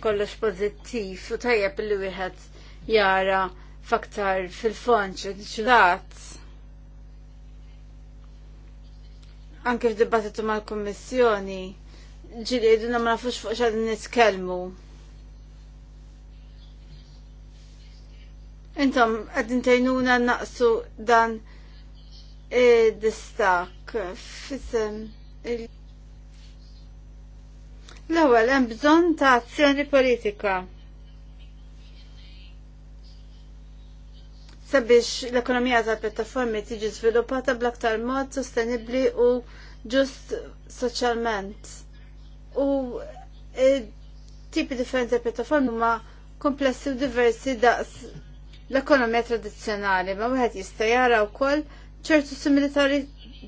kollox pożittiv u tajjeb li wieħed jara faktar fil-fond xilat. Anke f'dibattitu mal-Kummissjoni ġili jeduna ma nafux fuq n nitkellmu. Intom, għaddin tajnuna naqsu dan distak fissem L-ewwel hemm bżonn ta' azzjoni politika. Sabiex l-ekonomija tal-pjattaformi tiġi żviluppata bl-aktar mod sostenibbli u ġust soċjalment. U tipi differenti tal-pjattaformi huma komplessi u diversi daqs l-ekonomija tradizzjonali, ma wieħed jista' jara wkoll ċertu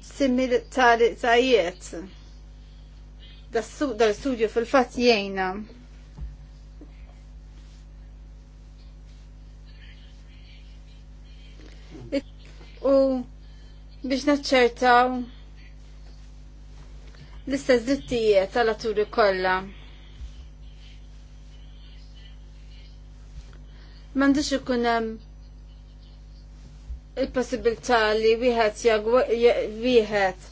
similitarizzajiet. Dal-studju fil-fatt jgħinna. U biex naċċertaw l-istess drittijiet tal aturi kollha. M'għandux ikun hemm il-possibilità li wieħed wieħed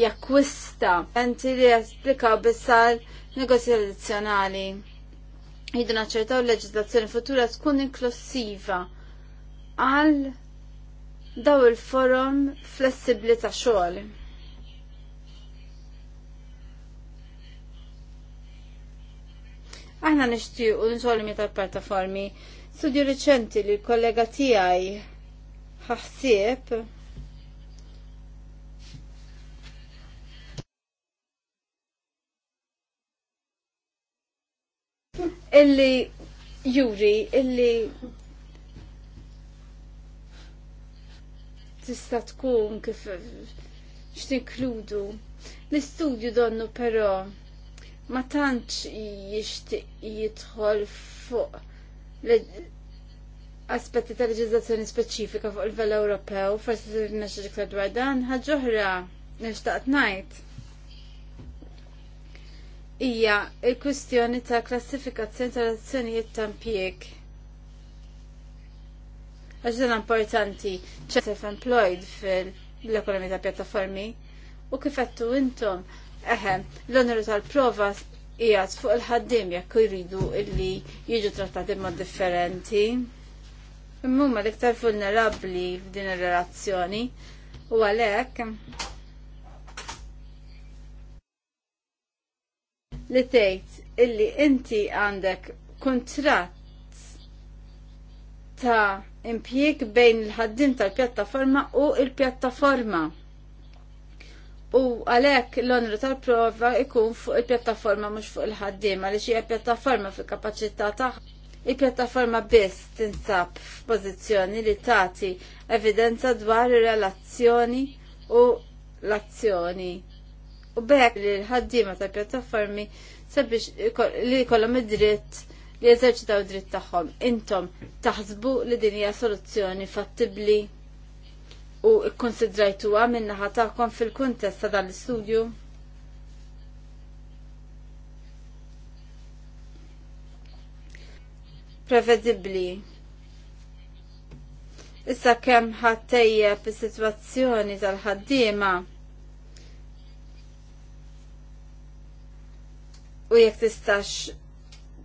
jakkwista enti li jesplikaw bissal negozji tradizzjonali. Jidu naċċertaw l-leġislazzjoni futura tkun inklusiva għal daw il-forum flessibli ta' xogħol. Aħna nixtiequ nsolmi tal-plattaformi Studju riċenti li l-kollega tiegħi ħaxsieb illi juri illi tista' tkun kif x'tinkludu. L-istudju donnu però ma tantx jixtieq jidħol fuq aspetti ta' leġizzazzjoni speċifika fuq il-vel Ewropew, forsi se nixxi iktar dwar dan, ħaġoħra nixtaqt ngħid. Ija il-kwistjoni ta' klassifikazzjoni ta' l ta' impjieg. Għax dan importanti, ċe self-employed fil ekonomi ta' pjattaformi u kif kifettu intom, eħe, l-onoru tal-prova qiegħed fuq il ħaddim jekk jridu illi jiġu trattati mod differenti. Immumma l-iktar vulnerabbli f'din ir-relazzjoni u għalhekk li tgħid illi inti għandek kuntratt ta' impjieg bejn il-ħaddim tal-pjattaforma u il-pjattaforma. U għalek l-onru tal-prova ikun fuq il-pjattaforma mux fuq il-ħaddim, għalix hija pjattaforma fil kapacità taħ. Il-pjattaforma biss tinsab f'pożizzjoni li tagħti evidenza dwar ir-relazzjoni u l-azzjoni. U bekk li l-ħaddiema tal pjattaformi sabiex li kollhom id-dritt li jeżerċitaw dritt tagħhom. Intom taħsbu li din hija soluzzjoni fattibbli? u konsidrajtu għam naħa tagħkom fil-kuntest ta' dan l-istudju? Prevedibbli. Issa kemm ħattejjeb is-sitwazzjoni tal-ħaddiema u jekk tistax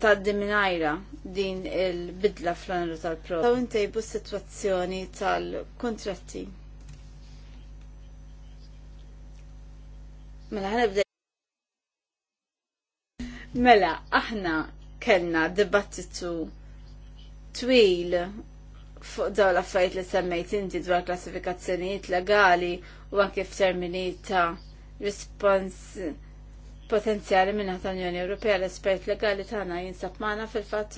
taddi minajra din il-bidla fl għanru tal-pro. Ta' intejbu s-situazzjoni tal-kontratti. Mela ħanibda. Mela, aħna kellna dibattitu twil fuq daw l-affarijiet li semmejt inti dwar klassifikazzjonijiet legali u anke f'termini ta' rispons potenzjali minn ta' Unjoni Ewropea l-espert legali tagħna jinsab magħna fil-fatt